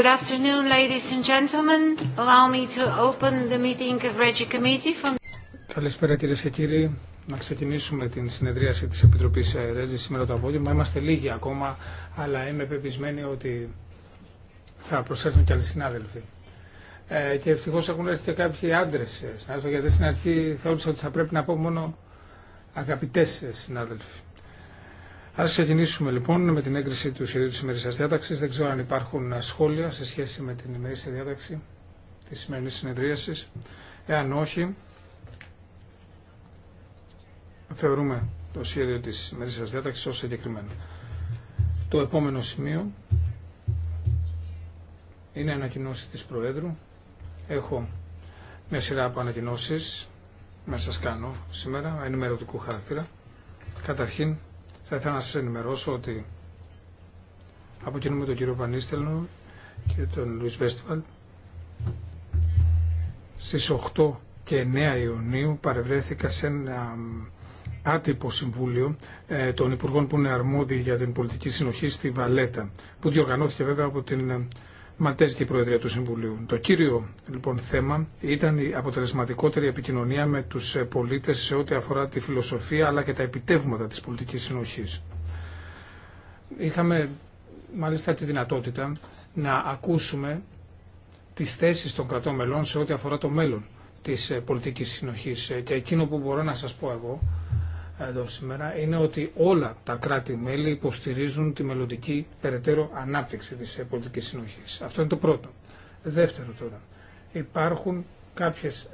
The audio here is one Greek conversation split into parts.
Good afternoon, ladies and gentlemen. Allow me to open the meeting of Committee Καλησπέρα κυρίες και κύριοι. Να ξεκινήσουμε την συνεδρίαση της Επιτροπής ε, Ρέτζη σήμερα το απόγευμα. Είμαστε λίγοι ακόμα, αλλά είμαι πεπισμένη ότι θα προσέλθουν και άλλοι συνάδελφοι. Ε, και ευτυχώ έχουν έρθει και κάποιοι άντρε ε, γιατί στην αρχή θεώρησα ότι θα πρέπει να πω μόνο αγαπητέ συνάδελφοι. Α ξεκινήσουμε λοιπόν με την έγκριση του σχεδίου της σα διάταξη. Δεν ξέρω αν υπάρχουν σχόλια σε σχέση με την ημερήσια διάταξη τη σημερινή συνεδρίασης. Εάν όχι, θεωρούμε το σχέδιο της σα διάταξη ω συγκεκριμένο. Το επόμενο σημείο είναι ανακοινώσει τη Προέδρου. Έχω μια σειρά από ανακοινώσει να σα κάνω σήμερα, ενημερωτικού χαρακτήρα. Καταρχήν, θα ήθελα να σας ενημερώσω ότι από κοινού με τον κύριο Βανίστελνο και τον Λουίς Βέστιβαλ στις 8 και 9 Ιουνίου παρευρέθηκα σε ένα άτυπο συμβούλιο ε, των Υπουργών που είναι αρμόδιοι για την πολιτική συνοχή στη Βαλέτα, που διοργανώθηκε βέβαια από την ε, Μαλτέζικη Προεδρία του Συμβουλίου. Το κύριο λοιπόν θέμα ήταν η αποτελεσματικότερη επικοινωνία με τους ε, πολίτες σε ό,τι αφορά τη φιλοσοφία αλλά και τα επιτεύγματα της πολιτικής συνοχής. Είχαμε μάλιστα τη δυνατότητα να ακούσουμε τις θέσεις των κρατών μελών σε ό,τι αφορά το μέλλον της ε, πολιτικής συνοχής ε, και εκείνο που μπορώ να σας πω εγώ εδώ σήμερα είναι ότι όλα τα κράτη-μέλη υποστηρίζουν τη μελλοντική περαιτέρω ανάπτυξη της ε, πολιτικής συνοχής. Αυτό είναι το πρώτο. Δεύτερο τώρα. Υπάρχουν κάποιες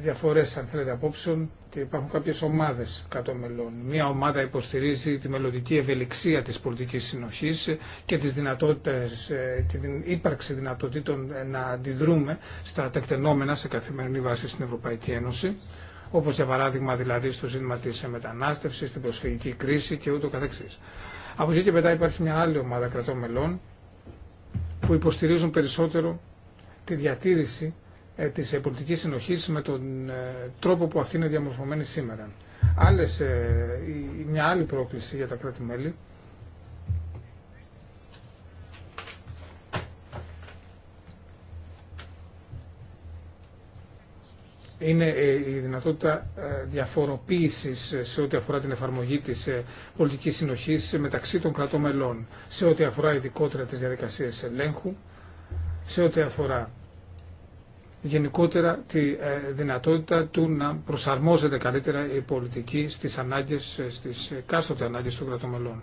διαφορές αν θέλετε απόψεων και υπάρχουν κάποιες ομάδες κατ' μελών. Μία ομάδα υποστηρίζει τη μελλοντική ευελιξία της πολιτικής συνοχής και τις δυνατότητες, ε, και την ύπαρξη δυνατοτήτων ε, να αντιδρούμε στα τεκτενόμενα σε καθημερινή βάση στην Ευρωπαϊκή Ένωση όπως για παράδειγμα δηλαδή στο ζήτημα της μετανάστευσης, την προσφυγική κρίση και ούτω καθεξής. Από εκεί και μετά υπάρχει μια άλλη ομάδα κρατών μελών που υποστηρίζουν περισσότερο τη διατήρηση ε, της ε, πολιτικής συνοχής με τον ε, τρόπο που αυτή είναι διαμορφωμένη σήμερα. Άλλες, μια άλλη πρόκληση για τα κράτη-μέλη είναι ε, η δυνατότητα ε, διαφοροποίησης ε, σε ό,τι αφορά την εφαρμογή της πολιτικής συνοχής μεταξύ των κρατών μελών, σε ό,τι αφορά ειδικότερα τις διαδικασίες ελέγχου, σε ό,τι αφορά γενικότερα τη δυνατότητα του να προσαρμόζεται καλύτερα η πολιτική στις ανάγκες, στις κάστοτε ανάγκες των κρατών μελών.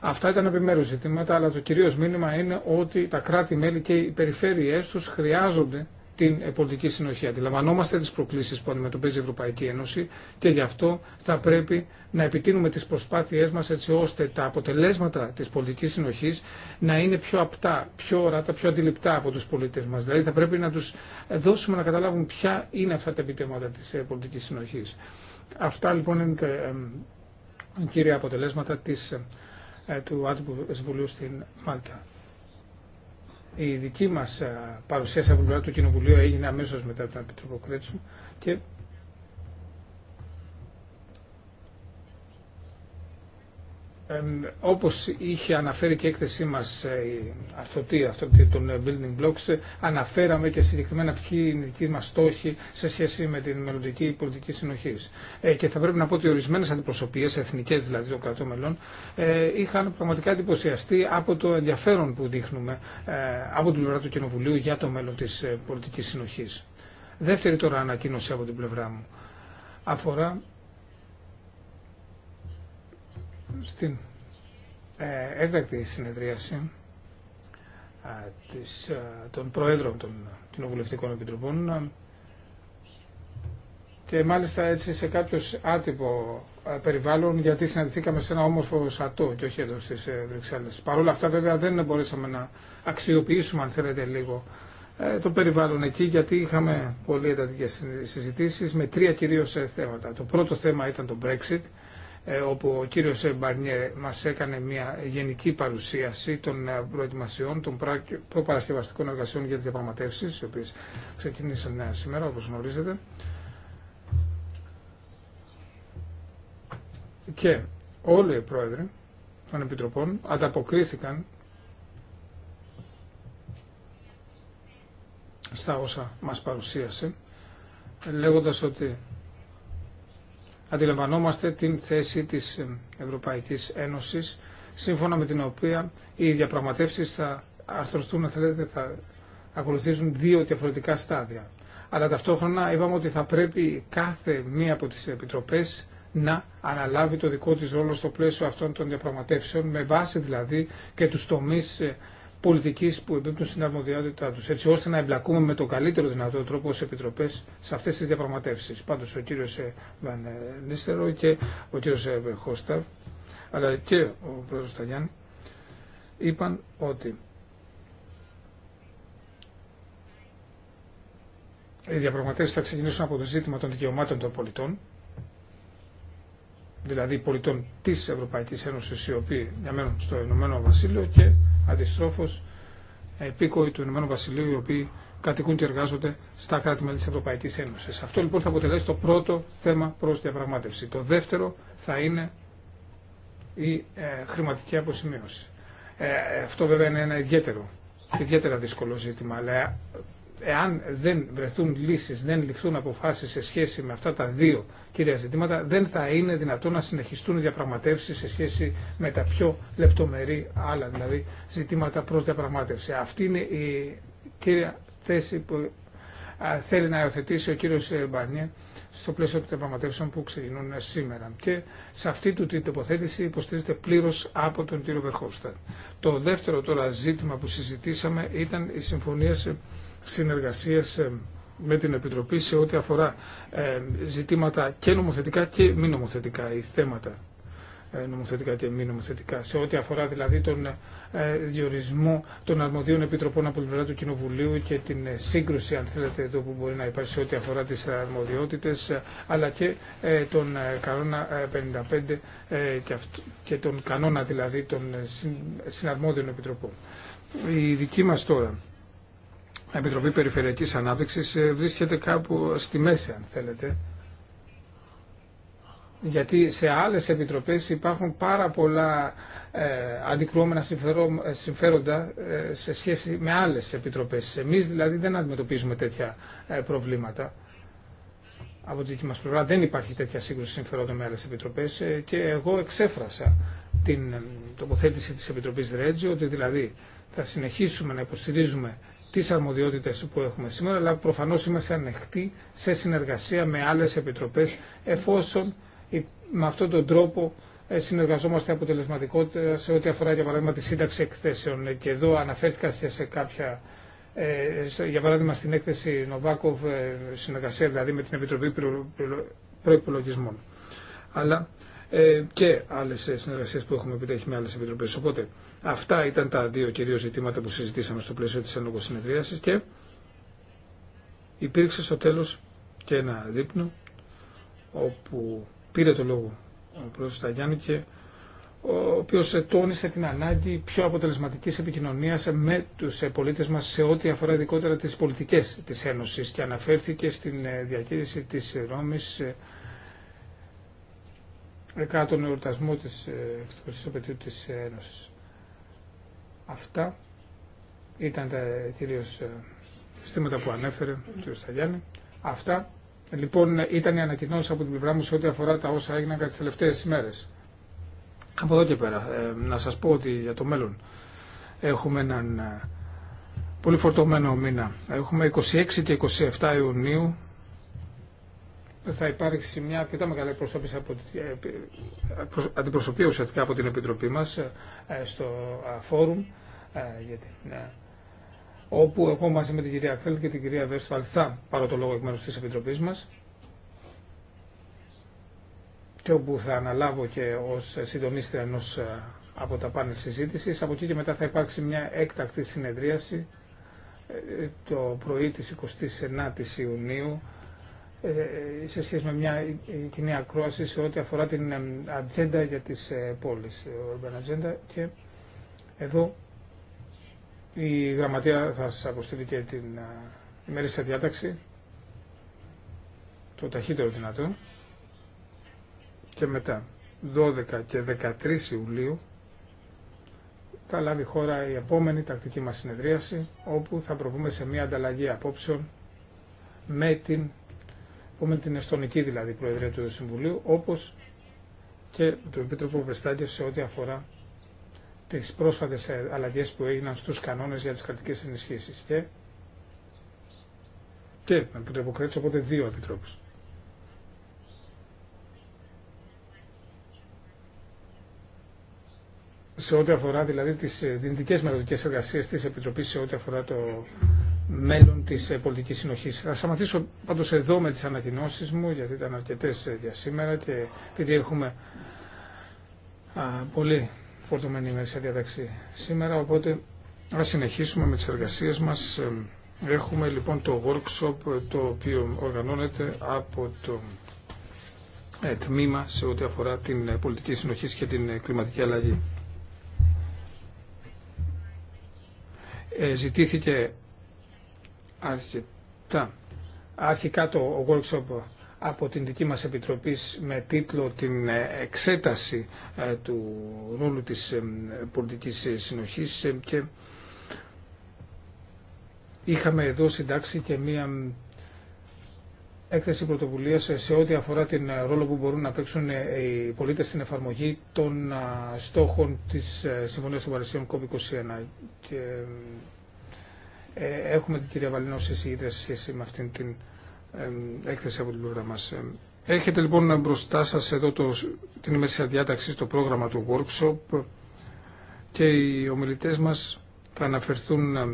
Αυτά ήταν επιμέρου ζητήματα, αλλά το κυρίως μήνυμα είναι ότι τα κράτη-μέλη και οι περιφέρειές τους χρειάζονται την ε, πολιτική συνοχή. Αντιλαμβανόμαστε τι προκλήσει που αντιμετωπίζει η Ευρωπαϊκή Ένωση και γι' αυτό θα πρέπει να επιτείνουμε τι προσπάθειε μα έτσι ώστε τα αποτελέσματα τη πολιτική συνοχή να είναι πιο απτά, πιο ορατά, πιο αντιληπτά από του πολιτέ μα. Δηλαδή θα πρέπει να του δώσουμε να καταλάβουν ποια είναι αυτά τα επιτεύγματα τη ε, πολιτική συνοχή. Αυτά λοιπόν είναι τα κύρια αποτελέσματα της, ε, του άτυπου συμβουλίου στην Μάλτα η δική μας ε, παρουσίαση από την πλευρά του Κοινοβουλίου έγινε αμέσως μετά από τον και όπως είχε αναφέρει και η έκθεσή μας ε, η αρθρωτή των ε, Building Blocks, ε, αναφέραμε και συγκεκριμένα ποιοι είναι οι δικοί μας στόχοι σε σχέση με την μελλοντική πολιτική συνοχή. Και θα πρέπει να πω ότι ορισμένε αντιπροσωπείε, εθνικέ δηλαδή των κρατών μελών, είχαν πραγματικά εντυπωσιαστεί από το ενδιαφέρον που δείχνουμε από την πλευρά του Κοινοβουλίου για το μέλλον της πολιτική συνοχή. Δεύτερη τώρα ανακοίνωση από την πλευρά μου αφορά στην ε, έκτακτη συνεδρίαση της, των Προέδρων των Κοινοβουλευτικών Επιτροπών και μάλιστα έτσι σε κάποιο άτυπο περιβάλλον γιατί συναντηθήκαμε σε ένα όμορφο σατό και όχι εδώ στις ε, Βρυξέλλες. Παρ' όλα αυτά βέβαια δεν μπορέσαμε να αξιοποιήσουμε αν θέλετε λίγο ε, το περιβάλλον εκεί γιατί είχαμε πολύ εντατικές συζητήσεις με τρία κυρίως ε, θέματα. Το πρώτο θέμα ήταν το Brexit ε, όπου ο κύριος Μπαρνιέ μας έκανε μια γενική παρουσίαση των ε, προετοιμασιών των προπαρασκευαστικών εργασιών για τις διαπραγματεύσεις, οι οποίες ξεκινήσαν ε, σήμερα, όπως γνωρίζετε. Και όλοι οι πρόεδροι των Επιτροπών ανταποκρίθηκαν στα όσα μας παρουσίασε, λέγοντας ότι αντιλαμβανόμαστε την θέση της Ευρωπαϊκής Ένωσης σύμφωνα με την οποία οι διαπραγματεύσεις θα θέλετε, θα ακολουθήσουν δύο διαφορετικά στάδια. Αλλά ταυτόχρονα είπαμε ότι θα πρέπει κάθε μία από τις επιτροπές να αναλάβει το δικό της ρόλο στο πλαίσιο αυτών των διαπραγματεύσεων με βάση δηλαδή και τους τομείς ε, πολιτική που εμπίπτουν στην αρμοδιότητά τους, έτσι ώστε να εμπλακούμε με τον καλύτερο δυνατό τρόπο ως επιτροπές σε αυτές τις διαπραγματεύσεις. Πάντως ο κύριο ε, Βαν ε, και ο κύριο ε, Χώσταρ, αλλά και ο πρόεδρος Ταγιάννη, είπαν ότι οι διαπραγματεύσεις θα ξεκινήσουν από το ζήτημα των δικαιωμάτων των πολιτών δηλαδή πολιτών της Ευρωπαϊκής Ένωσης οι οποίοι διαμένουν στο Ηνωμένο Βασίλειο και αντιστρόφως επίκοοι του Ηνωμένου Βασιλείου οι οποίοι κατοικούν και εργάζονται στα κράτη-μέλη της Ευρωπαϊκής Ένωσης. Αυτό λοιπόν θα αποτελέσει το πρώτο θέμα προς διαπραγμάτευση. Το δεύτερο θα είναι η ε, χρηματική αποσημείωση. Ε, αυτό βέβαια είναι ένα ιδιαίτερο, ιδιαίτερα δύσκολο ζήτημα, αλλά εάν δεν βρεθούν λύσεις, δεν ληφθούν αποφάσεις σε σχέση με αυτά τα δύο κύρια ζητήματα, δεν θα είναι δυνατόν να συνεχιστούν οι διαπραγματεύσεις σε σχέση με τα πιο λεπτομερή άλλα, δηλαδή ζητήματα προς διαπραγμάτευση. Αυτή είναι η κύρια θέση που θέλει να υιοθετήσει ο κύριος ε, Μπανιέ στο πλαίσιο των διαπραγματεύσεων που ξεκινούν σήμερα. Και σε αυτή του την τοποθέτηση υποστηρίζεται πλήρω από τον κύριο Βερχόφστατ. Το δεύτερο τώρα ζήτημα που συζητήσαμε ήταν η συμφωνία σε συνεργασίες ε, με την Επιτροπή σε ό,τι αφορά ε, ζητήματα και νομοθετικά και μη νομοθετικά ή θέματα ε, νομοθετικά και μη νομοθετικά, σε ό,τι αφορά δηλαδή τον διορισμό των αρμοδίων επιτροπών από την πλευρά του Κοινοβουλίου και την σύγκρουση, αν θέλετε, εδώ που μπορεί να υπάρχει σε ό,τι αφορά τι αρμοδιότητε, αλλά και τον κανόνα 55 και τον κανόνα δηλαδή των συναρμόδιων επιτροπών. Η δική μας τώρα η Επιτροπή Περιφερειακής Ανάπτυξης ε, βρίσκεται κάπου στη μέση, αν θέλετε. Γιατί σε άλλες επιτροπές υπάρχουν πάρα πολλά ε, αντικρουόμενα ε, συμφέροντα ε, σε σχέση με άλλες επιτροπές. Εμείς δηλαδή δεν αντιμετωπίζουμε τέτοια προβλήματα. Από τη δική μας πλευρά δεν υπάρχει τέτοια σύγκρουση συμφερόντων με άλλες επιτροπές και εγώ εξέφρασα την τοποθέτηση της Επιτροπής Ρέτζη ότι δηλαδή θα συνεχίσουμε να υποστηρίζουμε τις αρμοδιότητε που έχουμε σήμερα, αλλά προφανώ είμαστε ανοιχτοί σε συνεργασία με άλλε επιτροπέ, εφόσον με αυτόν τον τρόπο ε, συνεργαζόμαστε αποτελεσματικότερα σε ό,τι αφορά για παράδειγμα τη σύνταξη εκθέσεων. Ε, και εδώ αναφέρθηκα σε κάποια, ε, για παράδειγμα στην έκθεση Νοβάκοβ, συνεργασία δηλαδή με την Επιτροπή Προπολογισμών. Αλλά και άλλε συνεργασίε που έχουμε επιτέχει με άλλε επιτροπέ. Οπότε Αυτά ήταν τα δύο κυρίως ζητήματα που συζητήσαμε στο πλαίσιο της ενόγκος συνεδρίασης και υπήρξε στο τέλος και ένα δείπνο όπου πήρε το λόγο ο πρόεδρος Σταγιάννη και ο οποίος τόνισε την ανάγκη πιο αποτελεσματικής επικοινωνίας με τους πολίτες μας σε ό,τι αφορά ειδικότερα τις πολιτικές της Ένωσης και αναφέρθηκε στην διακήρυξη της Ρώμης ε, κατά τον εορτασμό της εξωτερικής της Ένωσης. Αυτά ήταν τα κυρίω ε, συστήματα που ανέφερε ο κ. Σταγιάννη. Αυτά λοιπόν ήταν οι ανακοινώσει από την πλευρά μου σε ό,τι αφορά τα όσα έγιναν κατά τι τελευταίε ημέρε. Από εδώ και πέρα, ε, να σας πω ότι για το μέλλον έχουμε έναν ε, πολύ φορτωμένο μήνα. Έχουμε 26 και 27 Ιουνίου θα υπάρξει μια αρκετά μεγάλη από, ε, ε, αντιπροσωπεία ουσιαστικά από την Επιτροπή μας ε, στο φόρουμ όπου εγώ μαζί με την κυρία Κρέλ και την κυρία Βέρσφαλ θα πάρω το λόγο εκ μέρους της Επιτροπής μας και όπου θα αναλάβω και ως συντονίστρια ενό από τα πάνελ συζήτηση. Από εκεί και μετά θα υπάρξει μια έκτακτη συνεδρίαση το πρωί της 29ης Ιουνίου ε, ε, σε σχέση με μια κοινή ακρόαση σε ό,τι αφορά την ατζέντα για τις ε, πόλεις, urban agenda και εδώ η γραμματεία θα σας αποστείλει και την ημερήσια διάταξη το ταχύτερο δυνατό και μετά 12 και 13 Ιουλίου θα λάβει χώρα η επόμενη τακτική μας συνεδρίαση όπου θα προβούμε σε μια ανταλλαγή απόψεων με την πούμε την Εστονική δηλαδή Προεδρία του Συμβουλίου, όπως και το Επίτροπο Βεστάγκερ σε ό,τι αφορά τις πρόσφατες αλλαγές που έγιναν στους κανόνες για τις κρατικές ενισχύσει. Και, και με Επίτροπο Κρέτσο, οπότε δύο Επιτρόπους. σε ό,τι αφορά δηλαδή τις ε, δυνητικές μελλοντικές εργασίε τη Επιτροπή, σε ό,τι αφορά το μέλλον της ε, πολιτικής συνοχής. Θα σταματήσω πάντως εδώ με τις ανακοινώσεις μου, γιατί ήταν αρκετές ε, για σήμερα και επειδή έχουμε α, πολύ φορτωμένη ημέρα σε διαταξή σήμερα, οπότε θα συνεχίσουμε με τις εργασίες μας. Ε, έχουμε λοιπόν το workshop το οποίο οργανώνεται από το τμήμα σε ό,τι αφορά την πολιτική συνοχή και την κλιματική αλλαγή. Ζητήθηκε αρκετά. Αρχικά το workshop από την δική μας επιτροπή με τίτλο «Την εξέταση ε, του ρόλου της ε, πολιτικής συνοχής» ε, και είχαμε εδώ συντάξει και μία έκθεση πρωτοβουλίας σε ό,τι αφορά την ρόλο που μπορούν να παίξουν οι πολίτες στην εφαρμογή των στόχων της Συμφωνίας των Παρισιών COP21. Και ε, έχουμε την κυρία Βαλινό σε σχέση με αυτήν την έκθεση από την πλευρά μα. Ε, έχετε λοιπόν μπροστά σα εδώ το, την ημερήσια διάταξη στο πρόγραμμα του workshop και οι ομιλητές μας θα αναφερθούν ε,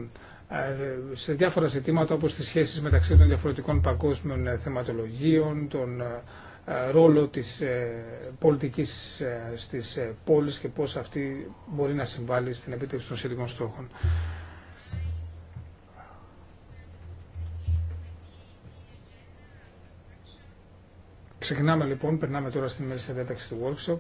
σε διάφορα ζητήματα όπως τις σχέσεις μεταξύ των διαφορετικών παγκόσμιων θεματολογίων, τον ρόλο της πολιτικής στις πόλεις και πώς αυτή μπορεί να συμβάλλει στην επίτευξη των σχετικών στόχων. Ξεκινάμε λοιπόν, περνάμε τώρα στην μέση διάταξη του workshop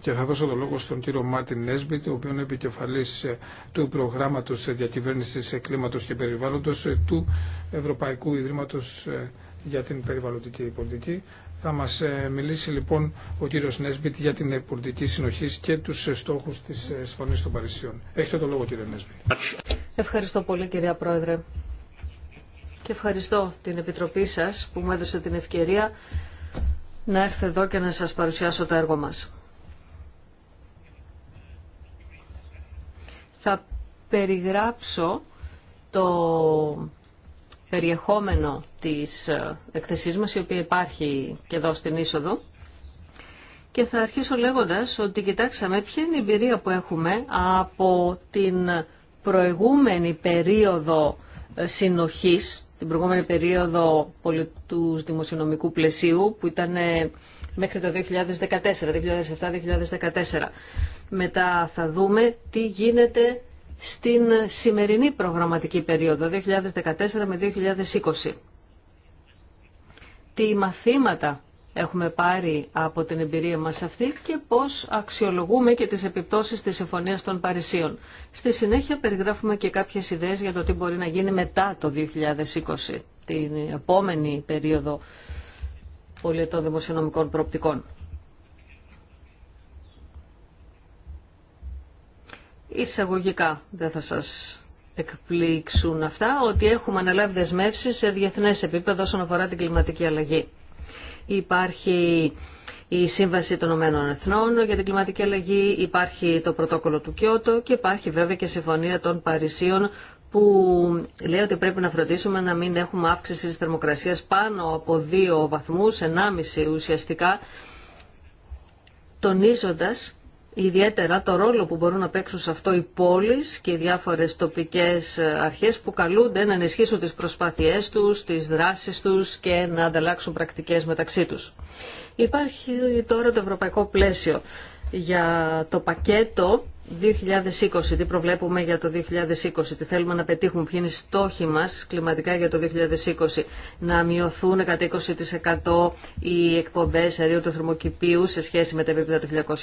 και θα δώσω το λόγο στον κύριο Μάρτιν Νέσμπιτ, ο οποίος είναι επικεφαλής ε, του προγράμματος ε, διακυβέρνησης ε, κλίματος και περιβάλλοντος του Ευρωπαϊκού Ιδρύματος για την Περιβαλλοντική Πολιτική. Θα μας μιλήσει λοιπόν ο κύριος Νέσμπιτ για την πολιτική συνοχή και τους στόχους της Συμφωνία των Παρισιών. Έχετε το λόγο κύριε Νέσμπιτ. Ευχαριστώ πολύ κυρία Πρόεδρε και ευχαριστώ την Επιτροπή σας που μου έδωσε την ευκαιρία να έρθω εδώ και να σας παρουσιάσω το έργο μας. Θα περιγράψω το περιεχόμενο της εκθεσής μας, η οποία υπάρχει και εδώ στην είσοδο. Και θα αρχίσω λέγοντας ότι κοιτάξαμε ποια είναι η εμπειρία που έχουμε από την προηγούμενη περίοδο συνοχής την προηγούμενη περίοδο πολιτούς δημοσιονομικού πλαισίου που ήταν ε, μέχρι το 2014, 2007-2014. Μετά θα δούμε τι γίνεται στην σημερινή προγραμματική περίοδο 2014 με 2020. Τι μαθήματα έχουμε πάρει από την εμπειρία μας αυτή και πώς αξιολογούμε και τις επιπτώσεις της Συμφωνίας των Παρισίων. Στη συνέχεια περιγράφουμε και κάποιες ιδέες για το τι μπορεί να γίνει μετά το 2020, την επόμενη περίοδο πολιτών δημοσιονομικών προοπτικών. Εισαγωγικά δεν θα σας εκπλήξουν αυτά ότι έχουμε αναλάβει δεσμεύσεις σε διεθνές επίπεδο όσον αφορά την κλιματική αλλαγή υπάρχει η Σύμβαση των Ηνωμένων Εθνών για την κλιματική αλλαγή, υπάρχει το πρωτόκολλο του Κιώτο και υπάρχει βέβαια και η Συμφωνία των Παρισίων που λέει ότι πρέπει να φροντίσουμε να μην έχουμε αύξηση της θερμοκρασίας πάνω από 2 βαθμούς, 1,5 ουσιαστικά, τονίζοντας ιδιαίτερα το ρόλο που μπορούν να παίξουν σε αυτό οι πόλεις και οι διάφορες τοπικές αρχές που καλούνται να ενισχύσουν τις προσπάθειές τους, τις δράσεις τους και να ανταλλάξουν πρακτικές μεταξύ τους. Υπάρχει τώρα το ευρωπαϊκό πλαίσιο για το πακέτο 2020, τι προβλέπουμε για το 2020, τι θέλουμε να πετύχουμε, ποιοι είναι οι στόχοι μας κλιματικά για το 2020, να μειωθούν κατά 20% οι εκπομπές αερίου του θερμοκηπίου σε σχέση με τα επίπεδα του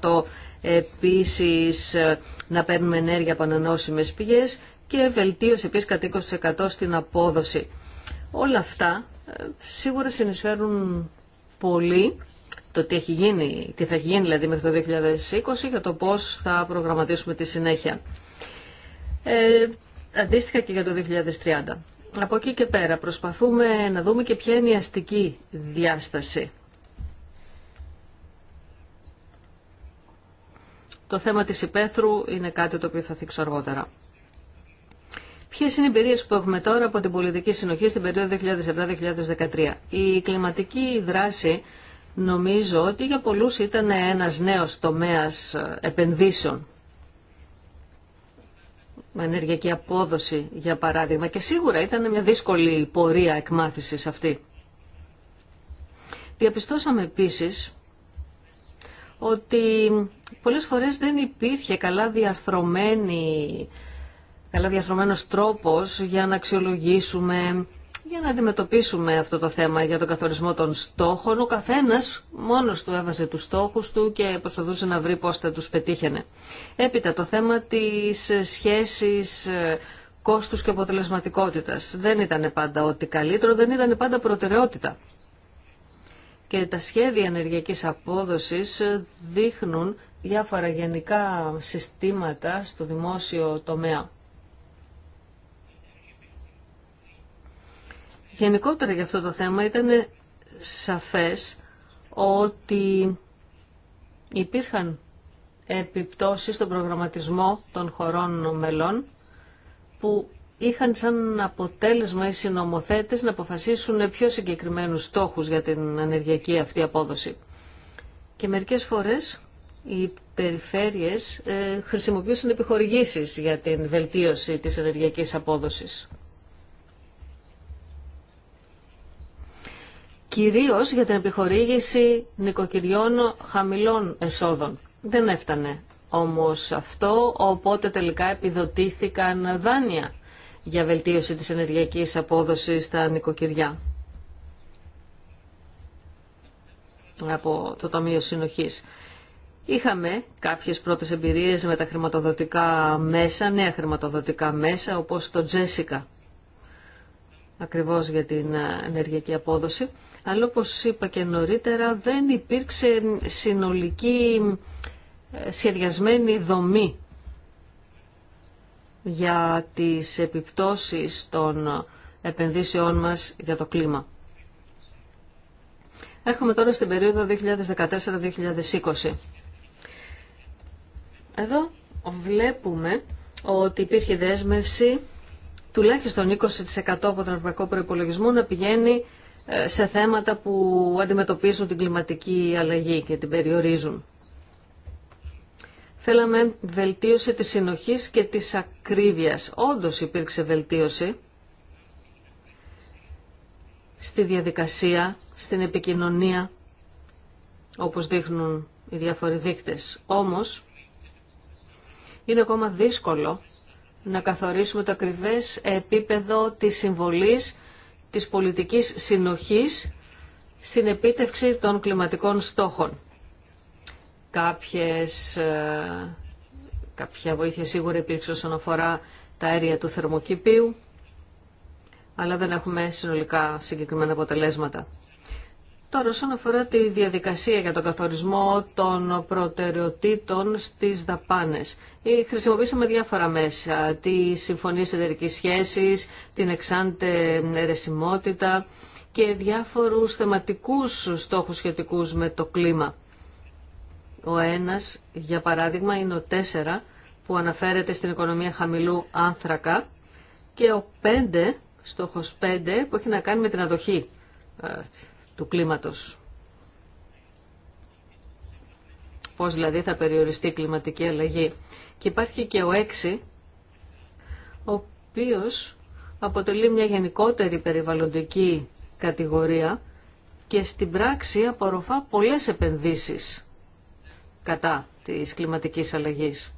1990, 20% επίσης ε, να παίρνουμε ενέργεια από ανανεώσιμες πηγές και βελτίωση επίσης κατά 20% στην απόδοση. Όλα αυτά ε, σίγουρα συνεισφέρουν πολύ το τι, έχει γίνει, τι θα έχει γίνει δηλαδή μέχρι το 2020 για το πώς θα προγραμματίσουμε τη συνέχεια. Ε, αντίστοιχα και για το 2030. Από εκεί και πέρα προσπαθούμε να δούμε και ποια είναι η αστική διάσταση. Το θέμα της υπαίθρου είναι κάτι το οποίο θα θίξω αργότερα. Ποιε είναι οι εμπειρίε που έχουμε τώρα από την πολιτική συνοχή στην περίοδο 2007-2013. Η κλιματική δράση Νομίζω ότι για πολλούς ήταν ένας νέος τομέας ε, επενδύσεων. Με ενεργειακή απόδοση, για παράδειγμα. Και σίγουρα ήταν μια δύσκολη πορεία εκμάθησης αυτή. Διαπιστώσαμε επίσης ότι πολλές φορές δεν υπήρχε καλά διαρθρωμένη καλά διαρθρωμένος τρόπος για να αξιολογήσουμε για να αντιμετωπίσουμε αυτό το θέμα για τον καθορισμό των στόχων. Ο καθένα μόνος του έβαζε τους στόχου του και προσπαθούσε να βρει πώς θα τους πετύχαινε. Έπειτα το θέμα τη σχέση ε, κόστους και αποτελεσματικότητας. Δεν ήταν πάντα ότι καλύτερο, δεν ήταν πάντα προτεραιότητα. Και τα σχέδια ενεργειακής απόδοσης ε, δείχνουν διάφορα γενικά συστήματα στο δημόσιο τομέα. Γενικότερα για αυτό το θέμα ήταν σαφές ότι υπήρχαν επιπτώσεις στον προγραμματισμό των χωρών μελών που είχαν σαν αποτέλεσμα οι συνομοθέτες να αποφασίσουν πιο συγκεκριμένους στόχους για την ενεργειακή αυτή απόδοση. Και μερικές φορές οι περιφέρειες ε, χρησιμοποιούσαν επιχορηγήσεις για την βελτίωση της ενεργειακής απόδοσης. κυρίως για την επιχορήγηση νοικοκυριών χαμηλών εσόδων. Δεν έφτανε όμως αυτό, οπότε τελικά επιδοτήθηκαν δάνεια για βελτίωση της ενεργειακής απόδοσης στα νοικοκυριά από το Ταμείο Συνοχής. Είχαμε κάποιες πρώτες εμπειρίες με τα χρηματοδοτικά μέσα, νέα χρηματοδοτικά μέσα, όπως το Τζέσικα ακριβώς για την ε, ενεργειακή απόδοση. Αλλά όπως είπα και νωρίτερα δεν υπήρξε συνολική ε, σχεδιασμένη δομή για τις επιπτώσεις των επενδύσεών μας για το κλίμα. Έρχομαι τώρα στην περίοδο 2014-2020. Εδώ βλέπουμε ότι υπήρχε δέσμευση τουλάχιστον 20% από τον ευρωπαϊκό προπολογισμό να πηγαίνει ε, σε θέματα που αντιμετωπίζουν την κλιματική αλλαγή και την περιορίζουν. Θέλαμε βελτίωση της συνοχής και της ακρίβειας. Όντως υπήρξε βελτίωση στη διαδικασία, στην επικοινωνία, όπως δείχνουν οι διάφοροι δείκτες. Όμως, είναι ακόμα δύσκολο να καθορίσουμε το ακριβές επίπεδο της συμβολής της πολιτικής συνοχής στην επίτευξη των κλιματικών στόχων. Κάποιες, ε, κάποια βοήθεια σίγουρα υπήρξε όσον αφορά τα αέρια του θερμοκηπίου, αλλά δεν έχουμε συνολικά συγκεκριμένα αποτελέσματα. Τώρα, όσον αφορά τη διαδικασία για τον καθορισμό των προτεραιοτήτων στι δαπάνες, ε, χρησιμοποίησαμε διάφορα μέσα, τη συμφωνία εταιρική σχέση, την εξάντε ερεσιμότητα και διάφορους θεματικού στόχου σχετικού με το κλίμα. Ο ένα, για παράδειγμα, είναι ο τέσσερα που αναφέρεται στην οικονομία χαμηλού άνθρακα και ο πέντε, στόχος 5, που έχει να κάνει με την αδοχή ε, του κλίματος. Πώς δηλαδή θα περιοριστεί η κλιματική αλλαγή. Και υπάρχει και ο έξι ο οποίος αποτελεί μια γενικότερη περιβαλλοντική κατηγορία και στην πράξη απορροφά πολλές επενδύσεις κατά της κλιματικής αλλαγής.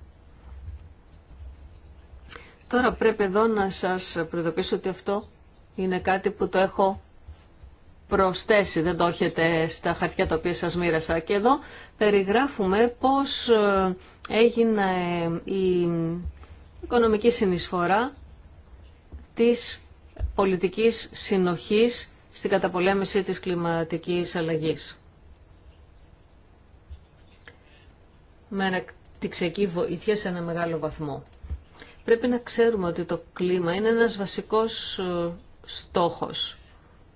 Τώρα πρέπει εδώ να σας προειδοποιήσω ότι αυτό είναι κάτι που το έχω προσθέσει, δεν το έχετε στα χαρτιά τα οποία σας μοίρασα. Και εδώ περιγράφουμε πώς ε, έγινε ε, η οικονομική συνεισφορά της πολιτικής συνοχής στην καταπολέμηση της κλιματικής αλλαγής. Με τη βοήθεια σε ένα μεγάλο βαθμό. Πρέπει να ξέρουμε ότι το κλίμα είναι ένας βασικός ε, στόχος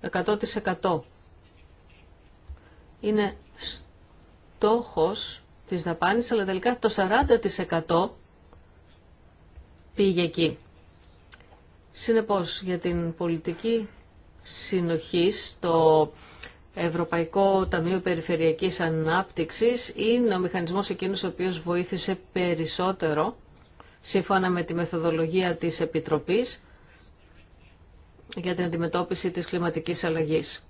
100%. Είναι στόχος της δαπάνης, αλλά τελικά το 40% πήγε εκεί. Συνεπώς, για την πολιτική συνοχή το Ευρωπαϊκό Ταμείο Περιφερειακής Ανάπτυξης είναι ο μηχανισμός εκείνος ο οποίος βοήθησε περισσότερο σύμφωνα με τη μεθοδολογία της Επιτροπής για την αντιμετώπιση της κλιματικής αλλαγής.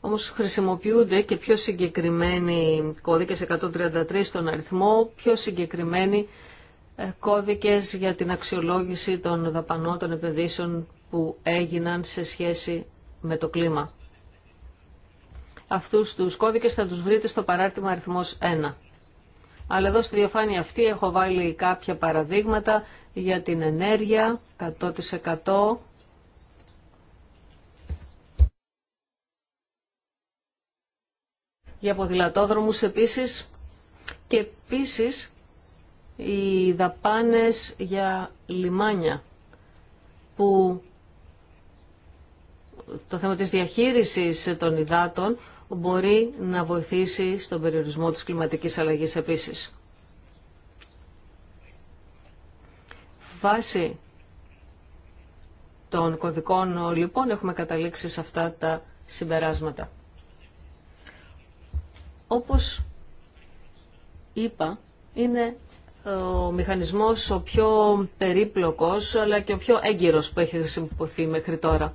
Όμως χρησιμοποιούνται και πιο συγκεκριμένοι κώδικες 133 στον αριθμό, πιο συγκεκριμένοι ε, κώδικες για την αξιολόγηση των δαπανών των επενδύσεων που έγιναν σε σχέση με το κλίμα. Αυτούς τους κώδικες θα τους βρείτε στο παράρτημα αριθμός 1. Αλλά εδώ στη διαφάνεια αυτή έχω βάλει κάποια παραδείγματα για την ενέργεια, 100% για ποδηλατόδρομους επίσης και επίσης οι δαπάνες για λιμάνια που το θέμα της διαχείρισης των υδάτων μπορεί να βοηθήσει στον περιορισμό της κλιματικής αλλαγής επίσης. Βάσει των κωδικών λοιπόν έχουμε καταλήξει σε αυτά τα συμπεράσματα. Όπως είπα, είναι ε, ο μηχανισμός ο πιο περίπλοκος αλλά και ο πιο έγκυρος που έχει χρησιμοποιηθεί μέχρι τώρα.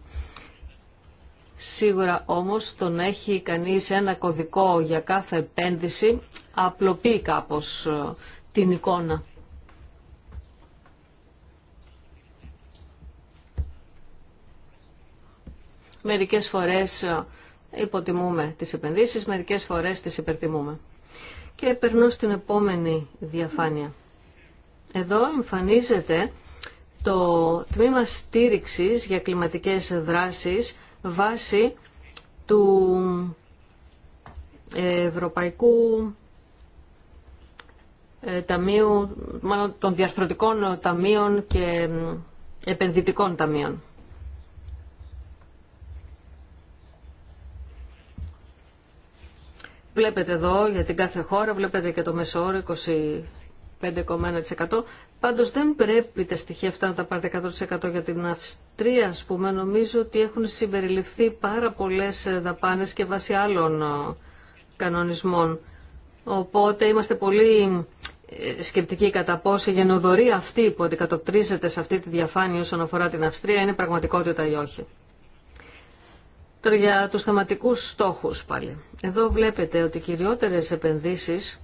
Σίγουρα όμως το να έχει κανείς ένα κωδικό για κάθε επένδυση απλοποιεί κάπως ε, την εικόνα. Μερικές φορές ε, υποτιμούμε τις επενδύσεις, μερικές φορές τις υπερτιμούμε. Και περνώ στην επόμενη διαφάνεια. Εδώ εμφανίζεται το τμήμα στήριξης για κλιματικές δράσεις βάση του Ευρωπαϊκού ε, Ταμείου, μάλλον των διαρθρωτικών ταμείων και επενδυτικών ταμείων. Βλέπετε εδώ για την κάθε χώρα, βλέπετε και το μεσόωρο 5,1%. Πάντως δεν πρέπει τα στοιχεία αυτά να τα πάρετε 100% για την Αυστρία, ας πούμε. Νομίζω ότι έχουν συμπεριληφθεί πάρα πολλές δαπάνες και βάσει άλλων ε, κανονισμών. Οπότε είμαστε πολύ ε, σκεπτικοί κατά πόσο η γενοδορία αυτή που αντικατοπτρίζεται σε αυτή τη διαφάνεια όσον αφορά την Αυστρία είναι πραγματικότητα ή όχι. Τώρα για τους θεματικούς στόχους πάλι. Εδώ βλέπετε ότι οι κυριότερες επενδύσεις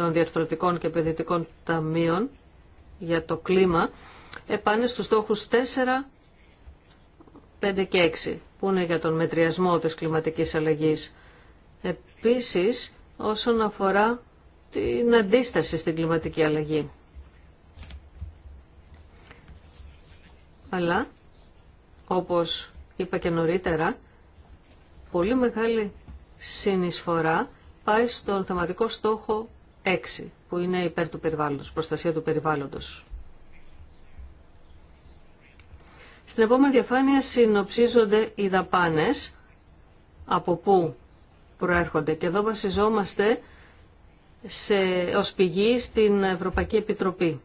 των διαρθρωτικών και επενδυτικών ταμείων για το κλίμα επάνε στους στόχους 4, 5 και 6 που είναι για τον μετριασμό της κλιματικής αλλαγής. Επίσης όσον αφορά την αντίσταση στην κλιματική αλλαγή. Αλλά, όπως είπα και νωρίτερα, πολύ μεγάλη συνεισφορά πάει στον θεματικό στόχο 6 που είναι υπέρ του περιβάλλοντος, προστασία του περιβάλλοντος. Στην επόμενη διαφάνεια συνοψίζονται οι δαπάνες, από πού προέρχονται. Και εδώ βασιζόμαστε σε, ως πηγή στην Ευρωπαϊκή Επιτροπή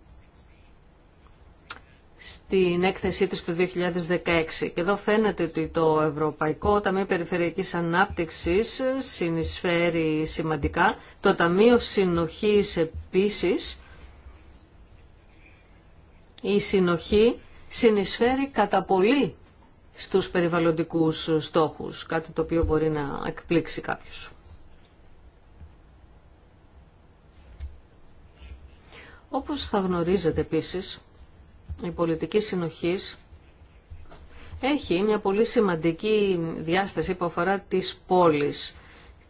στην έκθεσή της του 2016. Και εδώ φαίνεται ότι το Ευρωπαϊκό Ταμείο Περιφερειακής Ανάπτυξης συνεισφέρει σημαντικά. Το Ταμείο Συνοχής επίσης, η συνοχή συνεισφέρει κατά πολύ στους περιβαλλοντικούς στόχους, κάτι το οποίο μπορεί να εκπλήξει κάποιους. Όπως θα γνωρίζετε επίσης, η πολιτική συνοχής έχει μια πολύ σημαντική διάσταση που αφορά τις πόλεις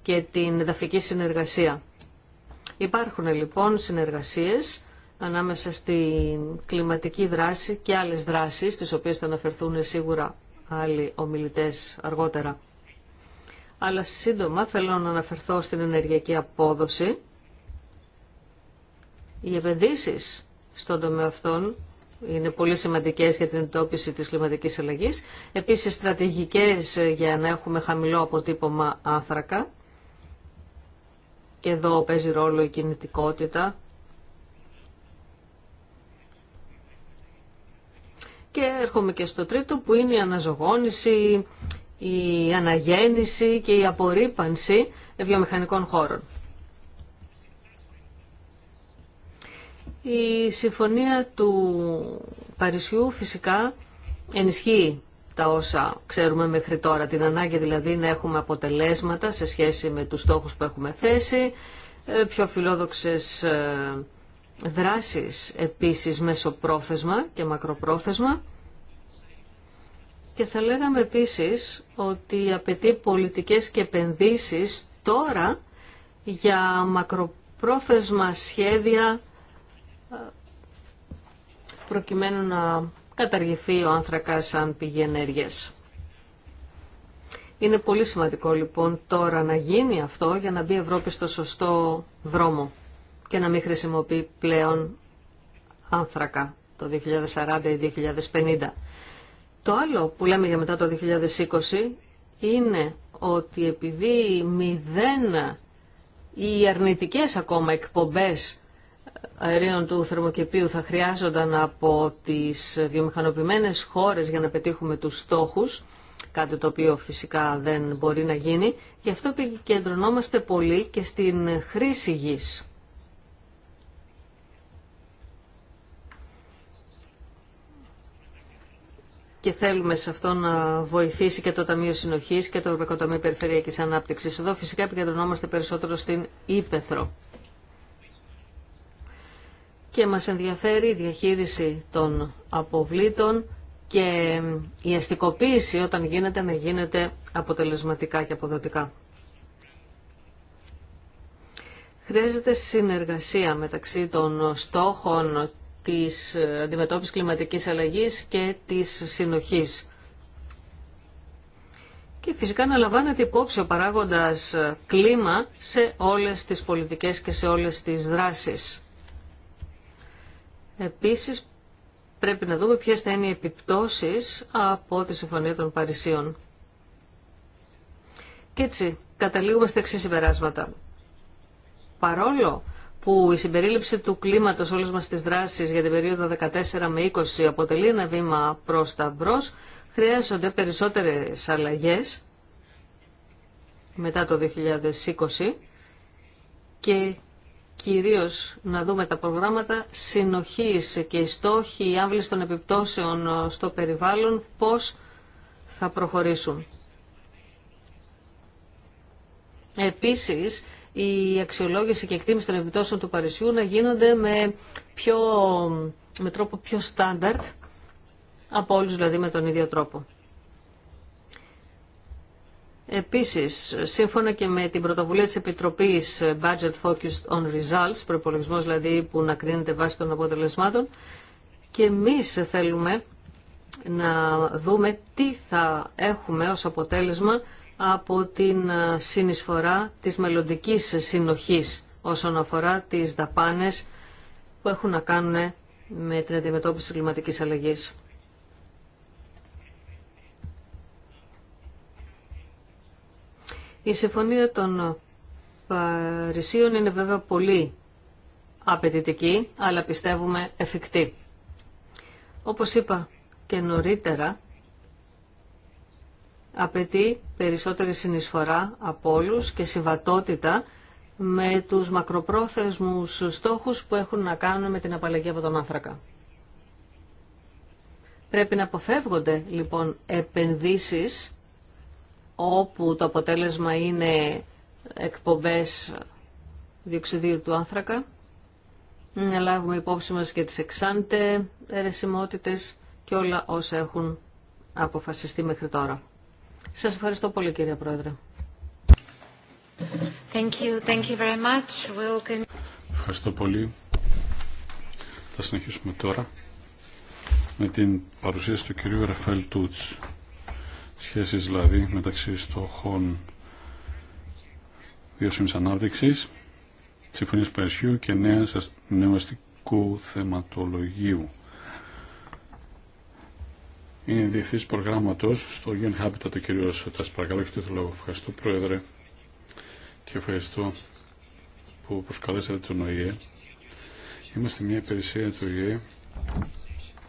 και την εδαφική συνεργασία. Υπάρχουν λοιπόν συνεργασίες ανάμεσα στην κλιματική δράση και άλλες δράσεις, τις οποίες θα αναφερθούν σίγουρα άλλοι ομιλητές αργότερα. Αλλά σύντομα θέλω να αναφερθώ στην ενεργειακή απόδοση. Οι επενδύσεις στον τομέα αυτών είναι πολύ σημαντικές για την εντόπιση της κλιματικής αλλαγής. Επίσης στρατηγικές για να έχουμε χαμηλό αποτύπωμα άνθρακα. Και εδώ παίζει ρόλο η κινητικότητα. Και έρχομαι και στο τρίτο που είναι η αναζωγόνηση, η αναγέννηση και η απορρίπανση βιομηχανικών χώρων. Η συμφωνία του Παρισιού φυσικά ενισχύει τα όσα ξέρουμε μέχρι τώρα, την ανάγκη δηλαδή να έχουμε αποτελέσματα σε σχέση με τους στόχους που έχουμε θέσει, ε, πιο φιλόδοξες ε, δράσεις επίσης μεσοπρόθεσμα και μακροπρόθεσμα. Και θα λέγαμε επίσης ότι απαιτεί πολιτικές και επενδύσεις τώρα για μακροπρόθεσμα σχέδια προκειμένου να καταργηθεί ο άνθρακας σαν πηγή ενέργειας. Είναι πολύ σημαντικό λοιπόν τώρα να γίνει αυτό για να μπει η Ευρώπη στο σωστό δρόμο και να μην χρησιμοποιεί πλέον άνθρακα το 2040 ή 2050. Το άλλο που λέμε για μετά το 2020 είναι ότι επειδή μηδέν οι αρνητικές ακόμα εκπομπές αερίων του θερμοκηπίου θα χρειάζονταν από τις βιομηχανοποιημένες χώρες για να πετύχουμε τους στόχους, κάτι το οποίο φυσικά δεν μπορεί να γίνει, γι' αυτό επικεντρωνόμαστε πολύ και στην χρήση γης. και θέλουμε σε αυτό να βοηθήσει και το Ταμείο Συνοχής και το Ευρωπαϊκό Ταμείο Περιφερειακή Ανάπτυξης Εδώ φυσικά επικεντρωνόμαστε περισσότερο στην Ήπεθρο και μας ενδιαφέρει η διαχείριση των αποβλήτων και η αστικοποίηση όταν γίνεται να γίνεται αποτελεσματικά και αποδοτικά. Χρειάζεται συνεργασία μεταξύ των στόχων της αντιμετώπισης κλιματικής αλλαγής και της συνοχής. Και φυσικά να λαμβάνεται υπόψη ο παράγοντας κλίμα σε όλες τις πολιτικές και σε όλες τις δράσεις. Επίσης πρέπει να δούμε ποιες θα είναι οι επιπτώσεις από τη Συμφωνία των Παρισίων. Και έτσι καταλήγουμε στα εξή συμπεράσματα. Παρόλο που η συμπερίληψη του κλίματος όλες μας τις δράσεις για την περίοδο 14 με 20 αποτελεί ένα βήμα προς τα μπρος, χρειάζονται περισσότερες αλλαγές μετά το 2020 και κυρίως να δούμε τα προγράμματα συνοχής και οι στόχοι, οι άμβλες των επιπτώσεων ε, στο περιβάλλον, πώς θα προχωρήσουν. Επίσης, η αξιολόγηση και εκτίμηση των επιπτώσεων του Παρισιού να γίνονται με, πιο, με τρόπο πιο στάνταρτ, από όλους δηλαδή με τον ίδιο τρόπο. Επίσης, σύμφωνα και με την πρωτοβουλία της Επιτροπής Budget Focused on Results, προπολογισμό δηλαδή που να κρίνεται βάσει των αποτελεσμάτων, και εμείς θέλουμε να δούμε τι θα έχουμε ως αποτέλεσμα από την συνεισφορά της μελλοντικής συνοχής όσον αφορά τις δαπάνες που έχουν να κάνουν με την αντιμετώπιση της κλιματικής αλλαγής. Η Συμφωνία των Παρισίων είναι βέβαια πολύ απαιτητική, αλλά πιστεύουμε εφικτή. Όπως είπα και νωρίτερα, απαιτεί περισσότερη συνεισφορά από όλου και συμβατότητα με τους μακροπρόθεσμους στόχους που έχουν να κάνουν με την απαλλαγή από τον άνθρακα. Πρέπει να αποφεύγονται λοιπόν επενδύσεις όπου το αποτέλεσμα είναι εκπομπές διοξιδίου του άνθρακα, να λάβουμε υπόψη μας και τις εξάντε ερεσιμότητες και όλα όσα έχουν αποφασιστεί μέχρι τώρα. Σας ευχαριστώ πολύ κύριε Πρόεδρε. Thank you. Thank you very much. Ευχαριστώ πολύ. Θα συνεχίσουμε τώρα με την παρουσίαση του κυρίου Ραφαήλ Τούτς σχέσεις δηλαδή μεταξύ στόχων βιώσιμης ανάπτυξης, συμφωνίας Παρισιού και νέας νεοαστικού θεματολογίου. Είναι διευθύνση προγράμματος στο Union Habitat το κύριο Τας παρακαλώ έχετε το λόγο. Ευχαριστώ Πρόεδρε και ευχαριστώ που προσκαλέσατε τον ΟΗΕ. Είμαστε μια υπηρεσία του ΟΗΕ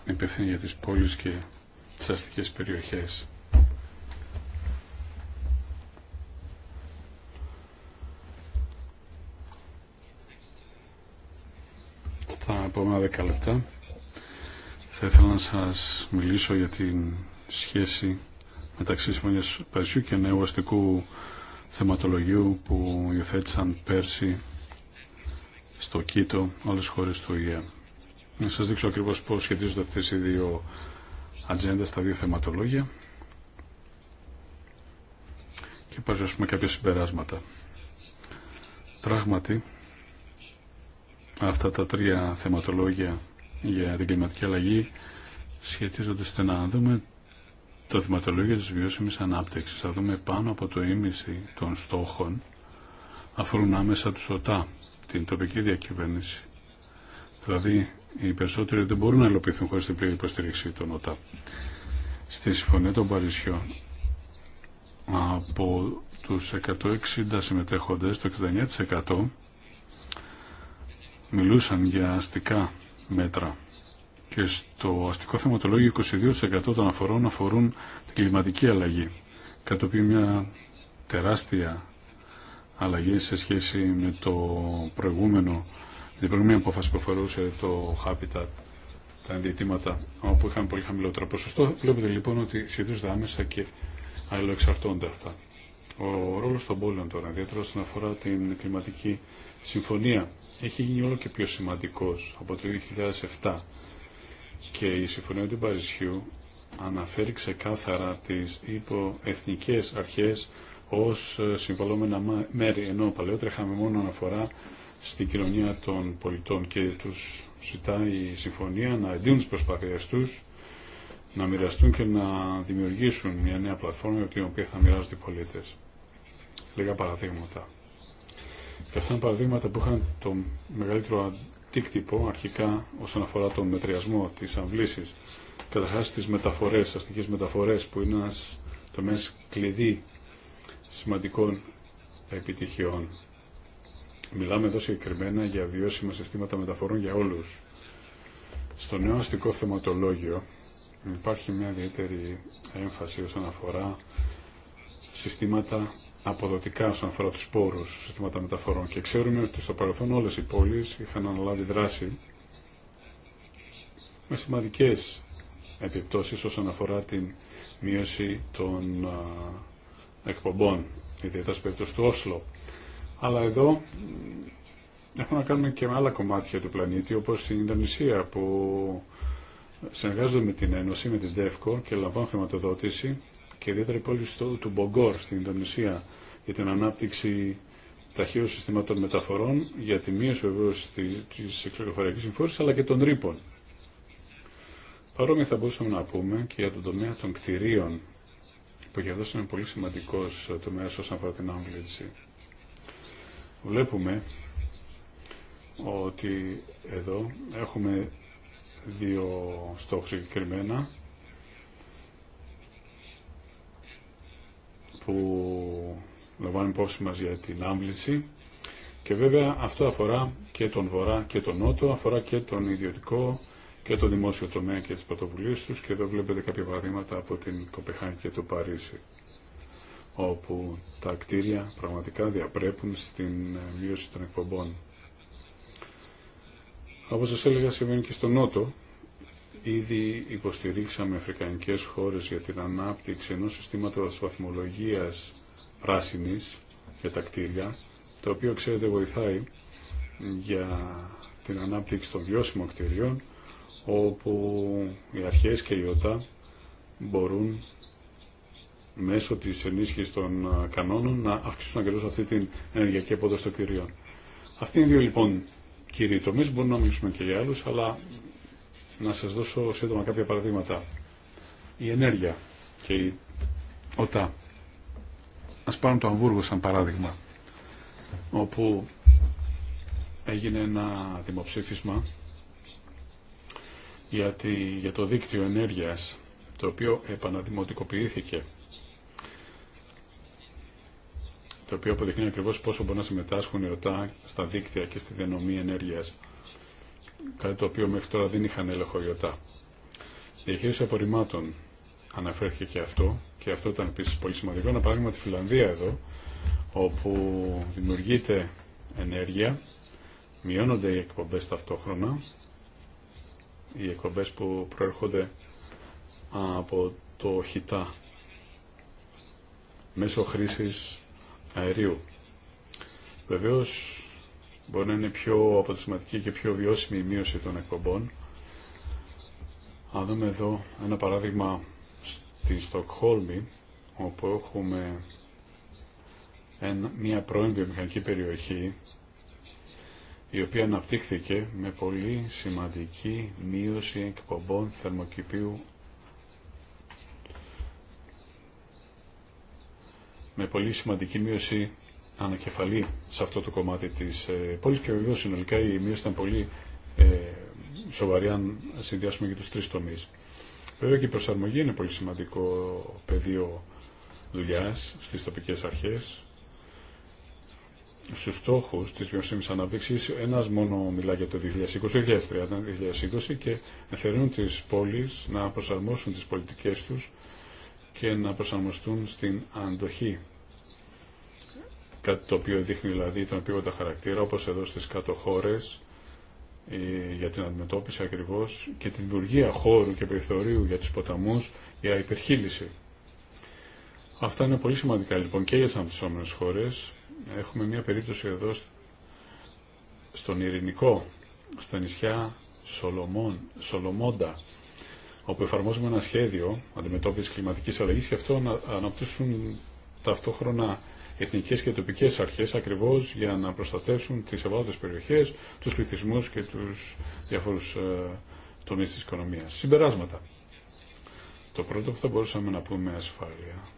υπεύθυνη για τις πόλεις και τις αστικές περιοχές. επόμενα δέκα λεπτά θα ήθελα να σας μιλήσω για την σχέση μεταξύ Συμφωνίας Παρισιού και νέου αστικού θεματολογίου που υιοθέτησαν πέρσι στο Κίτο όλες χώρες του ΙΕ. Να σας δείξω ακριβώς πώς σχετίζονται αυτές οι δύο ατζέντες, τα δύο θεματολόγια και παρουσιάσουμε κάποια συμπεράσματα. Πράγματι, Αυτά τα τρία θεματολόγια για την κλιματική αλλαγή σχετίζονται στενά. Να δούμε το θεματολόγιο της βιώσιμης ανάπτυξης. Θα δούμε πάνω από το ίμιση των στόχων αφορούν άμεσα τους ΟΤΑ, την τοπική διακυβέρνηση. Δηλαδή, οι περισσότεροι δεν μπορούν να ελοπιθούν χωρίς την πλήρη υποστήριξη των ΟΤΑ. Στη Συμφωνία των Παρισιών, από τους 160 συμμετέχοντες, το 69% μιλούσαν για αστικά μέτρα και στο αστικό θεματολόγιο 22% των αφορών αφορούν την κλιματική αλλαγή κατά μια τεράστια αλλαγή σε σχέση με το προηγούμενο την προηγούμενη απόφαση που αφορούσε το Habitat τα αντιτήματα όπου είχαν πολύ χαμηλότερο ποσοστό βλέπετε λοιπόν ότι σχετίζονται άμεσα και αλληλοεξαρτώνται αυτά ο ρόλος των πόλεων τώρα ιδιαίτερα όσον αφορά την κλιματική συμφωνία έχει γίνει όλο και πιο σημαντικός από το 2007 και η συμφωνία του Παρισιού αναφέρει ξεκάθαρα τις υποεθνικές αρχές ως ε, συμβαλόμενα μέρη, ενώ παλαιότερα είχαμε μόνο αναφορά στην κοινωνία των πολιτών και τους ζητάει η συμφωνία να εντείνουν τις προσπάθειές τους, να μοιραστούν και να δημιουργήσουν μια νέα πλατφόρμα για την οποία θα μοιράζονται οι πολίτες. Λίγα παραδείγματα. Και αυτά είναι παραδείγματα που είχαν το μεγαλύτερο αντίκτυπο αρχικά όσον αφορά τον μετριασμό της αμβλήσης. Καταρχάς τι μεταφορές, αστικές μεταφορές που είναι ένας τομέα κλειδί σημαντικών επιτυχιών. Μιλάμε εδώ συγκεκριμένα για βιώσιμα συστήματα μεταφορών για όλους. Στο νέο αστικό θεματολόγιο υπάρχει μια ιδιαίτερη έμφαση όσον αφορά συστήματα αποδοτικά όσον αφορά τους πόρους, συστήματα μεταφορών. Και ξέρουμε ότι στο παρελθόν όλες οι πόλεις είχαν αναλάβει δράση με σημαντικές επιπτώσεις όσον αφορά την μείωση των εκπομπών, ιδιαίτερα στην περίπτωση του Όσλο. Αλλά εδώ έχουμε να κάνουμε και με άλλα κομμάτια του πλανήτη, όπως η Ινδονησία που συνεργάζονται με την Ένωση, με την ΔΕΦΚΟ και λαμβάνουν χρηματοδότηση και ιδιαίτερα η πόλη του Μπογκόρ στην Ινδονησία για την ανάπτυξη ταχύων συστημάτων μεταφορών, για τη μείωση βεβαίω τη εξωτερική συμφόρηση αλλά και των ρήπων. Παρόμοια θα μπορούσαμε να πούμε και για τον τομέα των κτηρίων, που για αυτό είναι πολύ σημαντικό ε, τομέα όσον αφορά την άμβληση. Βλέπουμε ότι εδώ έχουμε δύο στόχους συγκεκριμένα που λαμβάνουν υπόψη μας για την άμβληση και βέβαια αυτό αφορά και τον Βορρά και τον Νότο, αφορά και τον ιδιωτικό και το δημόσιο τομέα και τις πρωτοβουλίες τους και εδώ βλέπετε κάποια παραδείγματα από την Κοπεχάνη και το Παρίσι όπου τα κτίρια πραγματικά διαπρέπουν στην ε, μείωση των εκπομπών. Όπως σας έλεγα συμβαίνει και στο Νότο Ήδη υποστηρίξαμε αφρικανικές χώρες για την ανάπτυξη ενός συστήματος βαθμολογίας πράσινης για τα κτίρια, το οποίο ξέρετε βοηθάει για την ανάπτυξη των βιώσιμων κτιριών, όπου οι αρχές και η ΟΤΑ μπορούν μέσω της ενίσχυσης των κανόνων να αυξήσουν ακριβώς αυτή την ενεργειακή απόδοση των κτιριών. Αυτοί είναι δύο λοιπόν κύριοι τομείς, μπορούμε να μιλήσουμε και για άλλους, αλλά να σας δώσω σύντομα κάποια παραδείγματα. Η ενέργεια και η ΟΤΑ. Ας πάρουμε το Αμβούργο σαν παράδειγμα, όπου έγινε ένα δημοψήφισμα για, για το δίκτυο ενέργειας, το οποίο επαναδημοτικοποιήθηκε το οποίο αποδεικνύει ακριβώς πόσο μπορεί να συμμετάσχουν οι ΟΤΑ στα δίκτυα και στη διανομή ενέργειας, κάτι το οποίο μέχρι τώρα δεν είχαν έλεγχο Η Διαχείριση απορριμμάτων αναφέρθηκε και αυτό και αυτό ήταν επίση πολύ σημαντικό. Ένα παράδειγμα τη Φιλανδία εδώ, όπου δημιουργείται ενέργεια, μειώνονται οι εκπομπές ταυτόχρονα, οι εκπομπές που προέρχονται από το χιτά μέσω χρήσης αερίου. Βεβαίως μπορεί να είναι πιο αποτελεσματική και πιο βιώσιμη η μείωση των εκπομπών. Αν δούμε εδώ ένα παράδειγμα στη Στοκχόλμη, όπου έχουμε μια πρώην βιομηχανική περιοχή, η οποία αναπτύχθηκε με πολύ σημαντική μείωση εκπομπών θερμοκηπίου με πολύ σημαντική μείωση ανακεφαλή σε αυτό το κομμάτι τη ε, πόλη και βεβαίω συνολικά η μείωση ήταν πολύ ε, σοβαρή αν συνδυάσουμε και του τρει τομεί. Βέβαια και η προσαρμογή είναι πολύ σημαντικό πεδίο δουλειά στι τοπικέ αρχέ, στου στόχου τη βιωσιμη ανάπτυξη, ένα μόνο μιλά για το 2020, 2030, 2020 και θεωρούν τι πόλει να προσαρμόσουν τι πολιτικέ του και να προσαρμοστούν στην αντοχή κάτι το οποίο δείχνει δηλαδή τον επίγοντα χαρακτήρα, όπως εδώ στις κάτω χώρες, ε, για την αντιμετώπιση ακριβώς και τη δημιουργία χώρου και περιθωρίου για τους ποταμούς για υπερχείληση. Αυτά είναι πολύ σημαντικά λοιπόν και για τις αναπτυσσόμενες χώρες. Έχουμε μια περίπτωση εδώ στον Ειρηνικό, στα νησιά Σολομών, Σολομόντα, όπου εφαρμόζουμε ένα σχέδιο αντιμετώπισης κλιματικής αλλαγής και αυτό να αναπτύσσουν ταυτόχρονα Εθνικέ και τοπικές αρχές ακριβώς για να προστατεύσουν τις ευάλωτε περιοχές, τους πληθυσμού και τους διαφόρους ε, τομεί τη οικονομίας. Συμπεράσματα. Το πρώτο που θα μπορούσαμε να πούμε ασφάλεια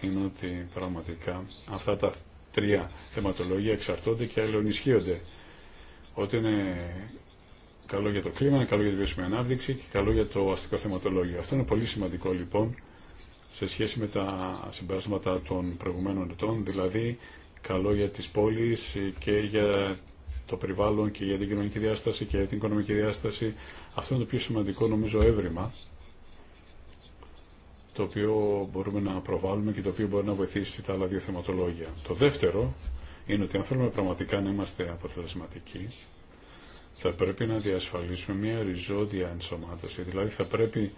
είναι ότι πραγματικά αυτά τα τρία θεματολόγια εξαρτώνται και αλληλονισχύονται. Ότι είναι καλό για το κλίμα, είναι καλό για τη βιώσιμη ανάπτυξη και καλό για το αστικό θεματολόγιο. Αυτό είναι πολύ σημαντικό λοιπόν σε σχέση με τα συμπεράσματα των προηγουμένων ετών, δηλαδή καλό για τις πόλεις και για το περιβάλλον και για την κοινωνική διάσταση και για την οικονομική διάσταση. Αυτό είναι το πιο σημαντικό νομίζω έβριμα το οποίο μπορούμε να προβάλλουμε και το οποίο μπορεί να βοηθήσει τα άλλα δύο θεματολόγια. Το δεύτερο είναι ότι αν θέλουμε πραγματικά να είμαστε αποτελεσματικοί, θα πρέπει να διασφαλίσουμε μια ριζόντια ενσωμάτωση. Δηλαδή θα πρέπει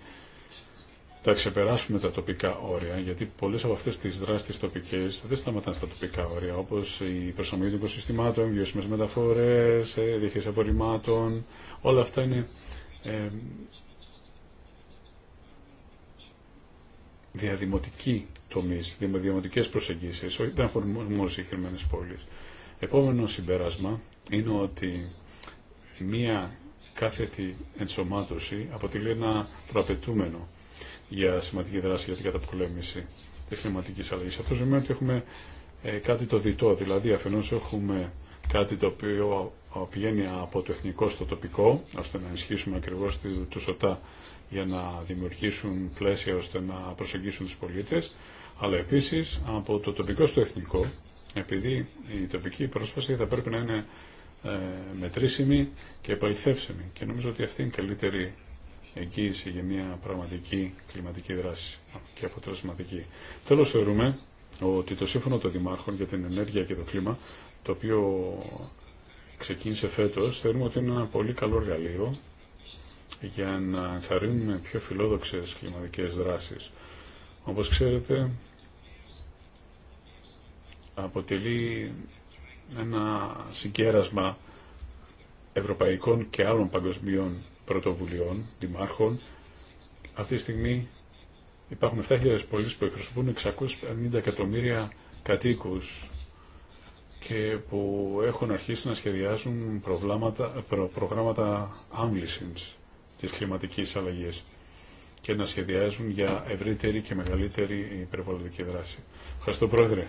τα ξεπεράσουμε τα τοπικά όρια, γιατί πολλέ από αυτέ τι δράσει τι τοπικέ δεν σταματάνε στα τοπικά όρια, όπω η προσαρμογή των οικοσυστημάτων, βιώσιμε μεταφορέ, ε, διαχείριση απορριμμάτων. Όλα αυτά είναι ε, διαδημοτικοί τομεί, διαδημοτικέ προσεγγίσει, όχι δεν αφορούν μόνο συγκεκριμένε πόλει. Επόμενο συμπέρασμα είναι ότι μία κάθετη ενσωμάτωση αποτελεί ένα προαπαιτούμενο για σημαντική δράση για την καταπολέμηση τη χρηματική αλλαγή. Αυτό σημαίνει ότι έχουμε ε, κάτι το διτό, δηλαδή αφενό έχουμε κάτι το οποίο ε, πηγαίνει από το εθνικό στο τοπικό, ώστε να ενισχύσουμε ακριβώ του ΣΟΤΑ για να δημιουργήσουν πλαίσια ώστε να προσεγγίσουν του πολίτε, αλλά επίση από το τοπικό στο εθνικό, επειδή η τοπική πρόσφαση θα πρέπει να είναι ε, μετρήσιμη και επαληθεύσιμη. Και νομίζω ότι αυτή είναι η καλύτερη εγγύηση για μια πραγματική κλιματική δράση και αποτελεσματική. Τέλος θεωρούμε ότι το Σύμφωνο των Δημάρχων για την Ενέργεια και το Κλίμα, το οποίο ξεκίνησε φέτος, θεωρούμε ότι είναι ένα πολύ καλό εργαλείο για να ενθαρρύνουμε πιο φιλόδοξες κλιματικές δράσεις. Όπως ξέρετε, αποτελεί ένα συγκέρασμα ευρωπαϊκών και άλλων παγκοσμίων πρωτοβουλειών, δημάρχων. Αυτή τη στιγμή υπάρχουν 7.000 πολίτες που εκπροσωπούν 650 εκατομμύρια κατοίκους και που έχουν αρχίσει να σχεδιάζουν προγράμματα άμβλησης της κλιματικής αλλαγής και να σχεδιάζουν για ευρύτερη και μεγαλύτερη υπερβολική δράση. Ευχαριστώ Πρόεδρε.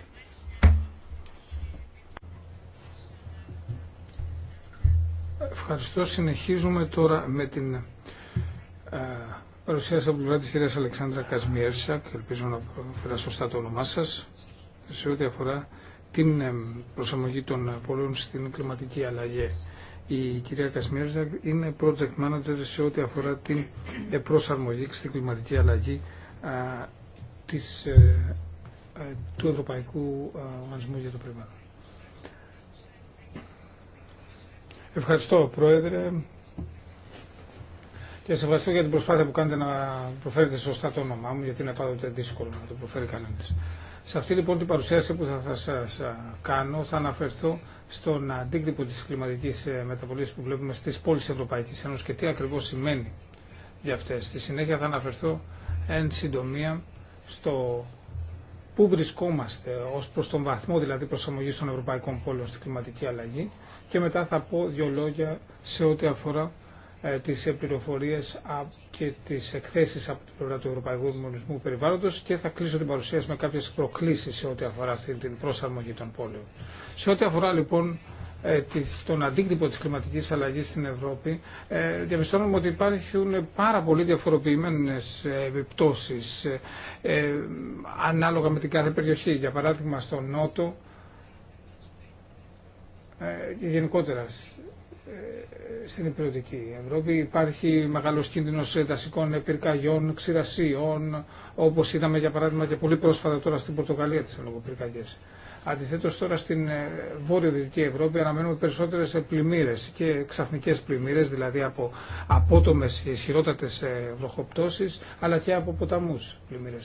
Ευχαριστώ. Συνεχίζουμε τώρα με την ε, παρουσίαση από πλευρά τη κυρία Αλεξάνδρα και Ελπίζω να φέρα σωστά το όνομά σα σε ό,τι αφορά την ε, προσαρμογή των πόλεων στην κλιματική αλλαγή. Η κυρία Κασμίρσα είναι project manager σε ό,τι αφορά την ε, προσαρμογή στην κλιματική αλλαγή της, του Ευρωπαϊκού Οργανισμού για το Περιβάλλον. Ευχαριστώ, Πρόεδρε. Και σε ευχαριστώ για την προσπάθεια που κάνετε να προφέρετε σωστά το όνομά μου, γιατί είναι πάντοτε δύσκολο να το προφέρει κανένας. Σε αυτή λοιπόν την παρουσίαση που θα σας κάνω θα αναφερθώ στον αντίκτυπο της κλιματικής ε, μεταβολής που βλέπουμε στις πόλεις Ευρωπαϊκής Ένωσης και τι ακριβώς σημαίνει για αυτές. Στη συνέχεια θα αναφερθώ εν συντομία στο πού βρισκόμαστε ως προς τον βαθμό δηλαδή προσαρμογής των ευρωπαϊκών πόλεων στην κλιματική αλλαγή και μετά θα πω δύο λόγια σε ό,τι αφορά ε, τις πληροφορίε και τις εκθέσεις από την πλευρά του Ευρωπαϊκού Δημονισμού Περιβάλλοντος και θα κλείσω την παρουσίαση με κάποιες προκλήσεις σε ό,τι αφορά αυτή την προσαρμογή των πόλεων. Σε ό,τι αφορά λοιπόν ε, τον αντίκτυπο της κλιματικής αλλαγής στην Ευρώπη, ε, διαπιστώνουμε ότι υπάρχουν πάρα πολύ διαφοροποιημένες επιπτώσεις ανάλογα με την κάθε περιοχή. Για παράδειγμα, στο Νότο και ε, γενικότερα ε, στην υπηρετική Ευρώπη. Υπάρχει μεγάλος κίνδυνος ε, δασικών πυρκαγιών, ξηρασίων, όπως είδαμε για παράδειγμα και πολύ πρόσφατα τώρα στην Πορτογαλία τις πυρκαγιές. Αντιθέτω, τώρα στην βόρειο-δυτική Ευρώπη αναμένουμε περισσότερε πλημμύρε και ξαφνικέ πλημμύρε, δηλαδή από απότομε και ισχυρότατε βροχοπτώσει, αλλά και από ποταμού πλημμύρε.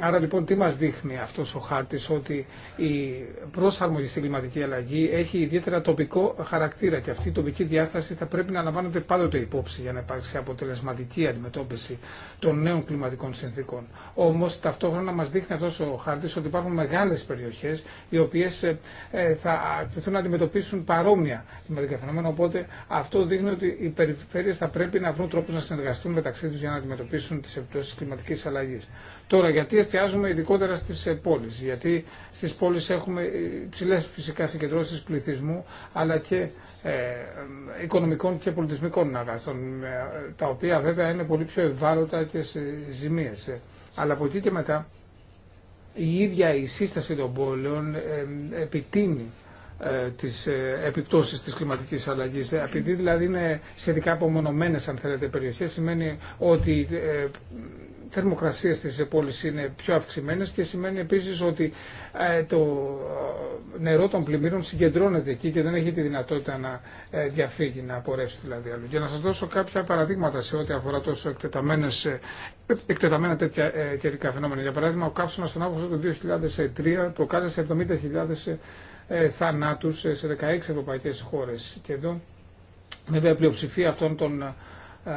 Άρα λοιπόν τι μας δείχνει αυτός ο χάρτης ότι η προσαρμογή στην κλιματική αλλαγή έχει ιδιαίτερα τοπικό χαρακτήρα και αυτή η τοπική διάσταση θα πρέπει να λαμβάνεται πάντοτε υπόψη για να υπάρξει αποτελεσματική αντιμετώπιση των νέων κλιματικών συνθήκων. Όμως ταυτόχρονα μας δείχνει αυτός ο χάρτης ότι υπάρχουν μεγάλες περιοχές οι οποίες ε, ε, θα αρκεθούν να αντιμετωπίσουν παρόμοια κλιματικά φαινόμενα οπότε αυτό δείχνει ότι οι περιφέρειες θα πρέπει να βρουν τρόπους να συνεργαστούν μεταξύ τους για να αντιμετωπίσουν τις επιπτώσεις κλιματικής αλλαγής. Τώρα, γιατί εστιάζουμε ειδικότερα στι ε, πόλει. Γιατί στι πόλει έχουμε ε, υψηλέ φυσικά συγκεντρώσει πληθυσμού, αλλά και ε, οικονομικών και πολιτισμικών αγαθών, τα οποία βέβαια είναι πολύ πιο ευάλωτα και σε ζημίε. Αλλά από εκεί και μετά η ίδια η σύσταση των πόλεων επιτείνει τις επιπτώσεις της κλιματικής αλλαγής. Επειδή δηλαδή είναι σχετικά απομονωμένες αν θέλετε περιοχές σημαίνει ότι θερμοκρασίες τη πόλης είναι πιο αυξημένες και σημαίνει επίσης ότι ε, το ε, νερό των πλημμύρων συγκεντρώνεται εκεί και δεν έχει τη δυνατότητα να ε, διαφύγει, να απορρέψει δηλαδή άλλο. Για να σας δώσω κάποια παραδείγματα σε ό,τι αφορά τόσο εκτεταμένες, εκτεταμένα τέτοια καιρικά φαινόμενα. Για παράδειγμα, ο καύσωνας στον Αύγουστο του 2003 προκάλεσε 70.000 θανάτους σε 16 ευρωπαϊκές χώρες. Και εδώ βέβαια η πλειοψηφία αυτών των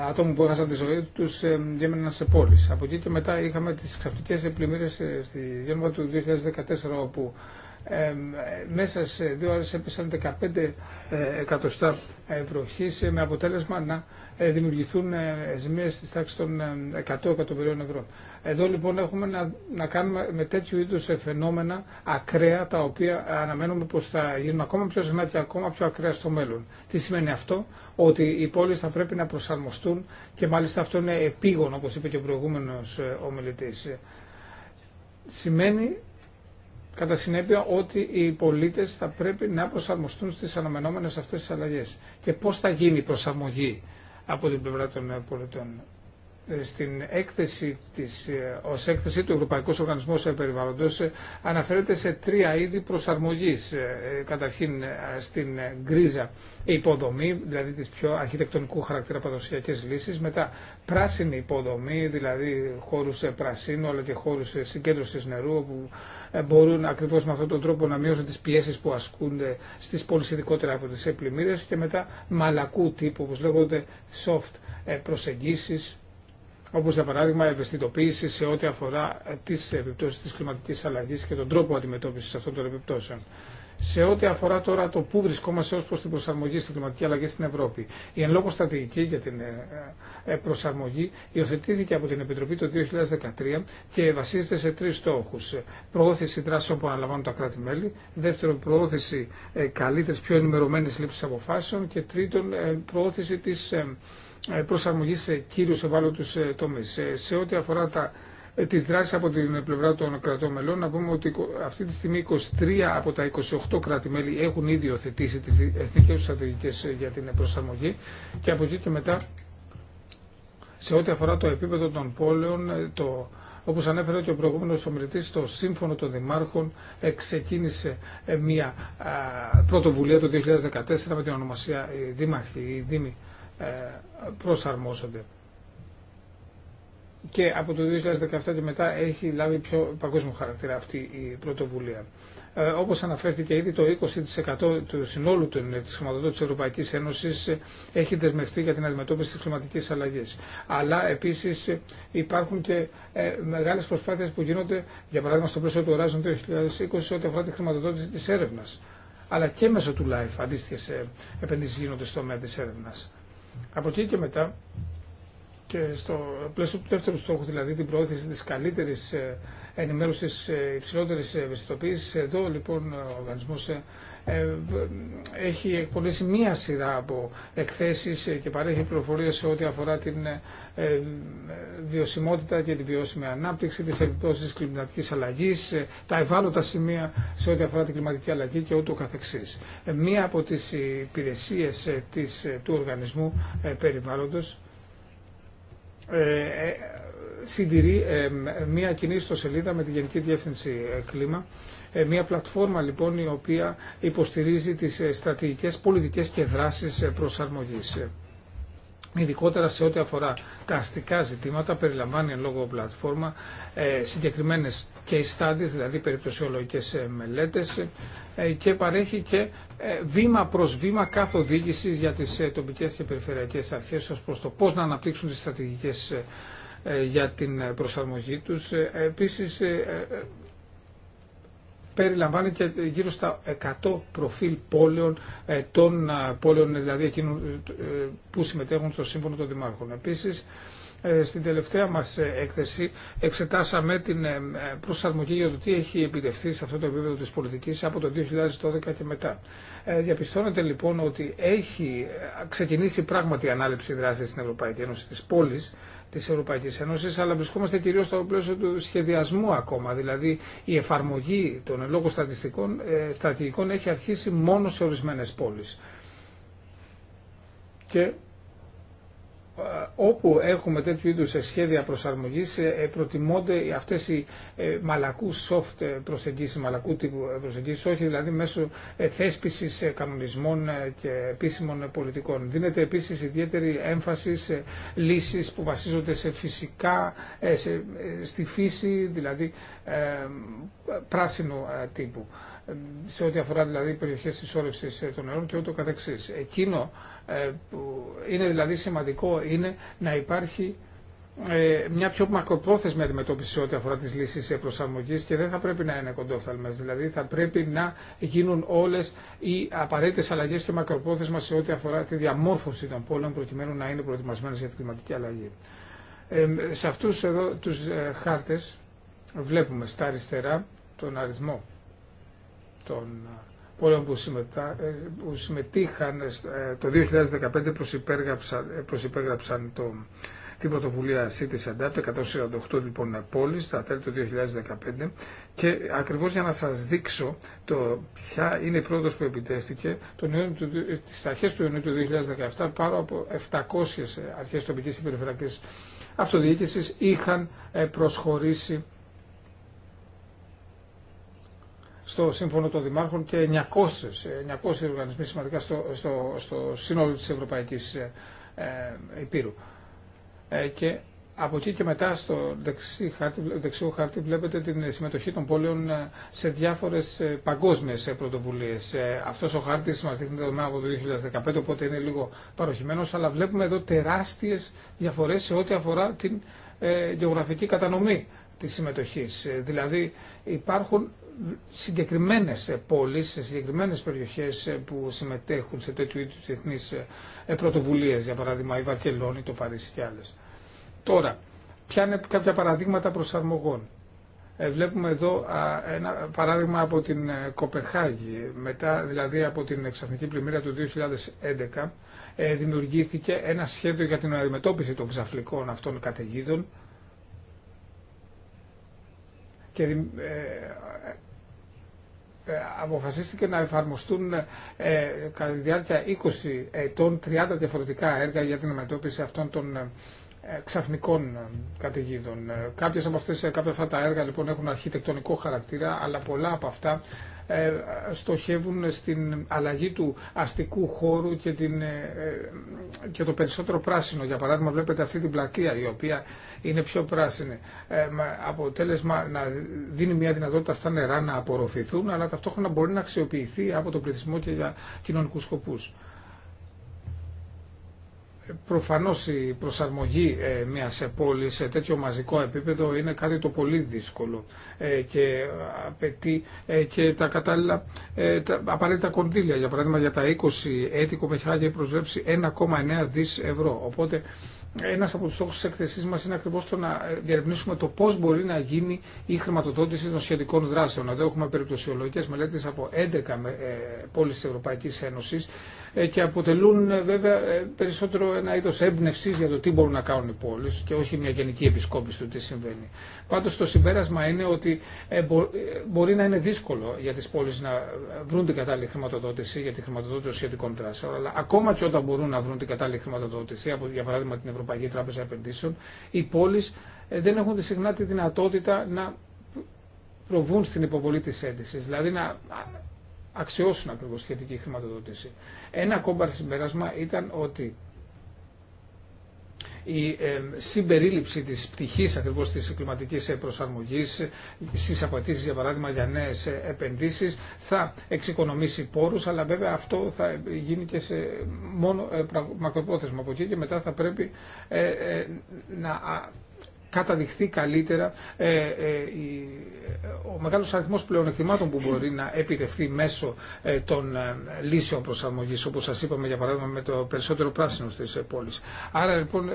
Ατόμου που έχασαν τη ζωή του ε, γέμεναν σε πόλει. Από εκεί και μετά είχαμε τι ξαφνικέ πλημμύρε ε, στη Γένοβα του 2014, όπου ε, μέσα σε δύο ώρες έπεσαν 15 εκατοστά βροχή με αποτέλεσμα να ε, δημιουργηθούν ε, ζημίες στις τάξεις των 100 ε, εκατομμυρίων ευρώ. Εδώ λοιπόν έχουμε να, να κάνουμε με τέτοιου είδους φαινόμενα ακραία τα οποία αναμένουμε πως θα γίνουν ακόμα πιο συχνά και ακόμα πιο ακραία στο μέλλον. Τι σημαίνει αυτό, ότι οι πόλεις θα πρέπει να προσαρμοστούν και μάλιστα αυτό είναι επίγον όπως είπε και ο προηγούμενος ομιλητής. Σημαίνει Κατά συνέπεια ότι οι πολίτες θα πρέπει να προσαρμοστούν στις αναμενόμενες αυτές τις αλλαγές. Και πώς θα γίνει η προσαρμογή από την πλευρά των πολιτών στην έκθεση της, ε, ως έκθεση του Ευρωπαϊκού Οργανισμού Περιβάλλοντος ε, αναφέρεται σε τρία είδη προσαρμογής. Ε, καταρχήν στην γκρίζα υποδομή, δηλαδή της πιο αρχιτεκτονικού χαρακτήρα παραδοσιακές λύσεις. Μετά πράσινη υποδομή, δηλαδή χώρους πρασίνου αλλά και χώρους συγκέντρωσης νερού που μπορούν ακριβώς με αυτόν τον τρόπο να μειώσουν τις πιέσεις που ασκούνται στις πόλεις ειδικότερα από τις επλημμύρες και μετά μαλακού τύπου όπως λέγονται soft προσεγγίσεις όπως για παράδειγμα ευαισθητοποίηση σε ό,τι αφορά τις επιπτώσεις της κλιματικής αλλαγής και τον τρόπο αντιμετώπισης αυτών των επιπτώσεων. Σε ό,τι αφορά τώρα το πού βρισκόμαστε ω προ την προσαρμογή στην κλιματική αλλαγή στην Ευρώπη. Η εν λόγω στρατηγική για την ε, ε, προσαρμογή υιοθετήθηκε από την Επιτροπή το 2013 και βασίζεται σε τρει στόχου. Προώθηση δράσεων που αναλαμβάνουν τα κράτη-μέλη. Δεύτερον, προώθηση ε, καλύτερη, πιο ενημερωμένη λήψη αποφάσεων. Και τρίτον, προώθηση τη ε, προσαρμογή σε κύριους ευάλωτους ε, τομείς. Ε, σε ό,τι αφορά τα, τις δράσεις από την πλευρά των κρατών μελών, να πούμε ότι αυτή τη στιγμή 23 από τα 28 κράτη-μέλη έχουν ήδη οθετήσει τις εθνικές τους στρατηγικές για την προσαρμογή και από εκεί και μετά σε ό,τι αφορά το επίπεδο των πόλεων, το, όπως ανέφερε και ο προηγούμενος ομιλητής, το Σύμφωνο των Δημάρχων ξεκίνησε μια πρωτοβουλία το 2014 με την ονομασία Δήμαρχη, η Δήμη ε, προσαρμόζονται. Και από το 2017 και μετά έχει λάβει πιο παγκόσμιο χαρακτήρα αυτή η πρωτοβουλία. Ε, όπως αναφέρθηκε ήδη, το 20% του συνόλου των, της χρηματοδότησης της Ευρωπαϊκής Ένωσης ε, έχει δεσμευτεί για την αντιμετώπιση της κλιματικής αλλαγής. Αλλά επίσης υπάρχουν και ε, μεγάλες προσπάθειες που γίνονται, για παράδειγμα στο πλαίσιο του Horizon 2020, ό,τι αφορά τη χρηματοδότηση της έρευνας. Αλλά και μέσω του LIFE αντίστοιχε επενδύσει γίνονται στο τομέα τη έρευνα. Από εκεί και μετά και στο πλαίσιο του δεύτερου στόχου, δηλαδή την προώθηση τη καλύτερη ε, ενημέρωση ε, υψηλότερη ευαισθητοποίηση, εδώ λοιπόν ο οργανισμό. Ε, ε, έχει εκπονήσει μία σειρά από εκθέσεις ε, και παρέχει πληροφορίες σε ό,τι αφορά την ε, βιωσιμότητα και τη βιώσιμη ανάπτυξη, τις επιπτώσεις της κλιματικής αλλαγής, τα ευάλωτα σημεία σε ό,τι αφορά την κλιματική αλλαγή και ούτω καθεξής. Μία από τις υπηρεσίες του οργανισμού περιβάλλοντος συντηρεί μία κοινή ιστοσελίδα με τη Γενική Διεύθυνση Κλίμα ε, μια πλατφόρμα λοιπόν η οποία υποστηρίζει τις ε, στρατηγικές πολιτικές και δράσεις ε, προσαρμογής. Ειδικότερα σε ό,τι αφορά τα αστικά ζητήματα, περιλαμβάνει εν λόγω πλατφόρμα συγκεκριμένες case studies, δηλαδή περιπτωσιολογικές μελέτες και παρέχει και βήμα προς βήμα καθοδήγησης για τις τοπικές και περιφερειακές αρχές ως προς το πώς να αναπτύξουν τις στρατηγικές για την προσαρμογή τους. Επίσης περιλαμβάνει και γύρω στα 100 προφίλ πόλεων, ε, των ε, πόλεων δηλαδή ε, που συμμετέχουν στο Σύμφωνο των Δημάρχων. Επίσης, στην τελευταία μας έκθεση εξετάσαμε την προσαρμογή για το τι έχει επιτευχθεί σε αυτό το επίπεδο της πολιτικής από το 2012 και μετά. Διαπιστώνεται λοιπόν ότι έχει ξεκινήσει πράγματι η ανάληψη δράση στην Ευρωπαϊκή Ένωση της πόλης της Ευρωπαϊκής Ένωσης, αλλά βρισκόμαστε κυρίως στο πλαίσιο του σχεδιασμού ακόμα. Δηλαδή η εφαρμογή των λόγων στατιστικών, ε, στρατηγικών έχει αρχίσει μόνο σε ορισμένες πόλεις. Ε, όπου έχουμε τέτοιου είδους σχέδια προσαρμογής ε, ε, προτιμώνται αυτές οι μαλακού soft προσεγγίσεις, μαλακού τύπου προσεγγίσεις, όχι δηλαδή μέσω θέσπισης κανονισμών και επίσημων πολιτικών. Δίνεται επίσης ιδιαίτερη έμφαση σε λύσεις που βασίζονται σε φυσικά, σε, στη φύση, δηλαδή πράσινου τύπου, σε ό,τι αφορά δηλαδή περιοχές συσσόρευσης των νερών και ούτω καθεξής. Εκείνο ε, που είναι δηλαδή σημαντικό είναι να υπάρχει ε, μια πιο μακροπρόθεσμη αντιμετώπιση ό,τι αφορά τις λύσεις προσαρμογής και δεν θα πρέπει να είναι κοντόφθαλμες. Δηλαδή θα πρέπει να γίνουν όλες οι απαραίτητες αλλαγές και μακροπρόθεσμα σε ό,τι αφορά τη διαμόρφωση των πόλεων προκειμένου να είναι προετοιμασμένες για την κλιματική αλλαγή. Ε, σε αυτούς εδώ τους ε, χάρτες βλέπουμε στα αριστερά τον αριθμό των όλων ε, που, συμμετείχαν ε, το 2015 προς υπέγραψαν το, την πρωτοβουλία City το 148 λοιπόν πόλεις, στα τέλη του 2015 και ακριβώς για να σας δείξω το ποια είναι η πρόοδος που επιτεύχθηκε, τον Ιούνιο του, στις αρχές του Ιουνίου του 2017 πάνω από 700 ε, αρχές τοπικής και περιφερειακής αυτοδιοίκησης είχαν προσχωρήσει στο Σύμφωνο των Δημάρχων και 900, 900 ε, οργανισμοί σημαντικά στο, στο, στο σύνολο της Ευρωπαϊκής ε, ε, Υπήρου. Ε, και από εκεί και μετά στο δεξί χάρτη, δεξιό χάρτη βλέπετε την συμμετοχή των πόλεων ε, σε διάφορες παγκόσμιες πρωτοβουλίες. Αυτός ο χάρτης μας δείχνει δεδομένα από το 2015, οπότε είναι λίγο παροχημένος, αλλά βλέπουμε εδώ τεράστιες διαφορές σε ό,τι αφορά την γεωγραφική κατανομή της συμμετοχής. Δηλαδή υπάρχουν Συγκεκριμένε πόλεις, σε συγκεκριμένε περιοχές που συμμετέχουν σε τέτοιου είδου διεθνεί ε, πρωτοβουλίε, για παράδειγμα η Βαρκελόνη, το Παρίσι και άλλε. Τώρα, ποια είναι κάποια παραδείγματα προσαρμογών. Ε, βλέπουμε εδώ ένα παράδειγμα από την ε, Κοπεχάγη. Μετά δηλαδή από την εξαφνική πλημμύρα του 2011 δημιουργήθηκε ένα σχέδιο για την αντιμετώπιση των ξαφλικών αυτών καταιγίδων και ε, αποφασίστηκε να εφαρμοστούν ε, κατά τη διάρκεια 20 ετών 30 διαφορετικά έργα για την αντιμετώπιση αυτών των ε, ε, ξαφνικών ε, καταιγίδων. Ε, κάποιες από αυτές, κάποια αυτά τα έργα λοιπόν έχουν αρχιτεκτονικό χαρακτήρα, αλλά πολλά από αυτά στοχεύουν στην αλλαγή του αστικού χώρου και, την, και το περισσότερο πράσινο. Για παράδειγμα βλέπετε αυτή την πλατεία η οποία είναι πιο πράσινη. αποτέλεσμα να δίνει μια δυνατότητα στα νερά να απορροφηθούν αλλά ταυτόχρονα μπορεί να αξιοποιηθεί από τον πληθυσμό και για κοινωνικούς σκοπούς. Προφανώς η προσαρμογή ε, μιας πόλης σε τέτοιο μαζικό επίπεδο είναι κάτι το πολύ δύσκολο ε, και απαιτεί ε, και τα κατάλληλα τα απαραίτητα κονδύλια. Για παράδειγμα για τα 20 έτη Κοπεχάγη έχει προσβλέψει 1,9 δις ευρώ. Οπότε ένα από του στόχου τη εκθεσή μα είναι ακριβώ το να διερευνήσουμε το πώ μπορεί να γίνει η χρηματοδότηση των σχετικών δράσεων. Εδώ έχουμε περιπτωσιολογικέ μελέτε από 11 πόλει τη Ευρωπαϊκή Ένωση ε, και αποτελούν ε, βέβαια ε, περισσότερο ένα είδο έμπνευση για το τι μπορούν να κάνουν οι πόλει και όχι μια γενική επισκόπηση του τι συμβαίνει. Πάντω το συμπέρασμα είναι ότι μπορεί να είναι δύσκολο για τι πόλει να βρουν την κατάλληλη χρηματοδότηση για τη χρηματοδότηση των σχετικών τράσεων, αλλά ακόμα και όταν μπορούν να βρουν την κατάλληλη χρηματοδότηση, από, για παράδειγμα την Ευρωπαϊκή Τράπεζα Επενδύσεων, οι πόλεις δεν έχουν συχνά τη δυνατότητα να προβούν στην υποβολή τη αίτηση. δηλαδή να αξιώσουν ακριβώ σχετική χρηματοδότηση. Ένα ακόμα συμπέρασμα ήταν ότι η συμπερίληψη της πτυχής ακριβώς της κλιματικής προσαρμογής στις απαιτήσεις για παράδειγμα για νέες επενδύσεις θα εξοικονομήσει πόρους αλλά βέβαια αυτό θα γίνει και σε μόνο ε, μακροπρόθεσμα από εκεί και μετά θα πρέπει ε, ε, να καταδειχθεί καλύτερα ε, ε, ο μεγάλος αριθμός πλεονεκτημάτων που μπορεί να επιτευχθεί μέσω ε, των λύσεων προσαρμογής, όπως σας είπαμε για παράδειγμα με το περισσότερο πράσινο στις πόλεις. Άρα λοιπόν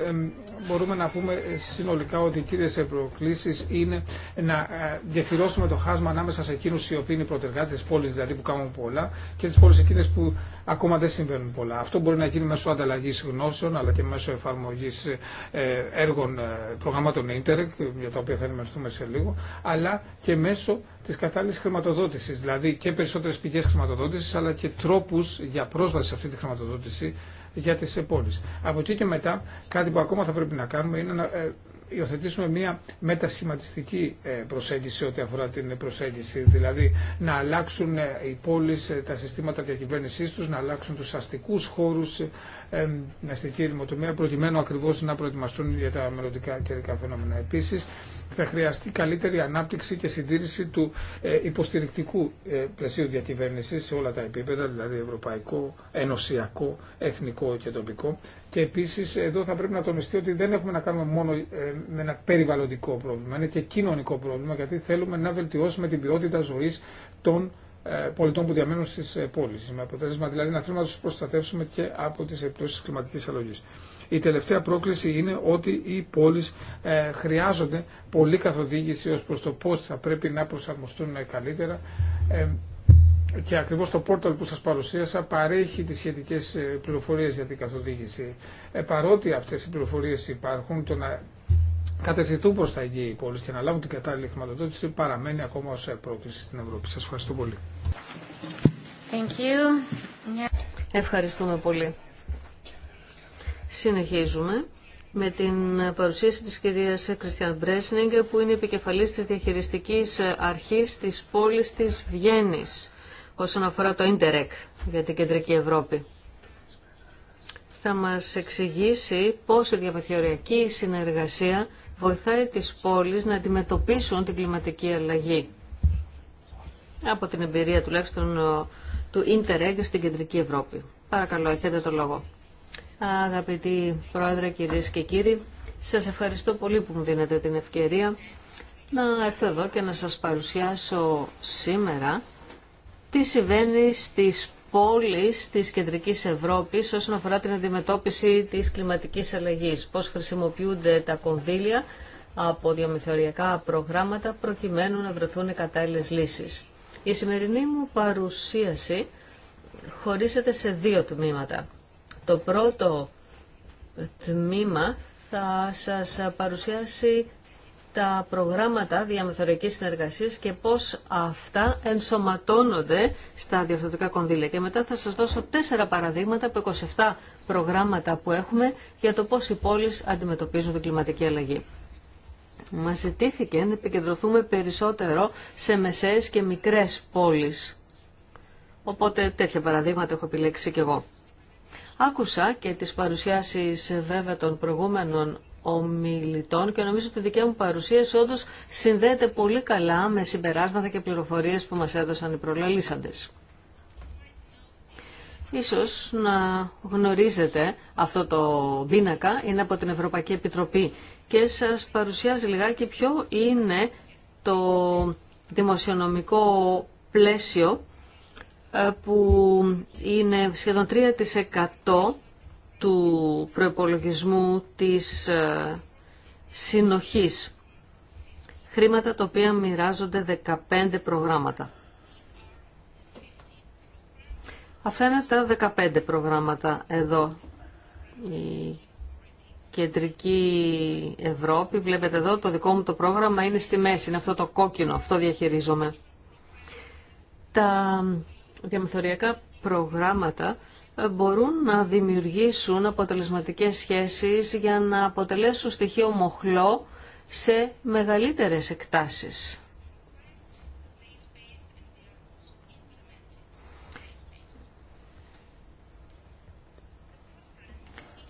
μπορούμε να πούμε συνολικά ότι οι κύριες προκλήσεις είναι να γεφυρώσουμε το χάσμα ανάμεσα σε εκείνους οι οποίοι είναι πρωτεργάτες της πόλης, δηλαδή που κάνουν πολλά, και τις πόλεις εκείνες που ακόμα δεν συμβαίνουν πολλά. Αυτό μπορεί να γίνει μέσω ανταλλαγής γνώσεων, αλλά και μέσω εφαρμογής έργων προγραμμάτων των Ιντερεκ, για τα οποία θα ενημερωθούμε σε λίγο, αλλά και μέσω τη κατάλληλη χρηματοδότηση. Δηλαδή και περισσότερε πηγέ χρηματοδότηση, αλλά και τρόπου για πρόσβαση σε αυτή τη χρηματοδότηση για τι πόλει. Από εκεί και μετά, κάτι που ακόμα θα πρέπει να κάνουμε είναι να ε, υιοθετήσουμε μια μετασχηματιστική ε, προσέγγιση ό,τι αφορά την προσέγγιση. Δηλαδή να αλλάξουν ε, οι πόλεις, ε, τα συστήματα διακυβέρνησή του, να αλλάξουν του αστικού χώρου την αστική ρημοτομία, προκειμένου ακριβώ να προετοιμαστούν για τα μελλοντικά καιρικά φαινόμενα. Επίση, θα χρειαστεί καλύτερη ανάπτυξη και συντήρηση του υποστηρικτικού πλαισίου διακυβέρνηση σε όλα τα επίπεδα, δηλαδή ευρωπαϊκό, ενωσιακό, εθνικό και τοπικό και επίση εδώ θα πρέπει να τονιστεί ότι δεν έχουμε να κάνουμε μόνο ε, με ένα περιβαλλοντικό πρόβλημα, είναι και κοινωνικό πρόβλημα, γιατί θέλουμε να βελτιώσουμε την ποιότητα ζωή των ε, πολιτών που διαμένουν στι ε, πόλει. Με αποτέλεσμα δηλαδή να θέλουμε να του προστατεύσουμε και από τι επιπτώσει τη κλιματική αλλαγή. Η τελευταία πρόκληση είναι ότι οι πόλεις χρειάζονται πολύ καθοδήγηση ω προ το πώ θα πρέπει να προσαρμοστούν καλύτερα και ακριβώς το πόρταλ που σας παρουσίασα παρέχει τις σχετικές ε, πληροφορίες για την καθοδήγηση. Ε, παρότι αυτές οι πληροφορίες υπάρχουν, το να κατευθυνθούν προς τα εγγύη οι πόλεις και να λάβουν την κατάλληλη χρηματοδότηση παραμένει ακόμα ως ε, πρόκληση στην Ευρώπη. Σας ευχαριστώ πολύ. Thank you. Ευχαριστούμε πολύ. Συνεχίζουμε με την παρουσίαση της κυρίας Κριστιαν Μπρέσνιγκ που είναι επικεφαλής της διαχειριστικής αρχής της πόλης της Βιέννης όσον αφορά το Ιντερεκ για την Κεντρική Ευρώπη. Θα μας εξηγήσει πώς η διαμεθοριακή συνεργασία βοηθάει τις πόλεις να αντιμετωπίσουν την κλιματική αλλαγή. Από την εμπειρία τουλάχιστον του Ιντερεκ στην Κεντρική Ευρώπη. Παρακαλώ, έχετε το λόγο. Αγαπητοί Πρόεδρε, κυρίες και κύριοι, σας ευχαριστώ πολύ που μου δίνετε την ευκαιρία να έρθω εδώ και να σας παρουσιάσω σήμερα τι συμβαίνει στις πόλεις της κεντρικής Ευρώπης όσον αφορά την αντιμετώπιση της κλιματικής αλλαγής, πώς χρησιμοποιούνται τα κονδύλια από διαμεθοριακά προγράμματα προκειμένου να βρεθούν κατάλληλες λύσεις. Η σημερινή μου παρουσίαση χωρίζεται σε δύο τμήματα. Το πρώτο τμήμα θα σας παρουσιάσει τα προγράμματα διαμεθοριακής συνεργασίας και πώς αυτά ενσωματώνονται στα διορθωτικά κονδύλια. Και μετά θα σας δώσω τέσσερα παραδείγματα από 27 προγράμματα που έχουμε για το πώς οι πόλεις αντιμετωπίζουν την κλιματική αλλαγή. Μα ζητήθηκε να επικεντρωθούμε περισσότερο σε μεσαίες και μικρές πόλεις. Οπότε τέτοια παραδείγματα έχω επιλέξει κι εγώ. Άκουσα και τις παρουσιάσεις βέβαια των προηγούμενων ομιλητών και νομίζω ότι η δικιά μου παρουσίαση όντω συνδέεται πολύ καλά με συμπεράσματα και πληροφορίες που μας έδωσαν οι προλαλήσαντες. Ίσως να γνωρίζετε αυτό το πίνακα, είναι από την Ευρωπαϊκή Επιτροπή και σας παρουσιάζει λιγάκι ποιο είναι το δημοσιονομικό πλαίσιο ε, που είναι σχεδόν 3% του προϋπολογισμού της ε, συνοχής. Χρήματα τα οποία μοιράζονται 15 προγράμματα. Αυτά είναι τα 15 προγράμματα εδώ. Η Κεντρική Ευρώπη, βλέπετε εδώ, το δικό μου το πρόγραμμα είναι στη μέση, είναι αυτό το κόκκινο, αυτό διαχειρίζομαι. Τα διαμεθοριακά προγράμματα μπορούν να δημιουργήσουν αποτελεσματικές σχέσεις για να αποτελέσουν στοιχείο μοχλό σε μεγαλύτερες εκτάσεις.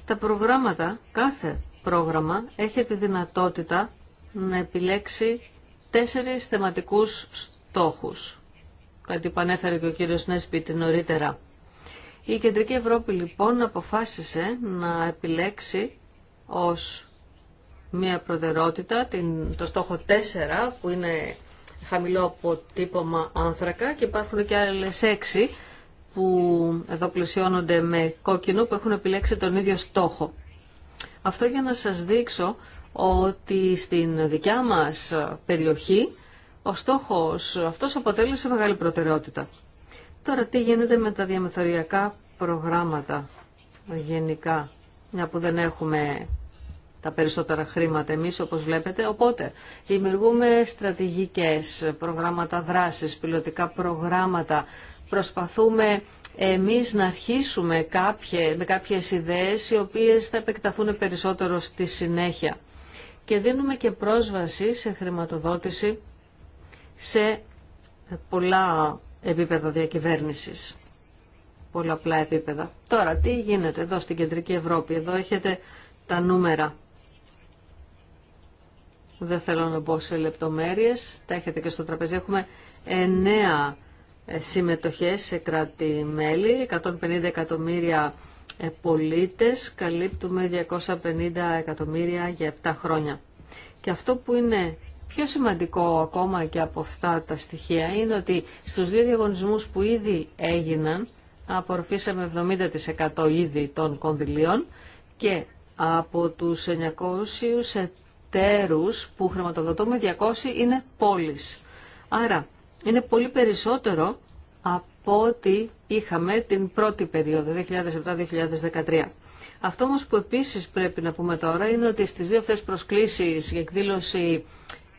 Τα προγράμματα, κάθε πρόγραμμα έχει τη δυνατότητα να επιλέξει τέσσερις θεματικούς στόχους. Κάτι που ανέφερε και ο κύριος Νέσπιτ νωρίτερα. Η Κεντρική Ευρώπη λοιπόν αποφάσισε να επιλέξει ως μια προτεραιότητα την, το στόχο 4 που είναι χαμηλό αποτύπωμα άνθρακα και υπάρχουν και άλλες 6 που εδώ πλησιώνονται με κόκκινο που έχουν επιλέξει τον ίδιο στόχο. Αυτό για να σας δείξω ότι στην δικιά μας περιοχή ο στόχος αυτός αποτέλεσε μεγάλη προτεραιότητα. Τώρα τι γίνεται με τα διαμεθοριακά προγράμματα γενικά, μια που δεν έχουμε τα περισσότερα χρήματα εμείς όπως βλέπετε. Οπότε δημιουργούμε στρατηγικές, προγράμματα δράσης, πιλωτικά προγράμματα. Προσπαθούμε εμείς να αρχίσουμε με κάποιες ιδέες οι οποίες θα επεκταθούν περισσότερο στη συνέχεια. Και δίνουμε και πρόσβαση σε χρηματοδότηση σε πολλά Επίπεδο διακυβέρνησης. Πολλαπλά επίπεδα. Τώρα, τι γίνεται εδώ στην Κεντρική Ευρώπη. Εδώ έχετε τα νούμερα. Δεν θέλω να μπω σε λεπτομέρειες. Τα έχετε και στο τραπέζι. Έχουμε εννέα ε, συμμετοχές σε κράτη-μέλη, 150 εκατομμύρια ε, πολίτες, καλύπτουμε 250 εκατομμύρια για 7 χρόνια. Και αυτό που είναι Πιο σημαντικό ακόμα και από αυτά τα στοιχεία είναι ότι στους δύο διαγωνισμούς που ήδη έγιναν απορροφήσαμε 70% ήδη των κονδυλίων και από τους 900 εταίρους που χρηματοδοτούμε 200 είναι πόλεις. Άρα είναι πολύ περισσότερο από ό,τι είχαμε την πρώτη περίοδο 2007-2013. Αυτό όμως που επίσης πρέπει να πούμε τώρα είναι ότι στις δύο αυτές προσκλήσεις για εκδήλωση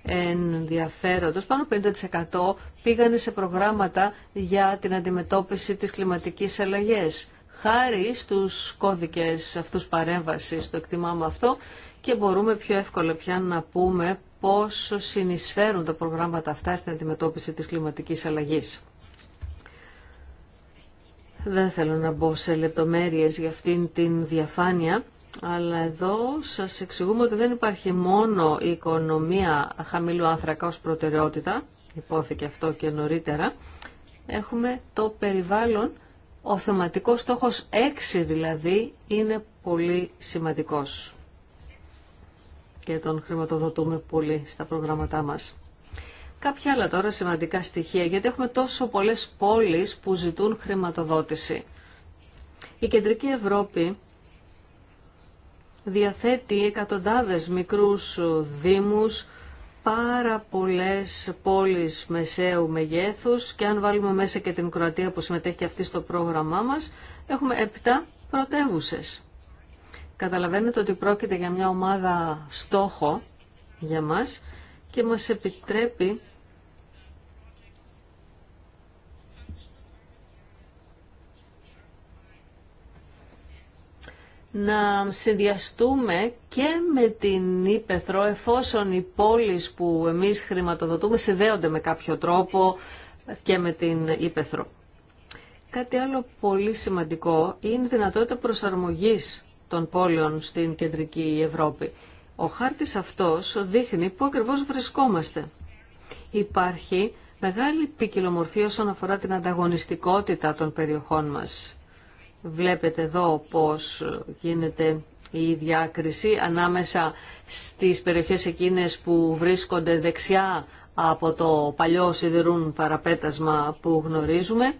ενδιαφέροντος, πάνω 50% πήγανε σε προγράμματα για την αντιμετώπιση της κλιματικής αλλαγής. Χάρη στους κώδικες αυτούς παρέμβασης, το εκτιμάμε αυτό, και μπορούμε πιο εύκολα πια να πούμε πόσο συνεισφέρουν τα προγράμματα αυτά στην αντιμετώπιση της κλιματικής αλλαγής. Δεν θέλω να μπω σε λεπτομέρειες για αυτήν την διαφάνεια, αλλά εδώ σας εξηγούμε ότι δεν υπάρχει μόνο η οικονομία χαμηλού άνθρακα ως προτεραιότητα, υπόθηκε αυτό και νωρίτερα, έχουμε το περιβάλλον, ο θεματικός στόχος 6 δηλαδή είναι πολύ σημαντικός και τον χρηματοδοτούμε πολύ στα προγράμματά μας. Κάποια άλλα τώρα σημαντικά στοιχεία, γιατί έχουμε τόσο πολλές πόλεις που ζητούν χρηματοδότηση. Η Κεντρική Ευρώπη διαθέτει εκατοντάδες μικρούς δήμους, πάρα πολλές πόλεις μεσαίου μεγέθους και αν βάλουμε μέσα και την Κροατία που συμμετέχει αυτή στο πρόγραμμά μας, έχουμε επτά πρωτεύουσε. Καταλαβαίνετε ότι πρόκειται για μια ομάδα στόχο για μας και μας επιτρέπει να συνδυαστούμε και με την Ήπεθρο εφόσον οι πόλεις που εμείς χρηματοδοτούμε συνδέονται με κάποιο τρόπο και με την Ήπεθρο. Κάτι άλλο πολύ σημαντικό είναι η δυνατότητα προσαρμογής των πόλεων στην κεντρική Ευρώπη. Ο χάρτης αυτός δείχνει πού ακριβώς βρισκόμαστε. Υπάρχει μεγάλη ποικιλομορφία όσον αφορά την ανταγωνιστικότητα των περιοχών μας Βλέπετε εδώ πώς γίνεται η διάκριση ανάμεσα στις περιοχές εκείνες που βρίσκονται δεξιά από το παλιό σιδηρούν παραπέτασμα που γνωρίζουμε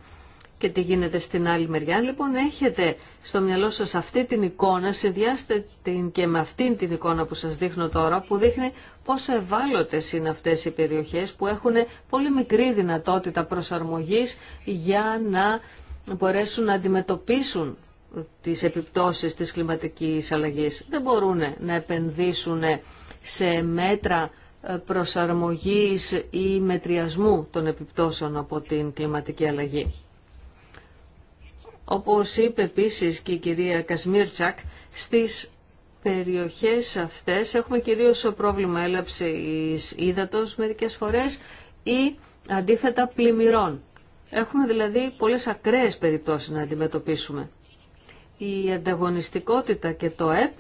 και τι γίνεται στην άλλη μεριά. Λοιπόν, έχετε στο μυαλό σας αυτή την εικόνα, συνδυάστε την και με αυτήν την εικόνα που σας δείχνω τώρα, που δείχνει πόσο ευάλωτες είναι αυτές οι περιοχές που έχουν πολύ μικρή δυνατότητα προσαρμογής για να να μπορέσουν να αντιμετωπίσουν τις επιπτώσεις της κλιματικής αλλαγής. Δεν μπορούν να επενδύσουν σε μέτρα ε, προσαρμογής ή μετριασμού των επιπτώσεων από την κλιματική αλλαγή. Όπως είπε επίσης και η κυρία Κασμίρτσακ, στις περιοχές αυτές έχουμε κυρίως πρόβλημα έλαψης ύδατος μερικές φορές ή αντίθετα πλημμυρών. Έχουμε δηλαδή πολλές ακραίες περιπτώσεις να αντιμετωπίσουμε. Η ανταγωνιστικότητα και το ΕΠ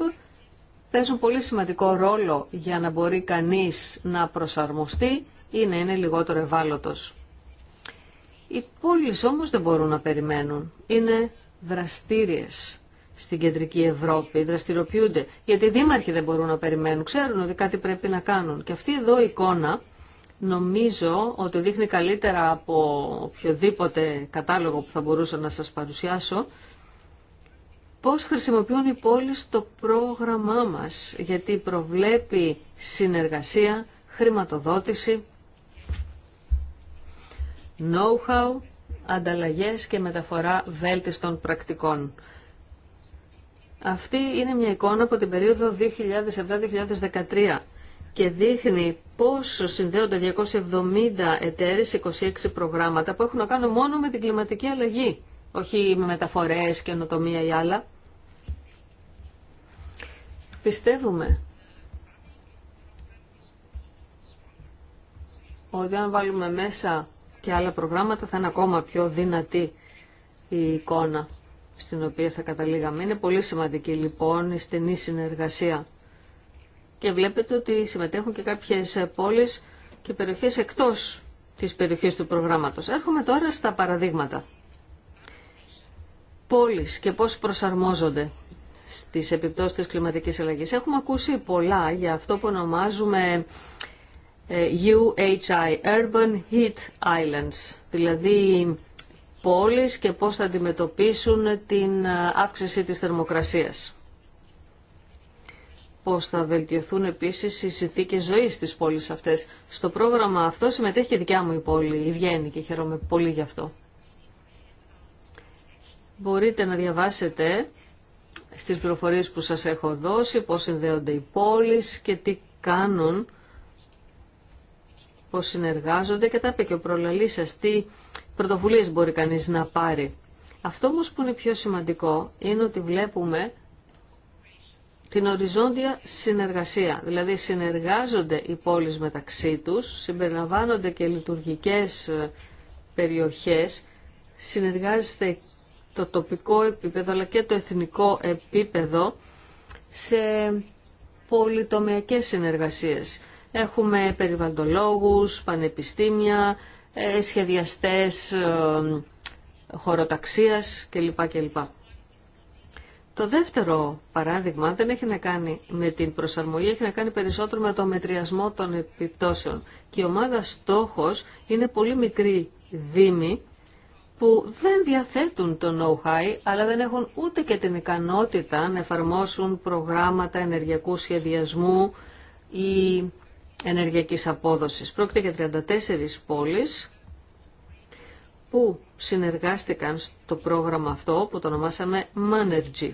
παίζουν πολύ σημαντικό ρόλο για να μπορεί κανείς να προσαρμοστεί ή να είναι λιγότερο ευάλωτος. Οι πόλεις όμως δεν μπορούν να περιμένουν. Είναι δραστήριες στην κεντρική Ευρώπη, δραστηριοποιούνται, γιατί οι δήμαρχοι δεν μπορούν να περιμένουν, ξέρουν ότι κάτι πρέπει να κάνουν. Και αυτή εδώ η εικόνα νομίζω ότι δείχνει καλύτερα από οποιοδήποτε κατάλογο που θα μπορούσα να σας παρουσιάσω πώς χρησιμοποιούν οι πόλεις το πρόγραμμά μας, γιατί προβλέπει συνεργασία, χρηματοδότηση, know-how, ανταλλαγές και μεταφορά βέλτιστων πρακτικών. Αυτή είναι μια εικόνα από την περίοδο 2007-2013 και δείχνει πόσο συνδέονται 270 εταίρε 26 προγράμματα που έχουν να κάνουν μόνο με την κλιματική αλλαγή, όχι με μεταφορές, καινοτομία ή άλλα. Πιστεύουμε ότι αν βάλουμε μέσα και άλλα προγράμματα θα είναι ακόμα πιο δυνατή η εικόνα στην οποία θα καταλήγαμε. Είναι πολύ σημαντική λοιπόν η στενή συνεργασία και βλέπετε ότι συμμετέχουν και κάποιες πόλεις και περιοχές εκτός της περιοχής του προγράμματος. Έρχομαι τώρα στα παραδείγματα. Πόλεις και πώς προσαρμόζονται στις επιπτώσεις της κλιματικής αλλαγής. Έχουμε ακούσει πολλά για αυτό που ονομάζουμε ε, UHI, Urban Heat Islands, δηλαδή πόλεις και πώς θα αντιμετωπίσουν την ε, αύξηση της θερμοκρασίας πώς θα βελτιωθούν επίσης οι συνθήκες ζωής στις πόλεις αυτές. Στο πρόγραμμα αυτό συμμετέχει και δικιά μου η πόλη, η Βιέννη και χαίρομαι πολύ γι' αυτό. Μπορείτε να διαβάσετε στις πληροφορίες που σας έχω δώσει, πώς συνδέονται οι πόλεις και τι κάνουν, πώς συνεργάζονται και τα είπε και ο σας, τι πρωτοβουλίες μπορεί κανείς να πάρει. Αυτό όμως που είναι πιο σημαντικό είναι ότι βλέπουμε την οριζόντια συνεργασία. Δηλαδή συνεργάζονται οι πόλεις μεταξύ τους, συμπεριλαμβάνονται και λειτουργικές ε, περιοχές, συνεργάζεται το τοπικό επίπεδο αλλά και το εθνικό επίπεδο σε πολυτομιακές συνεργασίες. Έχουμε περιβαλλοντολόγους, πανεπιστήμια, ε, σχεδιαστές ε, χωροταξίας κλπ. κλπ. Το δεύτερο παράδειγμα δεν έχει να κάνει με την προσαρμογή, έχει να κάνει περισσότερο με το μετριασμό των επιπτώσεων. Και η ομάδα στόχος είναι πολύ μικρή δήμη που δεν διαθέτουν το know-how, αλλά δεν έχουν ούτε και την ικανότητα να εφαρμόσουν προγράμματα ενεργειακού σχεδιασμού ή ενεργειακής απόδοσης. Πρόκειται για 34 πόλεις που συνεργάστηκαν στο πρόγραμμα αυτό που το ονομάσαμε Manergy.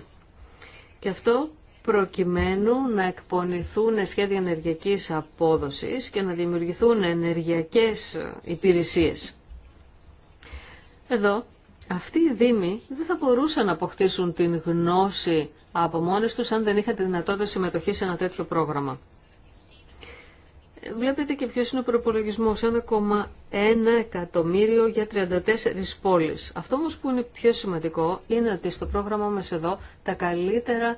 Και αυτό προκειμένου να εκπονηθούν σχέδια ενεργειακής απόδοσης και να δημιουργηθούν ενεργειακές υπηρεσίες. Εδώ, αυτοί οι δήμοι δεν θα μπορούσαν να αποκτήσουν την γνώση από μόνες τους αν δεν είχαν τη δυνατότητα συμμετοχή σε ένα τέτοιο πρόγραμμα βλέπετε και ποιος είναι ο προπολογισμός, 1,1 εκατομμύριο για 34 πόλεις. Αυτό όμως που είναι πιο σημαντικό είναι ότι στο πρόγραμμα μας εδώ τα καλύτερα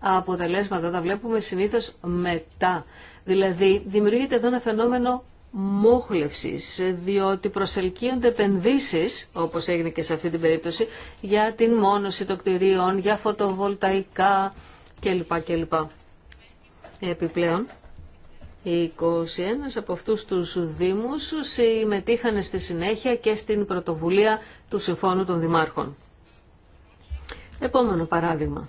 αποτελέσματα τα βλέπουμε συνήθως μετά. Δηλαδή δημιουργείται εδώ ένα φαινόμενο μόχλευσης, διότι προσελκύονται επενδύσει, όπως έγινε και σε αυτή την περίπτωση, για την μόνωση των κτηρίων, για φωτοβολταϊκά κλπ. Επιπλέον, οι 21 από αυτούς τους Δήμους συμμετείχαν στη συνέχεια και στην πρωτοβουλία του Συμφώνου των Δημάρχων. Επόμενο παράδειγμα.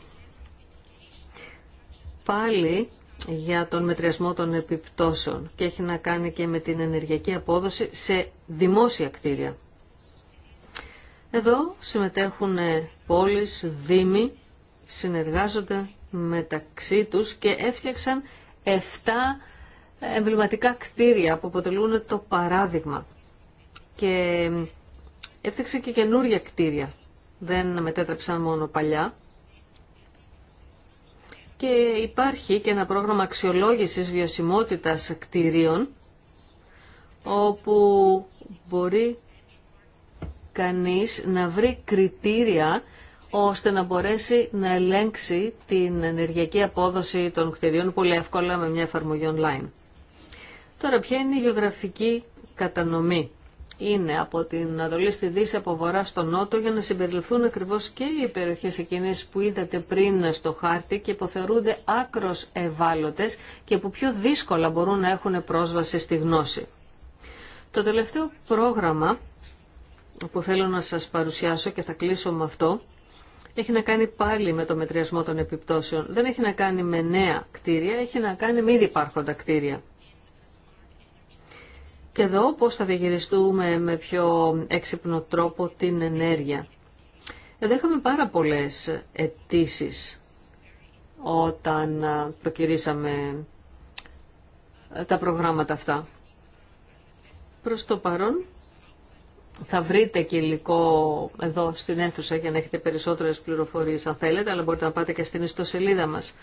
Πάλι για τον μετριασμό των επιπτώσεων και έχει να κάνει και με την ενεργειακή απόδοση σε δημόσια κτίρια. Εδώ συμμετέχουν πόλεις, δήμοι, συνεργάζονται μεταξύ τους και έφτιαξαν 7 εμβληματικά κτίρια που αποτελούν το παράδειγμα. Και έφτιαξε και καινούρια κτίρια. Δεν μετέτρεψαν μόνο παλιά. Και υπάρχει και ένα πρόγραμμα αξιολόγησης βιωσιμότητας κτίριων, όπου μπορεί κανείς να βρει κριτήρια ώστε να μπορέσει να ελέγξει την ενεργειακή απόδοση των κτηρίων πολύ εύκολα με μια εφαρμογή online. Τώρα ποια είναι η γεωγραφική κατανομή. Είναι από την Ανατολή στη Δύση, από βορρά στο Νότο, για να συμπεριληφθούν ακριβώς και οι περιοχές εκείνες που είδατε πριν στο χάρτη και που θεωρούνται άκρος ευάλωτες και που πιο δύσκολα μπορούν να έχουν πρόσβαση στη γνώση. Το τελευταίο πρόγραμμα που θέλω να σας παρουσιάσω και θα κλείσω με αυτό, έχει να κάνει πάλι με το μετριασμό των επιπτώσεων. Δεν έχει να κάνει με νέα κτίρια, έχει να κάνει με ήδη υπάρχοντα κτίρια. Και εδώ πώς θα διαχειριστούμε με πιο έξυπνο τρόπο την ενέργεια. Εδώ είχαμε πάρα πολλές αιτήσει όταν προκυρήσαμε ε, τα προγράμματα αυτά. Προς το παρόν θα βρείτε και υλικό εδώ στην αίθουσα για να έχετε περισσότερες πληροφορίες αν θέλετε, αλλά μπορείτε να πάτε και στην ιστοσελίδα μας.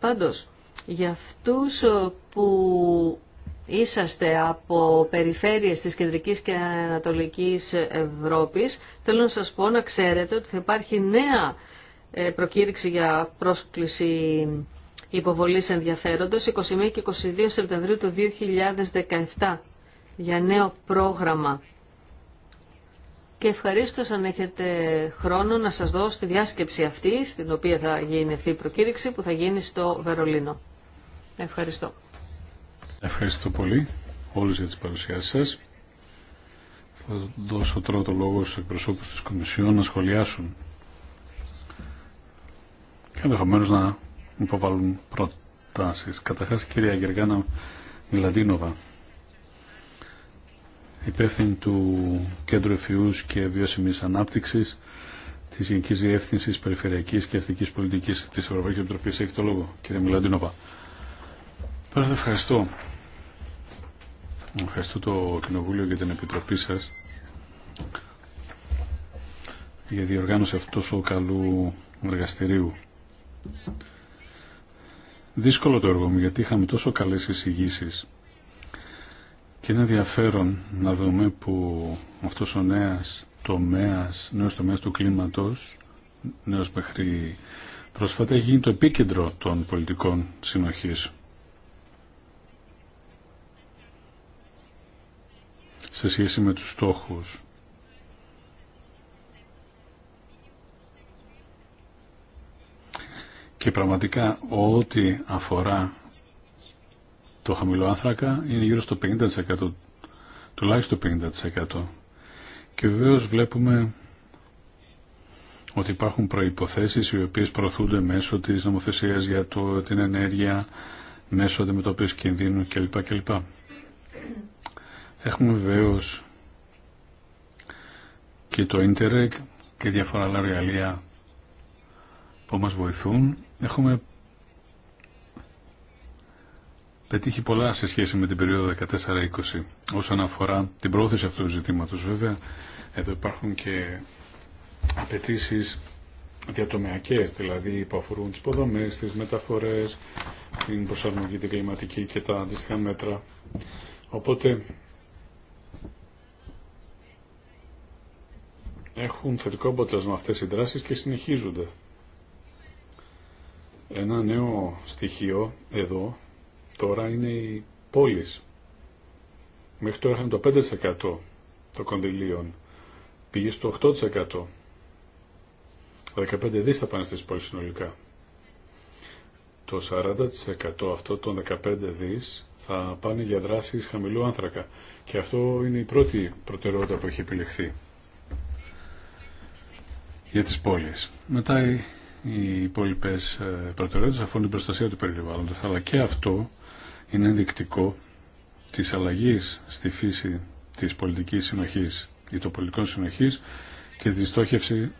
Πάντως, για αυτούς ε, που είσαστε από περιφέρειες της Κεντρικής και Ανατολικής Ευρώπης, θέλω να σας πω να ξέρετε ότι θα υπάρχει νέα ε, προκήρυξη για πρόσκληση υποβολής ενδιαφέροντος 21 και 22 Σεπτεμβρίου του 2017 για νέο πρόγραμμα. Και ευχαρίστως αν έχετε χρόνο να σας δώσω τη διάσκεψη αυτή, στην οποία θα γίνει αυτή η προκήρυξη, που θα γίνει στο Βερολίνο. Ευχαριστώ. Ευχαριστώ πολύ όλους για τις παρουσιάσεις σας. Θα δώσω τώρα το λόγο στους εκπροσώπους της Κομισιόν να σχολιάσουν και ενδεχομένω να υποβάλουν προτάσεις. Καταρχάς κυρία Γεργάνα Μιλαντίνοβα, υπεύθυνη του Κέντρου Εφιούς και Βιώσιμης Ανάπτυξης της Γενικής Διεύθυνσης Περιφερειακής και Αστικής Πολιτικής της Ευρωπαϊκής Επιτροπής. Έχει το λόγο, κύριε Μιλαντίνοβα. Πρώτα ευχαριστώ. Ευχαριστώ το Κοινοβούλιο και την Επιτροπή σας για διοργάνωση αυτού του καλού εργαστηρίου. Δύσκολο το έργο μου γιατί είχαμε τόσο καλές εισήγησει. και είναι ενδιαφέρον να δούμε που αυτός ο νέας τομέας, νέος τομέας του κλίματος, νέος μέχρι πρόσφατα, έχει γίνει το επίκεντρο των πολιτικών συνοχής. σε σχέση με τους στόχους. Και πραγματικά ό,τι αφορά το χαμηλό άνθρακα είναι γύρω στο 50%, τουλάχιστον 50%. Και βεβαίω βλέπουμε ότι υπάρχουν προϋποθέσεις οι οποίες προωθούνται μέσω της νομοθεσίας για το, την ενέργεια, μέσω αντιμετώπιση κινδύνου κλπ. κλπ. Έχουμε βεβαίω και το Ίντερεκ και διάφορα άλλα εργαλεία που μας βοηθούν. Έχουμε πετύχει πολλά σε σχέση με την περίοδο 14-20 όσον αφορά την πρόθεση αυτού του ζητήματος. Βέβαια, εδώ υπάρχουν και απαιτήσει διατομιακές, δηλαδή που αφορούν τις υποδομές, τις μεταφορές, την προσαρμογή την κλιματική και τα αντίστοιχα μέτρα. Οπότε έχουν θετικό αποτέλεσμα αυτές οι δράσεις και συνεχίζονται. Ένα νέο στοιχείο εδώ τώρα είναι οι πόλεις. Μέχρι τώρα είχαν το 5% των κονδυλίων. Πήγε στο 8%. 15 δις θα πάνε στις πόλεις συνολικά. Το 40% αυτό των 15 δις θα πάνε για δράσεις χαμηλού άνθρακα. Και αυτό είναι η πρώτη προτεραιότητα που έχει επιλεχθεί για τις πόλεις. Μετά οι υπόλοιπε ε, προτεραιότητες αφορούν την προστασία του περιβάλλοντος, αλλά και αυτό είναι ενδεικτικό της αλλαγής στη φύση της πολιτικής συνοχής ή των πολιτικών συνοχής και τη στόχευση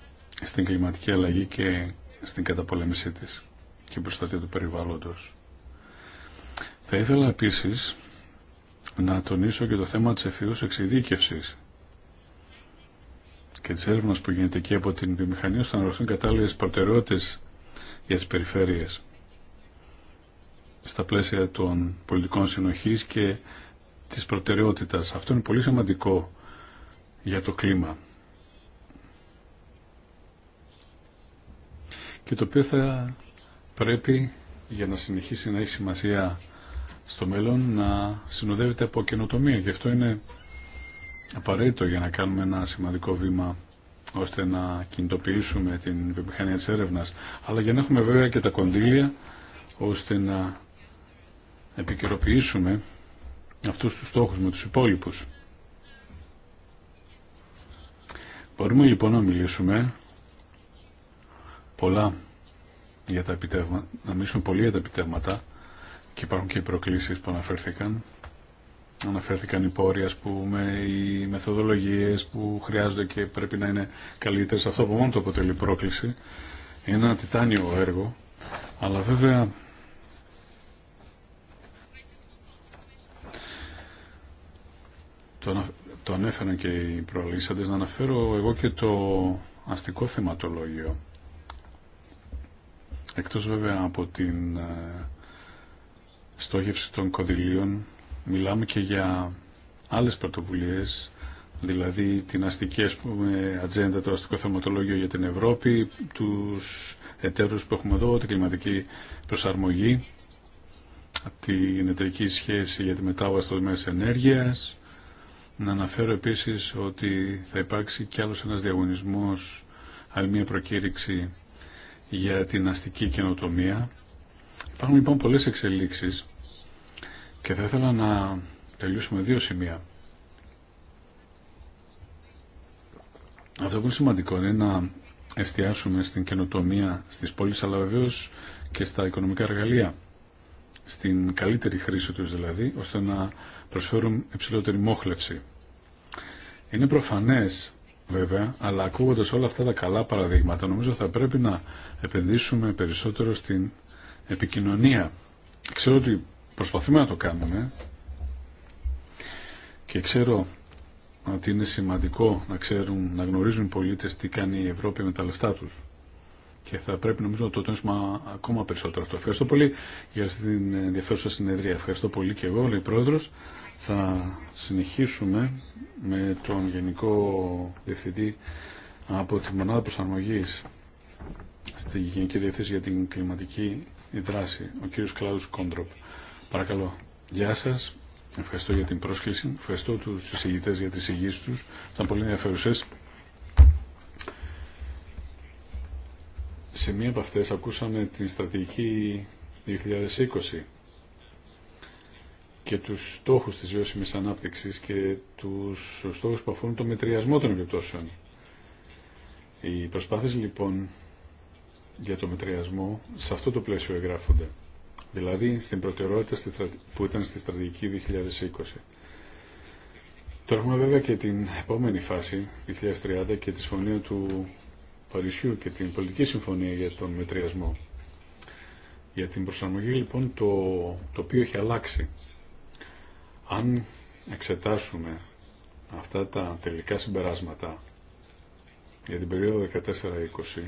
στην κλιματική αλλαγή και στην καταπολέμησή της και προστασία του περιβάλλοντος. Θα ήθελα επίσης να τονίσω και το θέμα της εξειδίκευσης και τη έρευνας που γίνεται εκεί από την βιομηχανία ώστε να ρωτήσουν κατάλληλε προτεραιότητε για τις περιφέρειες στα πλαίσια των πολιτικών συνοχής και της προτεραιότητας. Αυτό είναι πολύ σημαντικό για το κλίμα. Και το οποίο θα πρέπει για να συνεχίσει να έχει σημασία στο μέλλον να συνοδεύεται από καινοτομία. Γι' αυτό είναι απαραίτητο για να κάνουμε ένα σημαντικό βήμα ώστε να κινητοποιήσουμε την βιομηχανία της έρευνας, αλλά για να έχουμε βέβαια και τα κονδύλια ώστε να επικαιροποιήσουμε αυτούς τους στόχους με τους υπόλοιπους. Μπορούμε λοιπόν να μιλήσουμε πολλά για τα επιτεύγματα, να μιλήσουμε πολύ για τα επιτεύγματα και υπάρχουν και οι προκλήσεις που αναφέρθηκαν αναφέρθηκαν οι πόροι, ας πούμε, οι μεθοδολογίες που χρειάζονται και πρέπει να είναι καλύτερες. Αυτό από μόνο το αποτελεί πρόκληση. Είναι ένα τιτάνιο έργο, αλλά βέβαια το ανέφεραν και οι προαλήσαντες, να αναφέρω εγώ και το αστικό θεματολόγιο. Εκτός βέβαια από την ε, στόχευση των κονδυλίων μιλάμε και για άλλες πρωτοβουλίες, δηλαδή την αστική ας πούμε, ατζέντα, το αστικό θεματολόγιο για την Ευρώπη, τους εταίρους που έχουμε εδώ, την κλιματική προσαρμογή, την εταιρική σχέση για τη μετάβαση των μέσων ενέργειας. Να αναφέρω επίσης ότι θα υπάρξει κι άλλος ένας διαγωνισμός, άλλη μια προκήρυξη για την αστική καινοτομία. Υπάρχουν λοιπόν πολλές εξελίξεις και θα ήθελα να τελειώσουμε δύο σημεία. Αυτό που είναι σημαντικό είναι να εστιάσουμε στην καινοτομία στις πόλεις αλλά βεβαίω και στα οικονομικά εργαλεία. Στην καλύτερη χρήση τους δηλαδή, ώστε να προσφέρουν υψηλότερη μόχλευση. Είναι προφανές βέβαια, αλλά ακούγοντας όλα αυτά τα καλά παραδείγματα, νομίζω θα πρέπει να επενδύσουμε περισσότερο στην επικοινωνία. Ξέρω ότι Προσπαθούμε να το κάνουμε και ξέρω ότι είναι σημαντικό να ξέρουν, να γνωρίζουν οι πολίτες τι κάνει η Ευρώπη με τα λεφτά τους. Και θα πρέπει νομίζω να το τονίσουμε ακόμα περισσότερο αυτό. Ευχαριστώ πολύ για αυτή την ενδιαφέρουσα συνεδρία. Ευχαριστώ πολύ και εγώ, λέει Πρόεδρος. Θα συνεχίσουμε με τον Γενικό Διευθυντή από τη Μονάδα Προσαρμογής στη Γενική Διευθύνση για την Κλιματική Δράση, ο κύριος Κλάδος Κόντροπ. Παρακαλώ. Γεια σας. Ευχαριστώ για την πρόσκληση. Ευχαριστώ τους συζητητέ για τι εισηγήσεις του Ήταν πολύ ενδιαφέρουσε. Σε μία από αυτές ακούσαμε την στρατηγική 2020 και τους στόχους της βιώσιμης ανάπτυξης και τους στόχους που αφορούν το μετριασμό των επιπτώσεων. Οι προσπάθειες λοιπόν για το μετριασμό σε αυτό το πλαίσιο εγγράφονται δηλαδή στην προτεραιότητα που ήταν στη στρατηγική 2020. Τώρα έχουμε βέβαια και την επόμενη φάση, 2030, και τη συμφωνία του Παρισιού και την πολιτική συμφωνία για τον μετριασμό. Για την προσαρμογή λοιπόν το οποίο έχει αλλάξει. Αν εξετάσουμε αυτά τα τελικά συμπεράσματα για την περίοδο 14-20,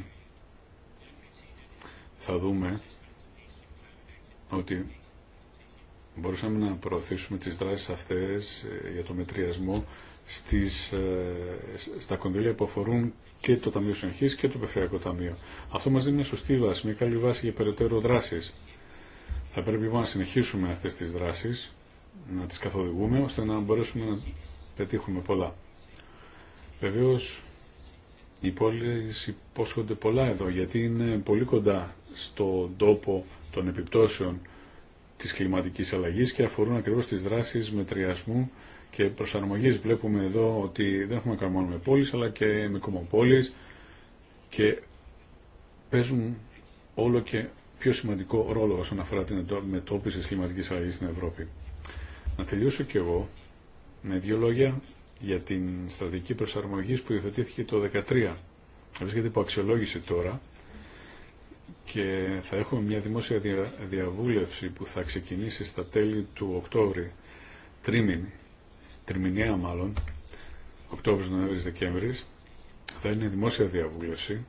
θα δούμε ότι μπορούσαμε να προωθήσουμε τις δράσεις αυτές ε, για το μετριασμό στις, ε, στα κονδύλια που αφορούν και το Ταμείο Συνοχή και το Πεφριακό Ταμείο. Αυτό μας δίνει μια σωστή βάση, μια καλή βάση για περαιτέρω δράσεις. Θα πρέπει λοιπόν να συνεχίσουμε αυτές τις δράσεις, να τις καθοδηγούμε, ώστε να μπορέσουμε να πετύχουμε πολλά. Βεβαίω, οι πόλει υπόσχονται πολλά εδώ, γιατί είναι πολύ κοντά στον τόπο των επιπτώσεων της κλιματικής αλλαγής και αφορούν ακριβώς τις δράσεις μετριασμού και προσαρμογής. Βλέπουμε εδώ ότι δεν έχουμε να μόνο με πόλεις αλλά και με κομμοπόλεις και παίζουν όλο και πιο σημαντικό ρόλο όσον αφορά την μετώπιση της κλιματικής αλλαγής στην Ευρώπη. Να τελειώσω κι εγώ με δύο λόγια για την στρατηγική προσαρμογής που υιοθετήθηκε το 2013. Βρίσκεται υπό αξιολόγηση τώρα και θα έχουμε μια δημόσια διαβούλευση που θα ξεκινήσει στα τέλη του Οκτώβρη, τρίμηνη, τριμηνιαία μάλλον, Οκτώβρης, Νοέμβρης, Δεκέμβρης, θα είναι δημόσια διαβούλευση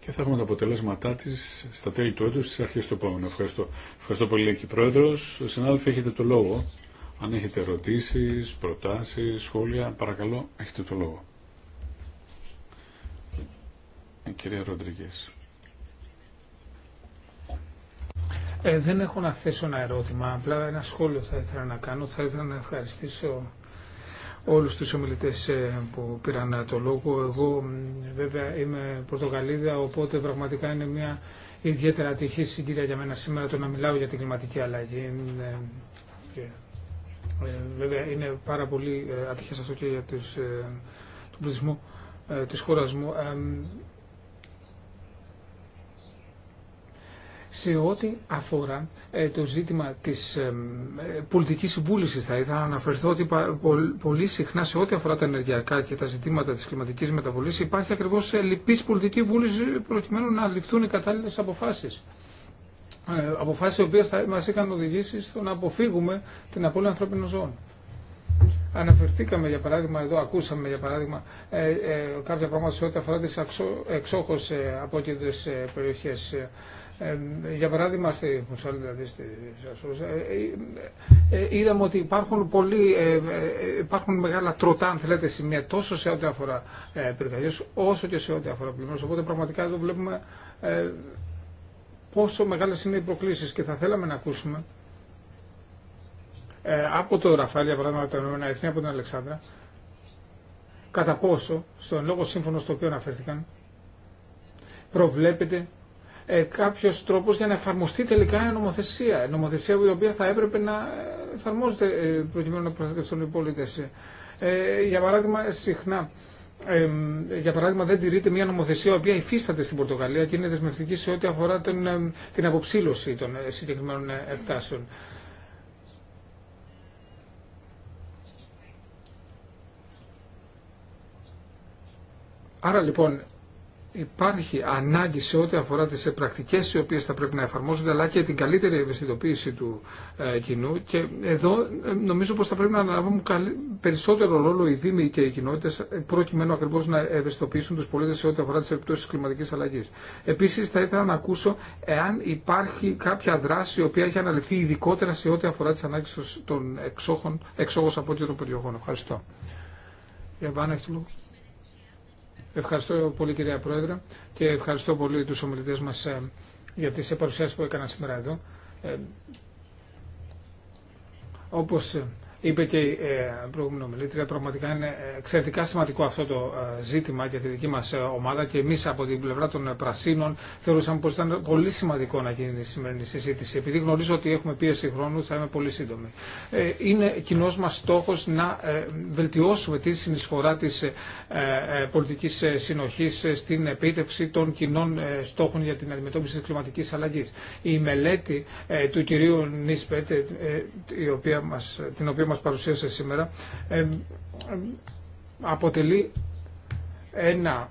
και θα έχουμε τα αποτελέσματά τη στα τέλη του έτου στι αρχέ του επόμενου. Ευχαριστώ. Ευχαριστώ πολύ, κύριε Πρόεδρο. Συνάδελφοι, έχετε το λόγο. Αν έχετε ερωτήσει, προτάσει, σχόλια, παρακαλώ, έχετε το λόγο. Κύριε Ροντρίγκες. Ε, δεν έχω να θέσω ένα ερώτημα, απλά ένα σχόλιο θα ήθελα να κάνω. Θα ήθελα να ευχαριστήσω όλους τους ομιλητές ε, που πήραν ε, το λόγο. Εγώ βέβαια είμαι Πορτογαλίδα, οπότε πραγματικά είναι μια ιδιαίτερα ατυχή συγκυρία για μένα σήμερα το να μιλάω για την κλιματική αλλαγή. Είναι... Ε, βέβαια είναι πάρα πολύ ατυχές αυτό και για τους, τον πληθυσμό της χώρας μου. Σε ό,τι αφορά ε, το ζήτημα της ε, ε, πολιτικής βούλησης θα ήθελα να αναφερθώ ότι πολύ συχνά σε ό,τι αφορά τα ενεργειακά και τα ζητήματα της κλιματικής μεταβολής υπάρχει ακριβώς λυπής πολιτική βούληση προκειμένου να ληφθούν οι κατάλληλες αποφάσεις. Αποφάσεις οι οποίες θα μας είχαν οδηγήσει στο να αποφύγουμε την απώλεια ανθρώπινων ζώων. Αναφερθήκαμε για παράδειγμα εδώ, ακούσαμε για παράδειγμα ε, ε, κάποια πράγματα σε ό,τι αφορά τις εξόχως ε, απόκεντρες περιοχές. Ε, για παράδειγμα στη δηλαδή στη ε, ε, είδαμε ότι υπάρχουν, υπάρχουν μεγάλα τροτά, αν θέλετε, σημεία τόσο σε ό,τι αφορά ε, όσο και σε ό,τι αφορά πλημμύρες. Οπότε πραγματικά εδώ βλέπουμε πόσο μεγάλε είναι οι προκλήσεις και θα θέλαμε να ακούσουμε από το Ραφάλ, για παράδειγμα, από τον Εθνή, από την Αλεξάνδρα, κατά πόσο, στον λόγο σύμφωνο στο οποίο αναφέρθηκαν, προβλέπεται ε, κάποιο τρόπο για να εφαρμοστεί τελικά η νομοθεσία. νομοθεσία η οποία θα έπρεπε να ε, εφαρμόζεται ε, προκειμένου να προστατευτούν οι πολίτε. Για παράδειγμα, συχνά. για παράδειγμα, δεν τηρείται μια νομοθεσία η οποία υφίσταται στην Πορτογαλία και είναι δεσμευτική σε ό,τι αφορά τον, την αποψήλωση των συγκεκριμένων εκτάσεων. Άρα λοιπόν υπάρχει ανάγκη σε ό,τι αφορά τις πρακτικές οι οποίες θα πρέπει να εφαρμόζονται αλλά και την καλύτερη ευαισθητοποίηση του ε, κοινού και εδώ ε, νομίζω πως θα πρέπει να αναλάβουν περισσότερο ρόλο οι δήμοι και οι κοινότητες ε, προκειμένου ακριβώς να ευαισθητοποιήσουν τους πολίτες σε ό,τι αφορά τις επιπτώσεις της κλιματικής αλλαγής. Επίσης θα ήθελα να ακούσω εάν υπάρχει κάποια δράση η οποία έχει αναλυφθεί ειδικότερα σε ό,τι αφορά τις ανάγκες των εξόχων, εξόχων από ό,τι των περιοχών. Ευχαριστώ. Ευχαριστώ πολύ κυρία Πρόεδρε και ευχαριστώ πολύ τους ομιλητές μας ε, για τις παρουσιάσεις που έκανα σήμερα εδώ. Ε, όπως ε, είπε και η ε, προηγούμενη ομιλήτρια, πραγματικά είναι εξαιρετικά σημαντικό αυτό το ε, ζήτημα για τη δική μα ε, ομάδα και εμεί από την πλευρά των Πρασίνων θεωρούσαμε πω ήταν πολύ σημαντικό να γίνει η σημερινή συζήτηση. Επειδή γνωρίζω ότι έχουμε πίεση χρόνου, θα είμαι πολύ σύντομη. Είναι κοινό μα στόχο να βελτιώσουμε τη συνεισφορά τη πολιτική συνοχή στην επίτευξη των κοινών στόχων για την αντιμετώπιση τη κλιματική αλλαγή. Η μελέτη του κυρίου Νίσπετ, την οποία μας παρουσίασε σήμερα ε, ε, αποτελεί ένα,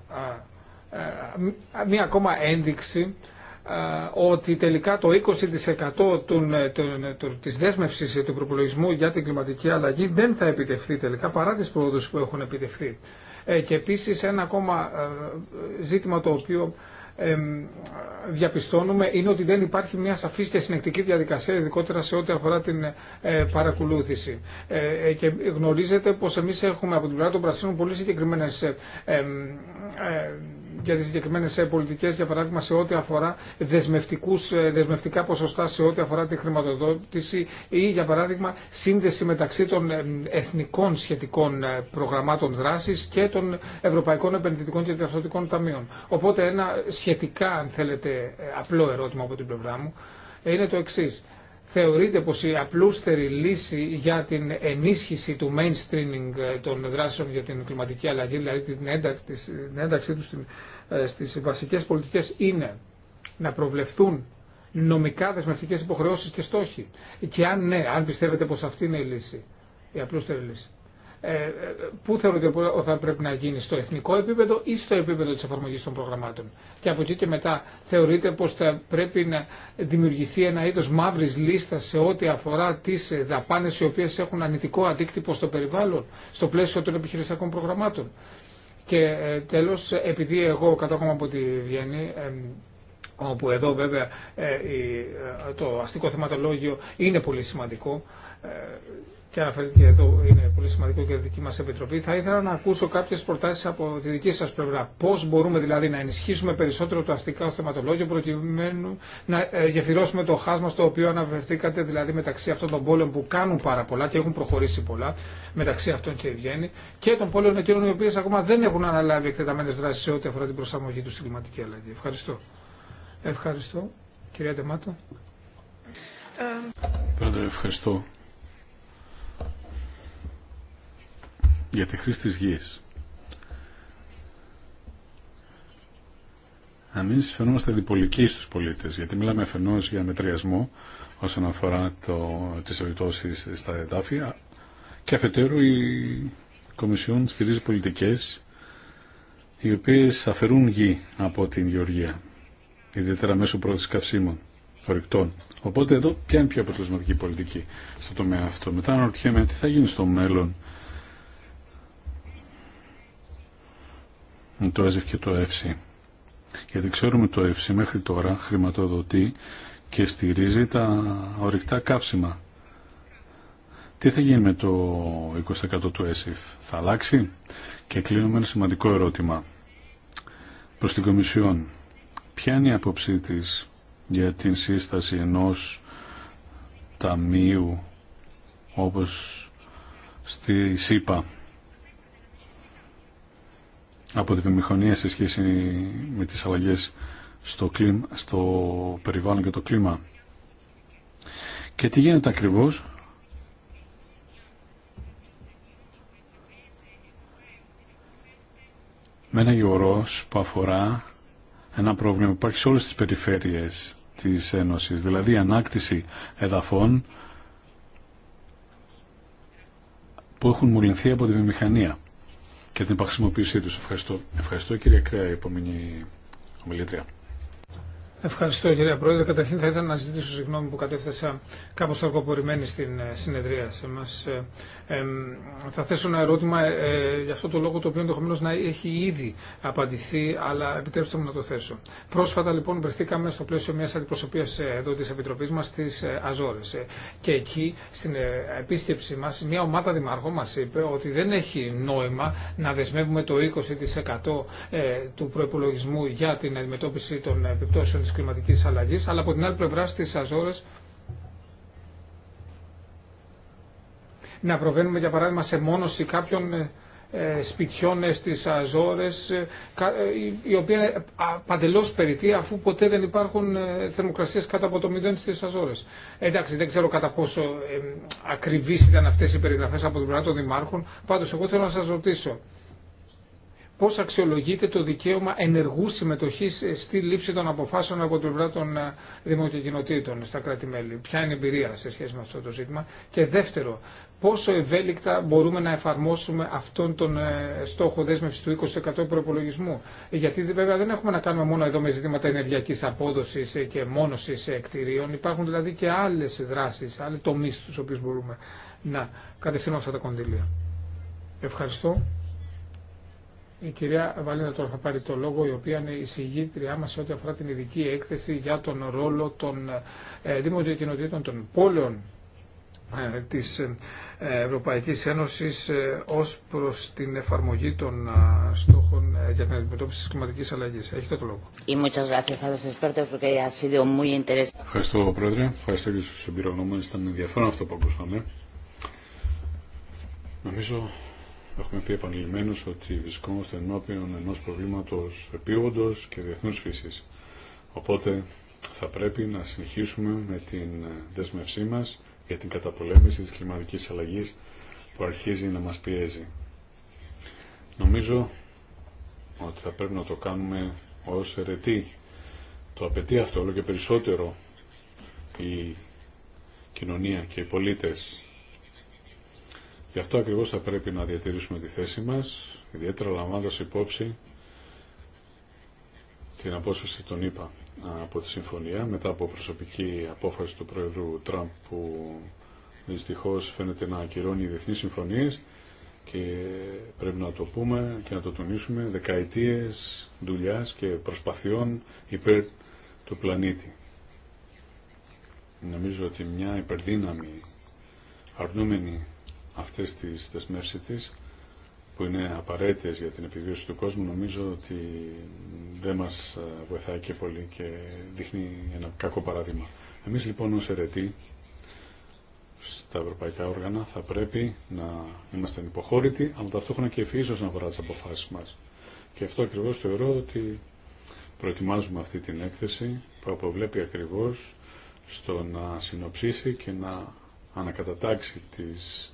ε, μία ακόμα ένδειξη ότι τελικά το 20% των, των, των, της δέσμευσης του προπολογισμού για την κλιματική αλλαγή δεν θα επιτευχθεί τελικά παρά τις πρόοδους που έχουν επιτευχθεί. Και επίσης ένα ακόμα ζήτημα το οποίο διαπιστώνουμε είναι ότι δεν υπάρχει μια σαφής και συνεκτική διαδικασία, ειδικότερα σε ό,τι αφορά την ε, παρακολούθηση. Ε, ε, και γνωρίζετε πως εμείς έχουμε από την πλευρά των Πρασίνων πολύ συγκεκριμένες για τις συγκεκριμένες ε, πολιτικές, για παράδειγμα σε ό,τι αφορά δεσμευτικούς, ε, δεσμευτικά ποσοστά, σε ό,τι αφορά τη χρηματοδότηση ή για παράδειγμα σύνδεση μεταξύ των ε, εθνικών σχετικών προγραμμάτων δράσης και των Ευρωπαϊκών Επενδυτικών και Διαρθρωτικών Ταμείων. Οπότε ένα σχετικά, αν θέλετε, απλό ερώτημα από την πλευρά μου είναι το εξής θεωρείτε πως η απλούστερη λύση για την ενίσχυση του mainstreaming ε, των δράσεων για την κλιματική αλλαγή, δηλαδή την ένταξή του ε, στις βασικές πολιτικές, είναι να προβλεφθούν νομικά δεσμευτικές υποχρεώσεις και στόχοι. Και αν ναι, αν πιστεύετε πως αυτή είναι η λύση, η απλούστερη λύση. Ε, ε, πού θεωρείτε ότι θα πρέπει να γίνει, στο εθνικό επίπεδο ή στο επίπεδο της εφαρμογή των προγραμμάτων. Και από εκεί και μετά θεωρείται πως θα πρέπει να δημιουργηθεί ένα είδος μαύρης λίστας σε ό,τι αφορά τις δαπάνες οι οποίες έχουν ανητικό αντίκτυπο στο περιβάλλον, στο πλαίσιο των επιχειρησιακών προγραμμάτων. Και ε, τέλος, επειδή εγώ κατάγομαι από τη Βιέννη, όπου εδώ βέβαια το αστικό θεματολόγιο είναι πολύ σημαντικό, και αναφέρθηκε εδώ, είναι πολύ σημαντικό και η δική μας Επιτροπή, θα ήθελα να ακούσω κάποιες προτάσεις από τη δική σας πλευρά. Πώς μπορούμε δηλαδή να ενισχύσουμε περισσότερο το αστικά θεματολόγιο προκειμένου να ε, γεφυρώσουμε το χάσμα στο οποίο αναφερθήκατε, δηλαδή μεταξύ αυτών των πόλεων που κάνουν πάρα πολλά και έχουν προχωρήσει πολλά, μεταξύ αυτών και η Βιέννη, και των πόλεων εκείνων οι οποίες ακόμα δεν έχουν αναλάβει εκτεταμένες δράσεις σε ό,τι αφορά την προσαρμογή του στην κλιματική αλλαγή. Ευχαριστώ. Ευχαριστώ. Κυρία Τεμάτο. ευχαριστώ για τη χρήση της γης. μην φαινόμαστε διπολικοί στους πολίτες, γιατί μιλάμε αφενός για μετριασμό όσον αφορά το, τις επιπτώσεις στα εδάφια και αφετέρου η Κομισιόν στηρίζει πολιτικές οι οποίες αφαιρούν γη από την γεωργία, ιδιαίτερα μέσω πρώτης καυσίμων. Ορυκτών. Οπότε εδώ ποια είναι η πιο αποτελεσματική πολιτική στο τομέα αυτό. Μετά αναρωτιέμαι τι θα γίνει στο μέλλον το ΕΖΕΦ και το ΕΦΣΥ. Γιατί ξέρουμε το ΕΦΣΥ μέχρι τώρα χρηματοδοτεί και στηρίζει τα ορυκτά καύσιμα. Τι θα γίνει με το 20% του ΕΣΥΦ, θα αλλάξει και κλείνουμε ένα σημαντικό ερώτημα προς την Κομισιόν. Ποια είναι η απόψη της για την σύσταση ενός ταμείου όπως στη ΣΥΠΑ από τη βιομηχανία σε σχέση με τις αλλαγές στο, κλίμα, στο περιβάλλον και το κλίμα. Και τι γίνεται ακριβώς με ένα γεωρός που αφορά ένα πρόβλημα που υπάρχει σε όλες τις περιφέρειες της Ένωσης, δηλαδή η ανάκτηση εδαφών που έχουν μολυνθεί από τη βιομηχανία και την επαχρησιμοποίησή του. Ευχαριστώ. Ευχαριστώ κύριε Κρέα, η επόμενη ομιλήτρια. Ευχαριστώ κυρία Πρόεδρε. Καταρχήν θα ήθελα να ζητήσω συγγνώμη που κατέφθασα κάπως αργοπορημένη στην ε, συνεδρία σε μας. Ε, θα θέσω ένα ερώτημα ε, ε, για αυτό το λόγο το οποίο ενδεχομένω να έχει ήδη απαντηθεί, αλλά επιτρέψτε μου να το θέσω. Πρόσφατα λοιπόν βρεθήκαμε στο πλαίσιο μιας αντιπροσωπείας ε, εδώ της Επιτροπής μας στις Αζόρες. Και εκεί στην επίσκεψή μας μια ομάδα δημαρχών μας είπε ότι δεν έχει νόημα να δεσμεύουμε το 20% του προπολογισμού για την αντιμετώπιση των επιπτώσεων κλιματικής αλλαγής, αλλά από την άλλη πλευρά στις Αζόρες να προβαίνουμε για παράδειγμα σε μόνωση κάποιων ε, ε, σπιτιών ε, στις Αζόρες, η οποία παντελώς περιττή αφού ποτέ δεν υπάρχουν θερμοκρασίες κάτω από το 0 στις Αζόρες. Εντάξει, δεν ξέρω κατά πόσο ακριβείς ήταν αυτές οι περιγραφές από την πλευρά των δημάρχων, πάντως εγώ θέλω να σας ρωτήσω. Πώ αξιολογείται το δικαίωμα ενεργού συμμετοχή στη λήψη των αποφάσεων από την πλευρά των ε, Δήμων στα κράτη-μέλη. Ποια είναι η εμπειρία σε σχέση με αυτό το ζήτημα. Και δεύτερο, πόσο ευέλικτα μπορούμε να εφαρμόσουμε αυτόν τον ε, στόχο δέσμευση του 20% προπολογισμού. Γιατί βέβαια δεν έχουμε να κάνουμε μόνο εδώ με ζητήματα ενεργειακή απόδοση και μόνωση κτηρίων. Υπάρχουν δηλαδή και άλλε δράσει, άλλοι τομεί στου οποίου μπορούμε να κατευθύνουμε αυτά τα κονδύλια. Ευχαριστώ. Η κυρία Βαλίνα τώρα θα πάρει το λόγο, η οποία είναι η συγγήτριά μα σε ό,τι αφορά την ειδική έκθεση για τον ρόλο των ε, Δήμων και Κοινοτήτων των Πόλεων ε, τη Ευρωπαϊκή Ένωση ε, ω ε, προ την εφαρμογή των ε, στόχων ε, για την αντιμετώπιση τη κλιματική αλλαγή. Έχετε το λόγο. Ευχαριστώ, Πρόεδρε. Ευχαριστώ και του εμπειρογνώμονε. Ήταν ενδιαφέρον αυτό που ακούσαμε. Νομίζω Έχουμε πει επανειλημμένω ότι βρισκόμαστε ενώπιον ενό προβλήματο επίγοντος και διεθνού φύση. Οπότε θα πρέπει να συνεχίσουμε με την δέσμευσή μα για την καταπολέμηση της κλιματική αλλαγή που αρχίζει να μα πιέζει. Νομίζω ότι θα πρέπει να το κάνουμε ως ερετή. Το απαιτεί αυτό όλο και περισσότερο η κοινωνία και οι πολίτες Γι' αυτό ακριβώς θα πρέπει να διατηρήσουμε τη θέση μας, ιδιαίτερα λαμβάνοντας υπόψη την απόσταση των ΗΠΑ από τη συμφωνία μετά από προσωπική απόφαση του Πρόεδρου Τραμπ που δυστυχώς φαίνεται να ακυρώνει οι διεθνείς συμφωνίες και πρέπει να το πούμε και να το τονίσουμε δεκαετίες δουλειά και προσπαθειών υπέρ του πλανήτη. Νομίζω ότι μια υπερδύναμη αρνούμενη αυτές τις δεσμεύσει της που είναι απαραίτητες για την επιβίωση του κόσμου νομίζω ότι δεν μας ε, βοηθάει και πολύ και δείχνει ένα κακό παράδειγμα. Εμείς λοιπόν ως αιρετοί στα ευρωπαϊκά όργανα θα πρέπει να είμαστε υποχώρητοι αλλά ταυτόχρονα και ευφυείς να αφορά τις αποφάσεις μας. Και αυτό ακριβώς θεωρώ ότι προετοιμάζουμε αυτή την έκθεση που αποβλέπει ακριβώς στο να συνοψίσει και να ανακατατάξει τις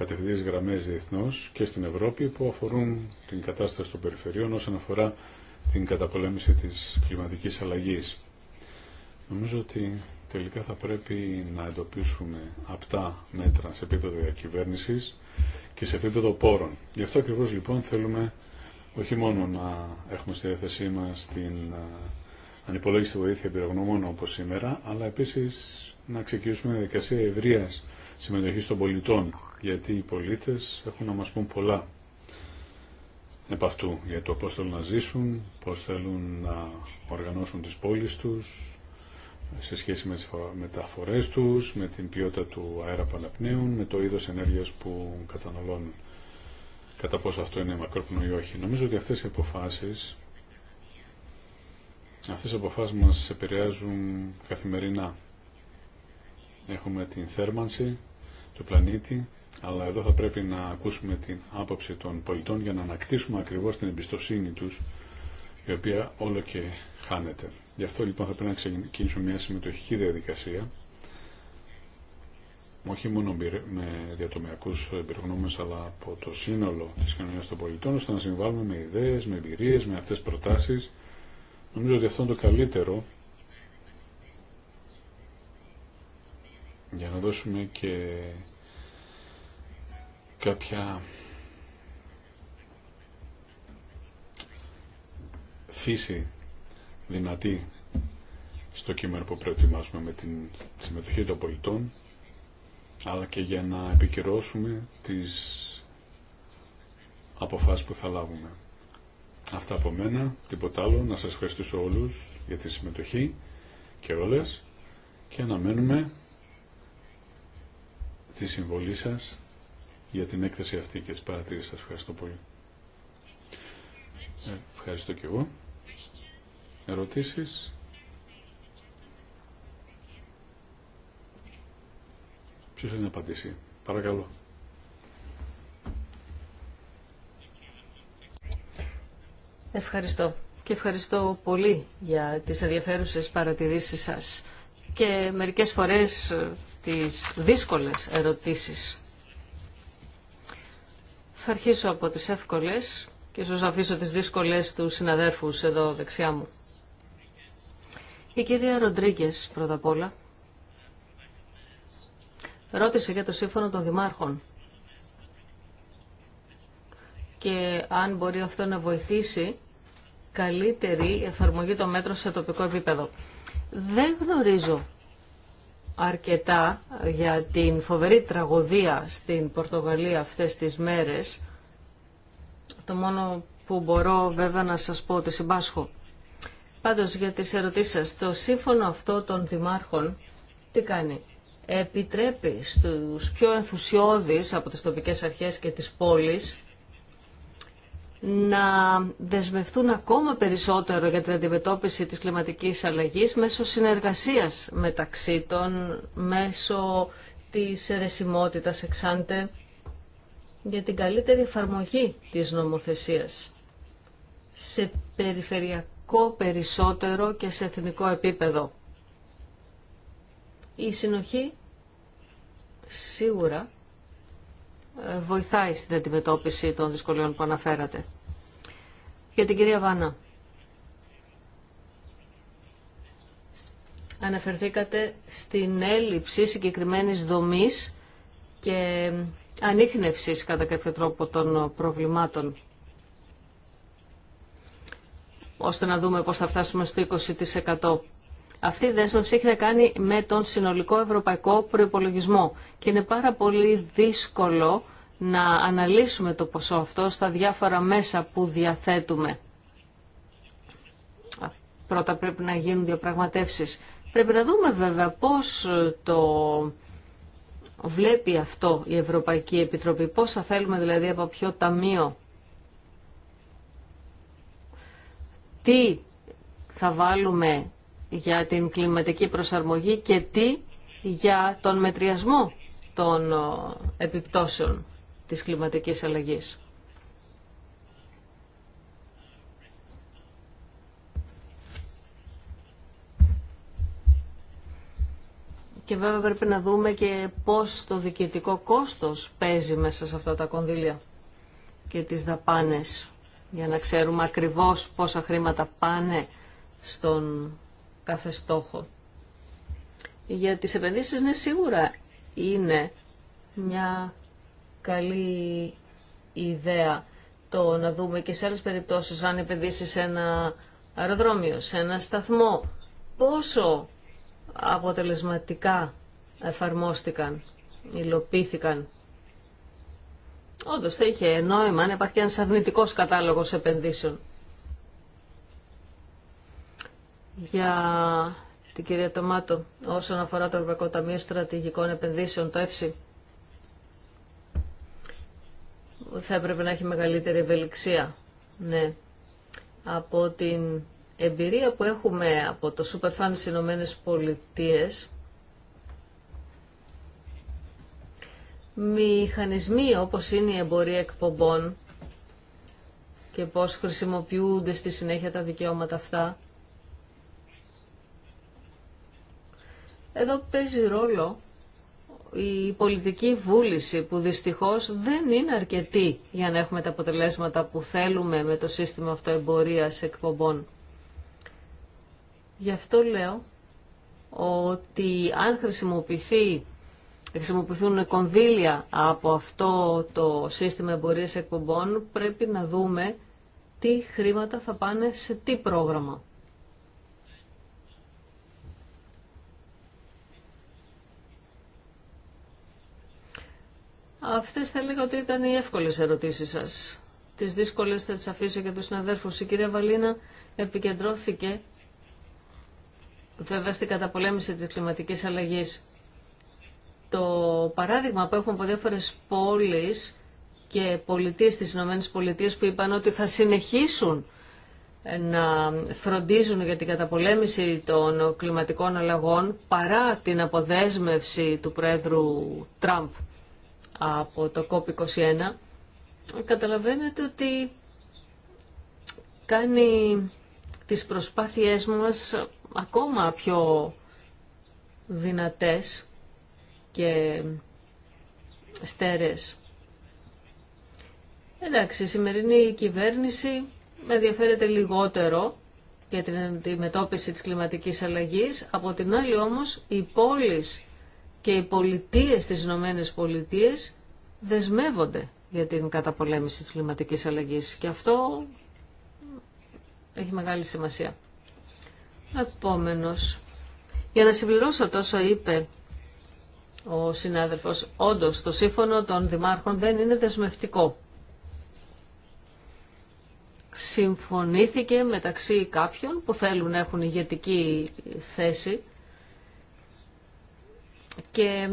κατευθυντήρες γραμμές διεθνώ και στην Ευρώπη που αφορούν την κατάσταση των περιφερειών όσον αφορά την καταπολέμηση της κλιματικής αλλαγής. Νομίζω ότι τελικά θα πρέπει να εντοπίσουμε απτά μέτρα σε επίπεδο διακυβέρνησης και σε επίπεδο πόρων. Γι' αυτό ακριβώ λοιπόν θέλουμε όχι μόνο να έχουμε στη διάθεσή μας την ανυπολόγιστη βοήθεια πυρογνωμών όπως σήμερα, αλλά επίσης να ξεκινήσουμε διαδικασία ευρεία συμμετοχής των πολιτών, γιατί οι πολίτες έχουν να μας πούν πολλά επ' αυτού, για το πώς θέλουν να ζήσουν, πώς θέλουν να οργανώσουν τις πόλεις τους, σε σχέση με τις μεταφορές τους, με την ποιότητα του αέρα που αναπνέουν, με το είδος ενέργειας που καταναλώνουν. Κατά πόσο αυτό είναι μακρόπνο ή όχι. Νομίζω ότι αυτές οι αποφάσεις, αυτές οι αποφάσεις μας επηρεάζουν καθημερινά. Έχουμε την θέρμανση, του πλανήτη, αλλά εδώ θα πρέπει να ακούσουμε την άποψη των πολιτών για να ανακτήσουμε ακριβώς την εμπιστοσύνη τους, η οποία όλο και χάνεται. Γι' αυτό λοιπόν θα πρέπει να ξεκινήσουμε μια συμμετοχική διαδικασία, όχι μόνο με διατομιακού εμπειρογνώμες, αλλά από το σύνολο της κοινωνίας των πολιτών, ώστε να συμβάλλουμε με ιδέες, με εμπειρίες, με αυτές τι προτάσει. Νομίζω ότι αυτό είναι το καλύτερο για να δώσουμε και κάποια φύση δυνατή στο κείμενο που προετοιμάσουμε με την συμμετοχή των πολιτών αλλά και για να επικυρώσουμε τις αποφάσεις που θα λάβουμε. Αυτά από μένα, τίποτα άλλο. Να σας ευχαριστήσω όλους για τη συμμετοχή και όλες και αναμένουμε τη συμβολή σας για την έκθεση αυτή και τις παρατηρήσεις σας. Ευχαριστώ πολύ. Ε, ευχαριστώ και εγώ. Ερωτήσεις. Ποιος θα να απαντήσει. Παρακαλώ. Ευχαριστώ και ευχαριστώ πολύ για τις ενδιαφέρουσες παρατηρήσεις σας και μερικές φορές τις δύσκολες ερωτήσεις. Θα αρχίσω από τις εύκολες και ίσως αφήσω τις δύσκολες του συναδέρφους εδώ δεξιά μου. Η κυρία Ροντρίγκε πρώτα απ' όλα ρώτησε για το σύμφωνο των δημάρχων και αν μπορεί αυτό να βοηθήσει καλύτερη εφαρμογή των μέτρων σε τοπικό επίπεδο. Δεν γνωρίζω αρκετά για την φοβερή τραγωδία στην Πορτογαλία αυτές τις μέρες. Το μόνο που μπορώ βέβαια να σας πω ότι συμπάσχω. Πάντως για τις ερωτήσεις σας, το σύμφωνο αυτό των δημάρχων τι κάνει. Επιτρέπει στους πιο ενθουσιώδεις από τις τοπικές αρχές και τις πόλεις να δεσμευτούν ακόμα περισσότερο για την αντιμετώπιση της κλιματικής αλλαγής μέσω συνεργασίας μεταξύ των, μέσω της ερεσιμότητας εξάντε για την καλύτερη εφαρμογή της νομοθεσίας σε περιφερειακό περισσότερο και σε εθνικό επίπεδο. Η συνοχή σίγουρα ε, βοηθάει στην αντιμετώπιση των δυσκολιών που αναφέρατε. Για την κυρία Βάνα. Αναφερθήκατε στην έλλειψη συγκεκριμένης δομής και ανείχνευσης κατά κάποιο τρόπο των προβλημάτων ώστε να δούμε πώς θα φτάσουμε στο 20%. Αυτή η δέσμευση έχει να κάνει με τον συνολικό ευρωπαϊκό Προπολογισμό. και είναι πάρα πολύ δύσκολο να αναλύσουμε το ποσό αυτό στα διάφορα μέσα που διαθέτουμε. Πρώτα πρέπει να γίνουν διαπραγματεύσεις. Πρέπει να δούμε βέβαια πώς το βλέπει αυτό η Ευρωπαϊκή Επιτροπή. Πώς θα θέλουμε δηλαδή από ποιο ταμείο. Τι θα βάλουμε για την κλιματική προσαρμογή και τι για τον μετριασμό των ε, επιπτώσεων της κλιματικής αλλαγής. Και βέβαια πρέπει να δούμε και πώς το διοικητικό κόστος παίζει μέσα σε αυτά τα κονδύλια και τις δαπάνες για να ξέρουμε ακριβώς πόσα χρήματα πάνε στον κάθε στόχο. Για τις επενδύσεις ναι σίγουρα είναι μια καλή ιδέα το να δούμε και σε άλλες περιπτώσεις αν επενδύσεις σε ένα αεροδρόμιο, σε ένα σταθμό, πόσο αποτελεσματικά εφαρμόστηκαν, υλοποιήθηκαν. Όντως, θα είχε νόημα αν υπάρχει ένα αρνητικό κατάλογος επενδύσεων. για την κυρία Τομάτο όσον αφορά το Ευρωπαϊκό Ταμείο Στρατηγικών Επενδύσεων, το ΕΦΣΥ. Θα έπρεπε να έχει μεγαλύτερη ευελιξία. Ναι. Από την εμπειρία που έχουμε από το Superfund στις Ηνωμένες Πολιτείες, μηχανισμοί όπως είναι η εμπορία εκπομπών και πώς χρησιμοποιούνται στη συνέχεια τα δικαιώματα αυτά, Εδώ παίζει ρόλο η πολιτική βούληση που δυστυχώς δεν είναι αρκετή για να έχουμε τα αποτελέσματα που θέλουμε με το σύστημα αυτό εμπορίας εκπομπών. Γι' αυτό λέω ότι αν χρησιμοποιηθεί, χρησιμοποιηθούν κονδύλια από αυτό το σύστημα εμπορίας εκπομπών πρέπει να δούμε τι χρήματα θα πάνε σε τι πρόγραμμα. Αυτές θα έλεγα ότι ήταν οι εύκολες ερωτήσεις σας. Τις δύσκολες θα τις αφήσω για τους συναδέρφους. Η κυρία Βαλίνα επικεντρώθηκε βέβαια στην καταπολέμηση της κλιματικής αλλαγής. Το παράδειγμα που έχουν από διάφορε πόλεις και πολιτείες στις ΗΠΑ που είπαν ότι θα συνεχίσουν να φροντίζουν για την καταπολέμηση των κλιματικών αλλαγών παρά την αποδέσμευση του Πρόεδρου Τραμπ από το COP21, καταλαβαίνετε ότι κάνει τις προσπάθειές μας ακόμα πιο δυνατές και στέρες. Εντάξει, η σημερινή κυβέρνηση με ενδιαφέρεται λιγότερο για την αντιμετώπιση της κλιματικής αλλαγής. Από την άλλη όμως, οι πόλεις και οι πολιτείες στις Ηνωμένε Πολιτείε δεσμεύονται για την καταπολέμηση της κλιματικής αλλαγής και αυτό έχει μεγάλη σημασία. Επόμενος, για να συμπληρώσω τόσο είπε ο συνάδελφος, όντως το σύμφωνο των δημάρχων δεν είναι δεσμευτικό. Συμφωνήθηκε μεταξύ κάποιων που θέλουν να έχουν ηγετική θέση και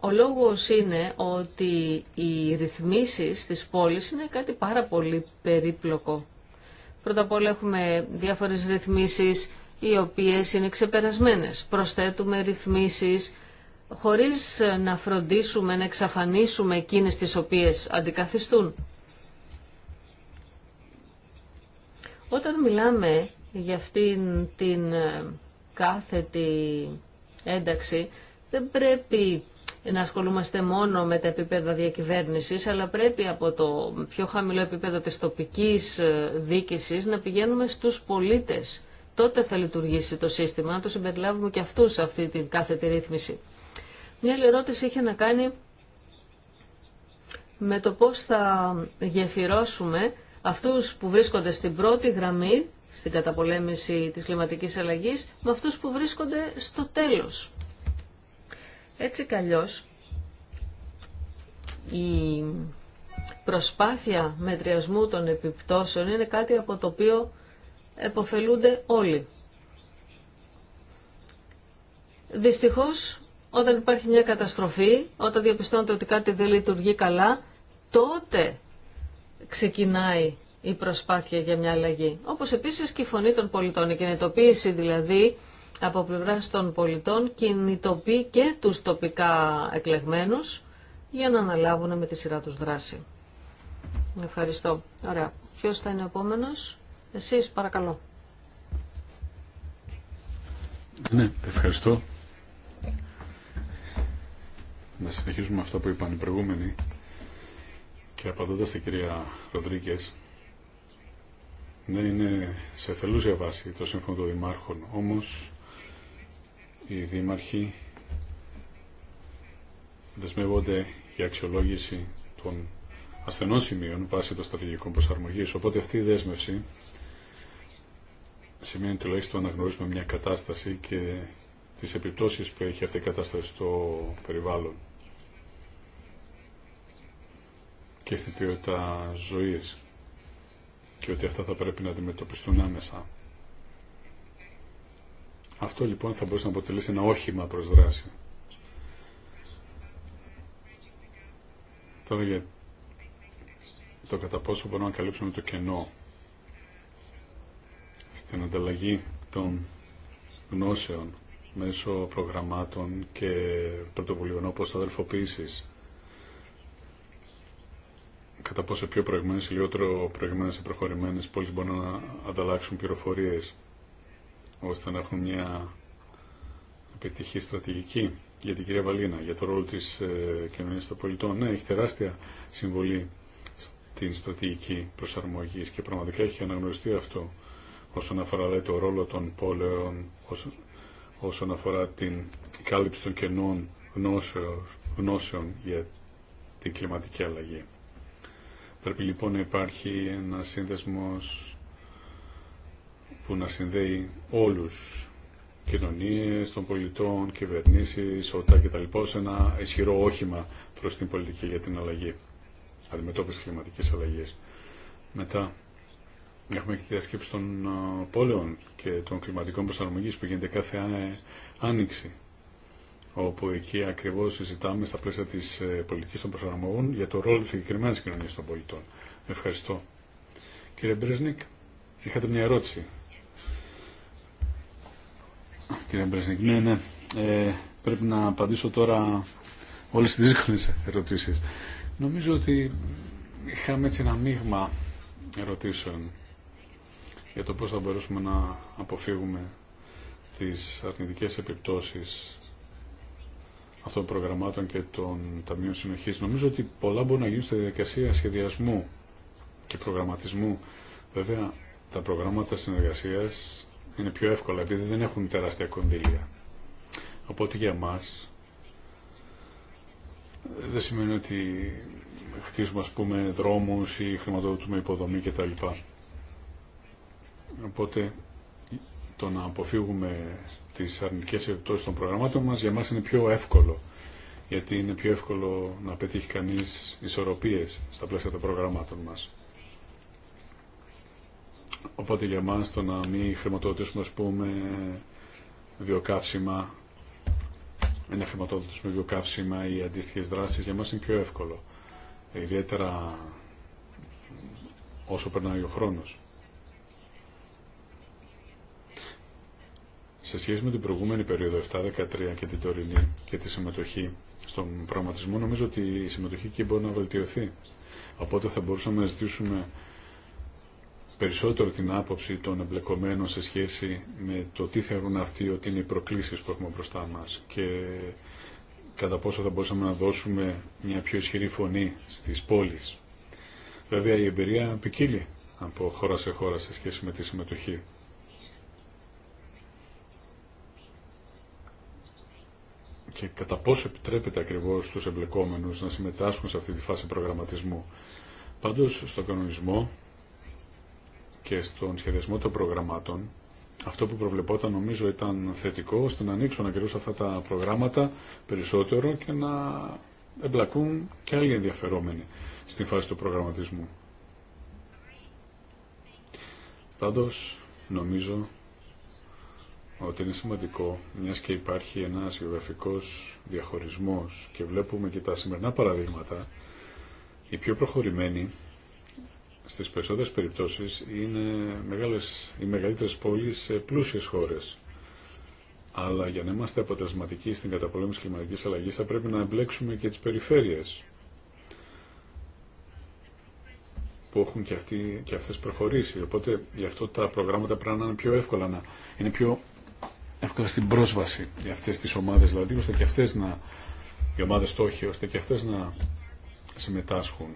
ο λόγος είναι ότι οι ρυθμίσεις της πόλης είναι κάτι πάρα πολύ περίπλοκο. Πρώτα απ' όλα έχουμε διάφορες ρυθμίσεις οι οποίες είναι ξεπερασμένες. Προσθέτουμε ρυθμίσεις χωρίς να φροντίσουμε να εξαφανίσουμε εκείνες τις οποίες αντικαθιστούν. Όταν μιλάμε για αυτήν την ε, κάθετη ένταξη, δεν πρέπει να ασχολούμαστε μόνο με τα επίπεδα διακυβέρνησης, αλλά πρέπει από το πιο χαμηλό επίπεδο της τοπικής ε, δίκησης να πηγαίνουμε στους πολίτες. Τότε θα λειτουργήσει το σύστημα, να το συμπεριλάβουμε και αυτούς σε αυτή την κάθετη ρύθμιση. Μια άλλη ερώτηση είχε να κάνει με το πώς θα γεφυρώσουμε αυτούς που βρίσκονται στην πρώτη γραμμή, στην καταπολέμηση της κλιματικής αλλαγής, με αυτούς που βρίσκονται στο τέλος. Έτσι καλλιώς η προσπάθεια μετριασμού των επιπτώσεων είναι κάτι από το οποίο εποφελούνται όλοι. Δυστυχώς όταν υπάρχει μια καταστροφή, όταν διαπιστώνεται ότι κάτι δεν λειτουργεί καλά, τότε ξεκινάει η προσπάθεια για μια αλλαγή. Όπως επίσης και η φωνή των πολιτών, η κινητοποίηση δηλαδή από πλευρά των πολιτών κινητοποιεί και τους τοπικά εκλεγμένους για να αναλάβουν με τη σειρά τους δράση. Ευχαριστώ. Ωραία. Ποιος θα είναι ο επόμενος? Εσείς παρακαλώ. Ναι, ευχαριστώ. Να συνεχίσουμε αυτό που είπαν οι προηγούμενοι και απαντώντας την κυρία Ροντρίκες Δεν είναι σε θελούσια βάση το Σύμφωνο των Δημάρχων. Όμως οι δήμαρχοι δεσμεύονται για αξιολόγηση των ασθενών σημείων βάσει των στρατηγικών προσαρμογή Οπότε αυτή η δέσμευση σημαίνει τουλάχιστον να γνωρίζουμε μια κατάσταση και τι επιπτώσει που έχει αυτή η κατάσταση στο περιβάλλον και στην ποιότητα ζωή και ότι αυτά θα πρέπει να αντιμετωπιστούν άμεσα. Αυτό λοιπόν θα μπορούσε να αποτελέσει ένα όχημα προς δράση. Τώρα για το κατά πόσο μπορούμε να καλύψουμε το κενό στην ανταλλαγή των γνώσεων μέσω προγραμμάτων και πρωτοβουλειών όπως αδελφοποίησης κατά πόσο πιο προηγμένες ή λιγότερο προηγμένες ή προχωρημένες πόλεις μπορούν να ανταλλάξουν πληροφορίες ώστε να έχουν μια επιτυχή στρατηγική για την κυρία Βαλίνα, για το ρόλο της ε, κοινωνίας των πολιτών. Ναι, έχει τεράστια συμβολή στην στρατηγική προσαρμογή και πραγματικά έχει αναγνωριστεί αυτό όσον αφορά το ρόλο των πόλεων, όσον, αφορά την κάλυψη των κενών γνώσεων, γνώσεων για την κλιματική αλλαγή. Πρέπει λοιπόν να υπάρχει ένα σύνδεσμος που να συνδέει όλους κοινωνίες των πολιτών, κυβερνήσει, τα κτλ. σε ένα ισχυρό όχημα προς την πολιτική για την αλλαγή, αντιμετώπιση κλιματικής αλλαγής. Μετά έχουμε και τη διασκέψη των πόλεων και των κλιματικών προσαρμογής που γίνεται κάθε άνοιξη όπου εκεί ακριβώς συζητάμε στα πλαίσια της ε, πολιτικής των προσαρμογών για το ρόλο της συγκεκριμένης κοινωνίας των πολιτών. Ευχαριστώ. Κύριε Μπρίσνικ, είχατε μια ερώτηση κύριε Μπρεσνικ. Ναι, ναι. Ε, πρέπει να απαντήσω τώρα όλες τις δύσκολε ερωτήσεις. Νομίζω ότι είχαμε έτσι ένα μείγμα ερωτήσεων για το πώς θα μπορούσαμε να αποφύγουμε τις αρνητικές επιπτώσεις αυτών των προγραμμάτων και των Ταμείων Συνοχής. Νομίζω ότι πολλά μπορούν να γίνουν στη διαδικασία σχεδιασμού και προγραμματισμού. Βέβαια, τα προγράμματα συνεργασίας είναι πιο εύκολα επειδή δεν έχουν τεράστια κονδύλια. Οπότε για μας δεν σημαίνει ότι χτίζουμε ας πούμε δρόμους ή χρηματοδοτούμε υποδομή κτλ. Οπότε το να αποφύγουμε τις αρνητικές επιπτώσεις των προγραμμάτων μας για μας είναι πιο εύκολο γιατί είναι πιο εύκολο να πετύχει κανείς ισορροπίες στα πλαίσια των προγραμμάτων μας. Οπότε για μας το να μην χρηματοδοτήσουμε, ας πούμε, βιοκαύσιμα, ή με χρηματοδοτήσουμε βιοκαύσιμα ή αντίστοιχες δράσεις, για μας είναι πιο εύκολο. Ιδιαίτερα όσο περνάει ο χρόνος. Σε σχέση με την προηγούμενη περίοδο 7-13 και την τωρινή και τη συμμετοχή στον πραγματισμό, νομίζω ότι η συμμετοχή εκεί μπορεί να βελτιωθεί. Οπότε θα μπορούσαμε να ζητήσουμε περισσότερο την άποψη των εμπλεκομένων σε σχέση με το τι θεωρούν αυτοί ότι είναι οι προκλήσεις που έχουμε μπροστά μας και κατά πόσο θα μπορούσαμε να δώσουμε μια πιο ισχυρή φωνή στις πόλεις. Βέβαια η εμπειρία ποικίλει από χώρα σε χώρα σε σχέση με τη συμμετοχή. Και κατά πόσο επιτρέπεται ακριβώς τους εμπλεκόμενους να συμμετάσχουν σε αυτή τη φάση προγραμματισμού. Πάντως, στο κανονισμό και στον σχεδιασμό των προγραμμάτων, αυτό που προβλεπόταν νομίζω ήταν θετικό, ώστε να ανοίξουν ακριβώ αυτά τα προγράμματα περισσότερο και να εμπλακούν και άλλοι ενδιαφερόμενοι στην φάση του προγραμματισμού. Πάντως, νομίζω ότι είναι σημαντικό, μιας και υπάρχει ένας γεωγραφικός διαχωρισμός και βλέπουμε και τα σημερινά παραδείγματα, οι πιο προχωρημένοι στις περισσότερες περιπτώσεις είναι μεγάλες, οι μεγαλύτερες πόλεις σε πλούσιες χώρες. Αλλά για να είμαστε αποτελεσματικοί στην καταπολέμηση κλιματικής αλλαγής θα πρέπει να εμπλέξουμε και τις περιφέρειες που έχουν και, αυτοί, και αυτές προχωρήσει. Οπότε γι' αυτό τα προγράμματα πρέπει να είναι πιο εύκολα, να είναι πιο εύκολα στην πρόσβαση για αυτές τις ομάδες, δηλαδή ώστε και αυτές να, οι ομάδες ώστε και αυτές να συμμετάσχουν.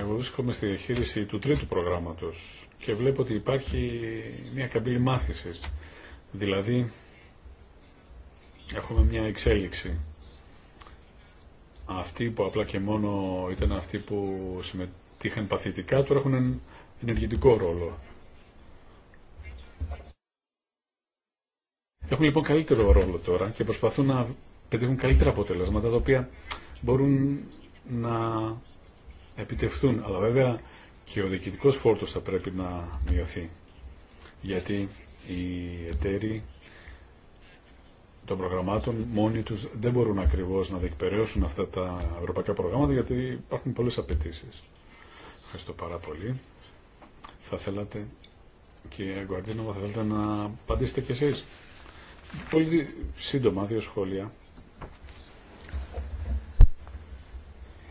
Εγώ βρίσκομαι στη διαχείριση του τρίτου προγράμματος και βλέπω ότι υπάρχει μια καμπύλη μάθησης. Δηλαδή, έχουμε μια εξέλιξη. Αυτοί που απλά και μόνο ήταν αυτοί που συμμετείχαν παθητικά, τώρα έχουν ενεργητικό ρόλο. Έχουν λοιπόν καλύτερο ρόλο τώρα και προσπαθούν να πετύχουν καλύτερα αποτελέσματα, τα οποία μπορούν να επιτευχθούν. Αλλά βέβαια και ο διοικητικός φόρτος θα πρέπει να μειωθεί. Γιατί οι εταίροι των προγραμμάτων μόνοι τους δεν μπορούν ακριβώς να διεκπαιρεώσουν αυτά τα ευρωπαϊκά προγράμματα γιατί υπάρχουν πολλές απαιτήσει. Ευχαριστώ πάρα πολύ. Θα θέλατε, κύριε Γκουαρντίνοβα, θα θέλατε να απαντήσετε κι εσείς. Πολύ σύντομα δύο σχόλια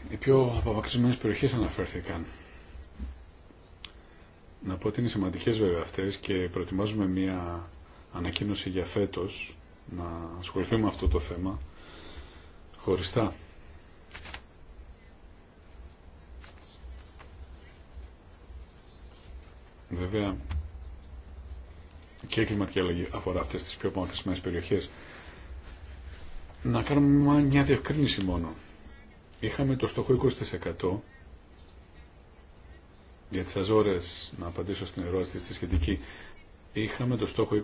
Οι πιο απομακρυσμένε περιοχέ αναφέρθηκαν. Να πω ότι είναι σημαντικέ βέβαια αυτέ και προετοιμάζουμε μία ανακοίνωση για φέτο να ασχοληθούμε με αυτό το θέμα χωριστά. Βέβαια και η κλιματική αλλαγή αφορά αυτές τις πιο απομακρυσμένε περιοχές. Να κάνουμε μια διευκρίνηση μόνο είχαμε το στόχο 20% για τις αζόρες, να απαντήσω στην ερώτηση στη σχετική, είχαμε το στόχο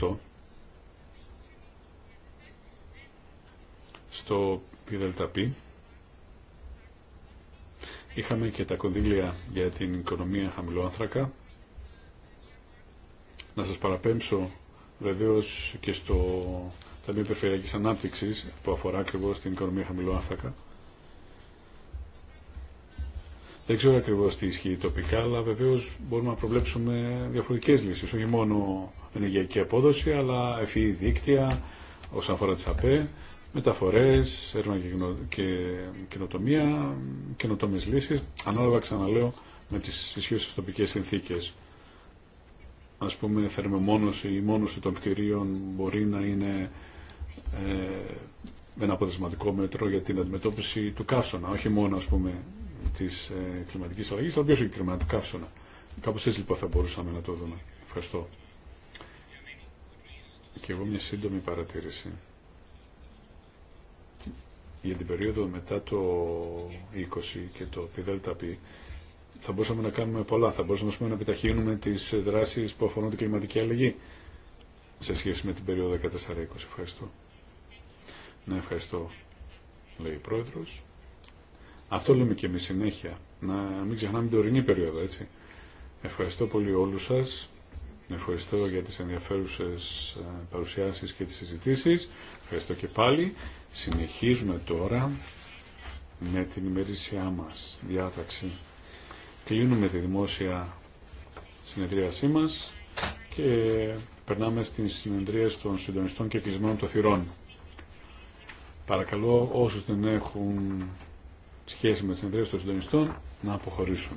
20% στο ΠΔΠ. Είχαμε και τα κονδύλια για την οικονομία χαμηλό άνθρακα. Να σας παραπέμψω βεβαίως και στο μη περιφερειακή Ανάπτυξης που αφορά ακριβώς την οικονομία χαμηλό άνθρακα. Δεν ξέρω ακριβώ τι ισχύει τοπικά, αλλά βεβαίω μπορούμε να προβλέψουμε διαφορετικέ λύσει, όχι μόνο ενεργειακή απόδοση, αλλά ευφυή δίκτυα όσον αφορά τι ΑΠΕ, μεταφορέ, έρευνα και καινοτομία, καινοτόμε λύσει, ανάλογα ξαναλέω με τις ισχύουσε τοπικέ συνθήκε. Α πούμε θερμομόνωση ή μόνωση των κτηρίων μπορεί να είναι ε, ένα αποτελεσματικό μέτρο για την αντιμετώπιση του καύσωνα, όχι μόνο ας πούμε Τη ε, κλιματική αλλαγή, αλλά πιο συγκεκριμένα του καύσωνα. Κάπω έτσι λοιπόν θα μπορούσαμε να το δούμε. Ευχαριστώ. Και εγώ μια σύντομη παρατήρηση για την περίοδο μετά το 20 και το πι θα μπορούσαμε να κάνουμε πολλά. Θα μπορούσαμε πούμε, να επιταχύνουμε τι δράσει που αφορούν την κλιματική αλλαγή σε σχέση με την περίοδο 14-20. Ευχαριστώ. Ναι, ευχαριστώ, λέει ο Πρόεδρος. Αυτό λέμε και με συνέχεια. Να μην ξεχνάμε την τωρινή περίοδο, έτσι. Ευχαριστώ πολύ όλους σας. Ευχαριστώ για τις ενδιαφέρουσες ε, παρουσιάσεις και τις συζητήσεις. Ευχαριστώ και πάλι. Συνεχίζουμε τώρα με την ημερήσια μας διάταξη. Κλείνουμε τη δημόσια συνεδρίασή μας και περνάμε στις συνεδρία των συντονιστών και κλεισμένων των θυρών. Παρακαλώ όσους δεν έχουν σχέση με τις συνεδρίες των συντονιστών να αποχωρήσουν.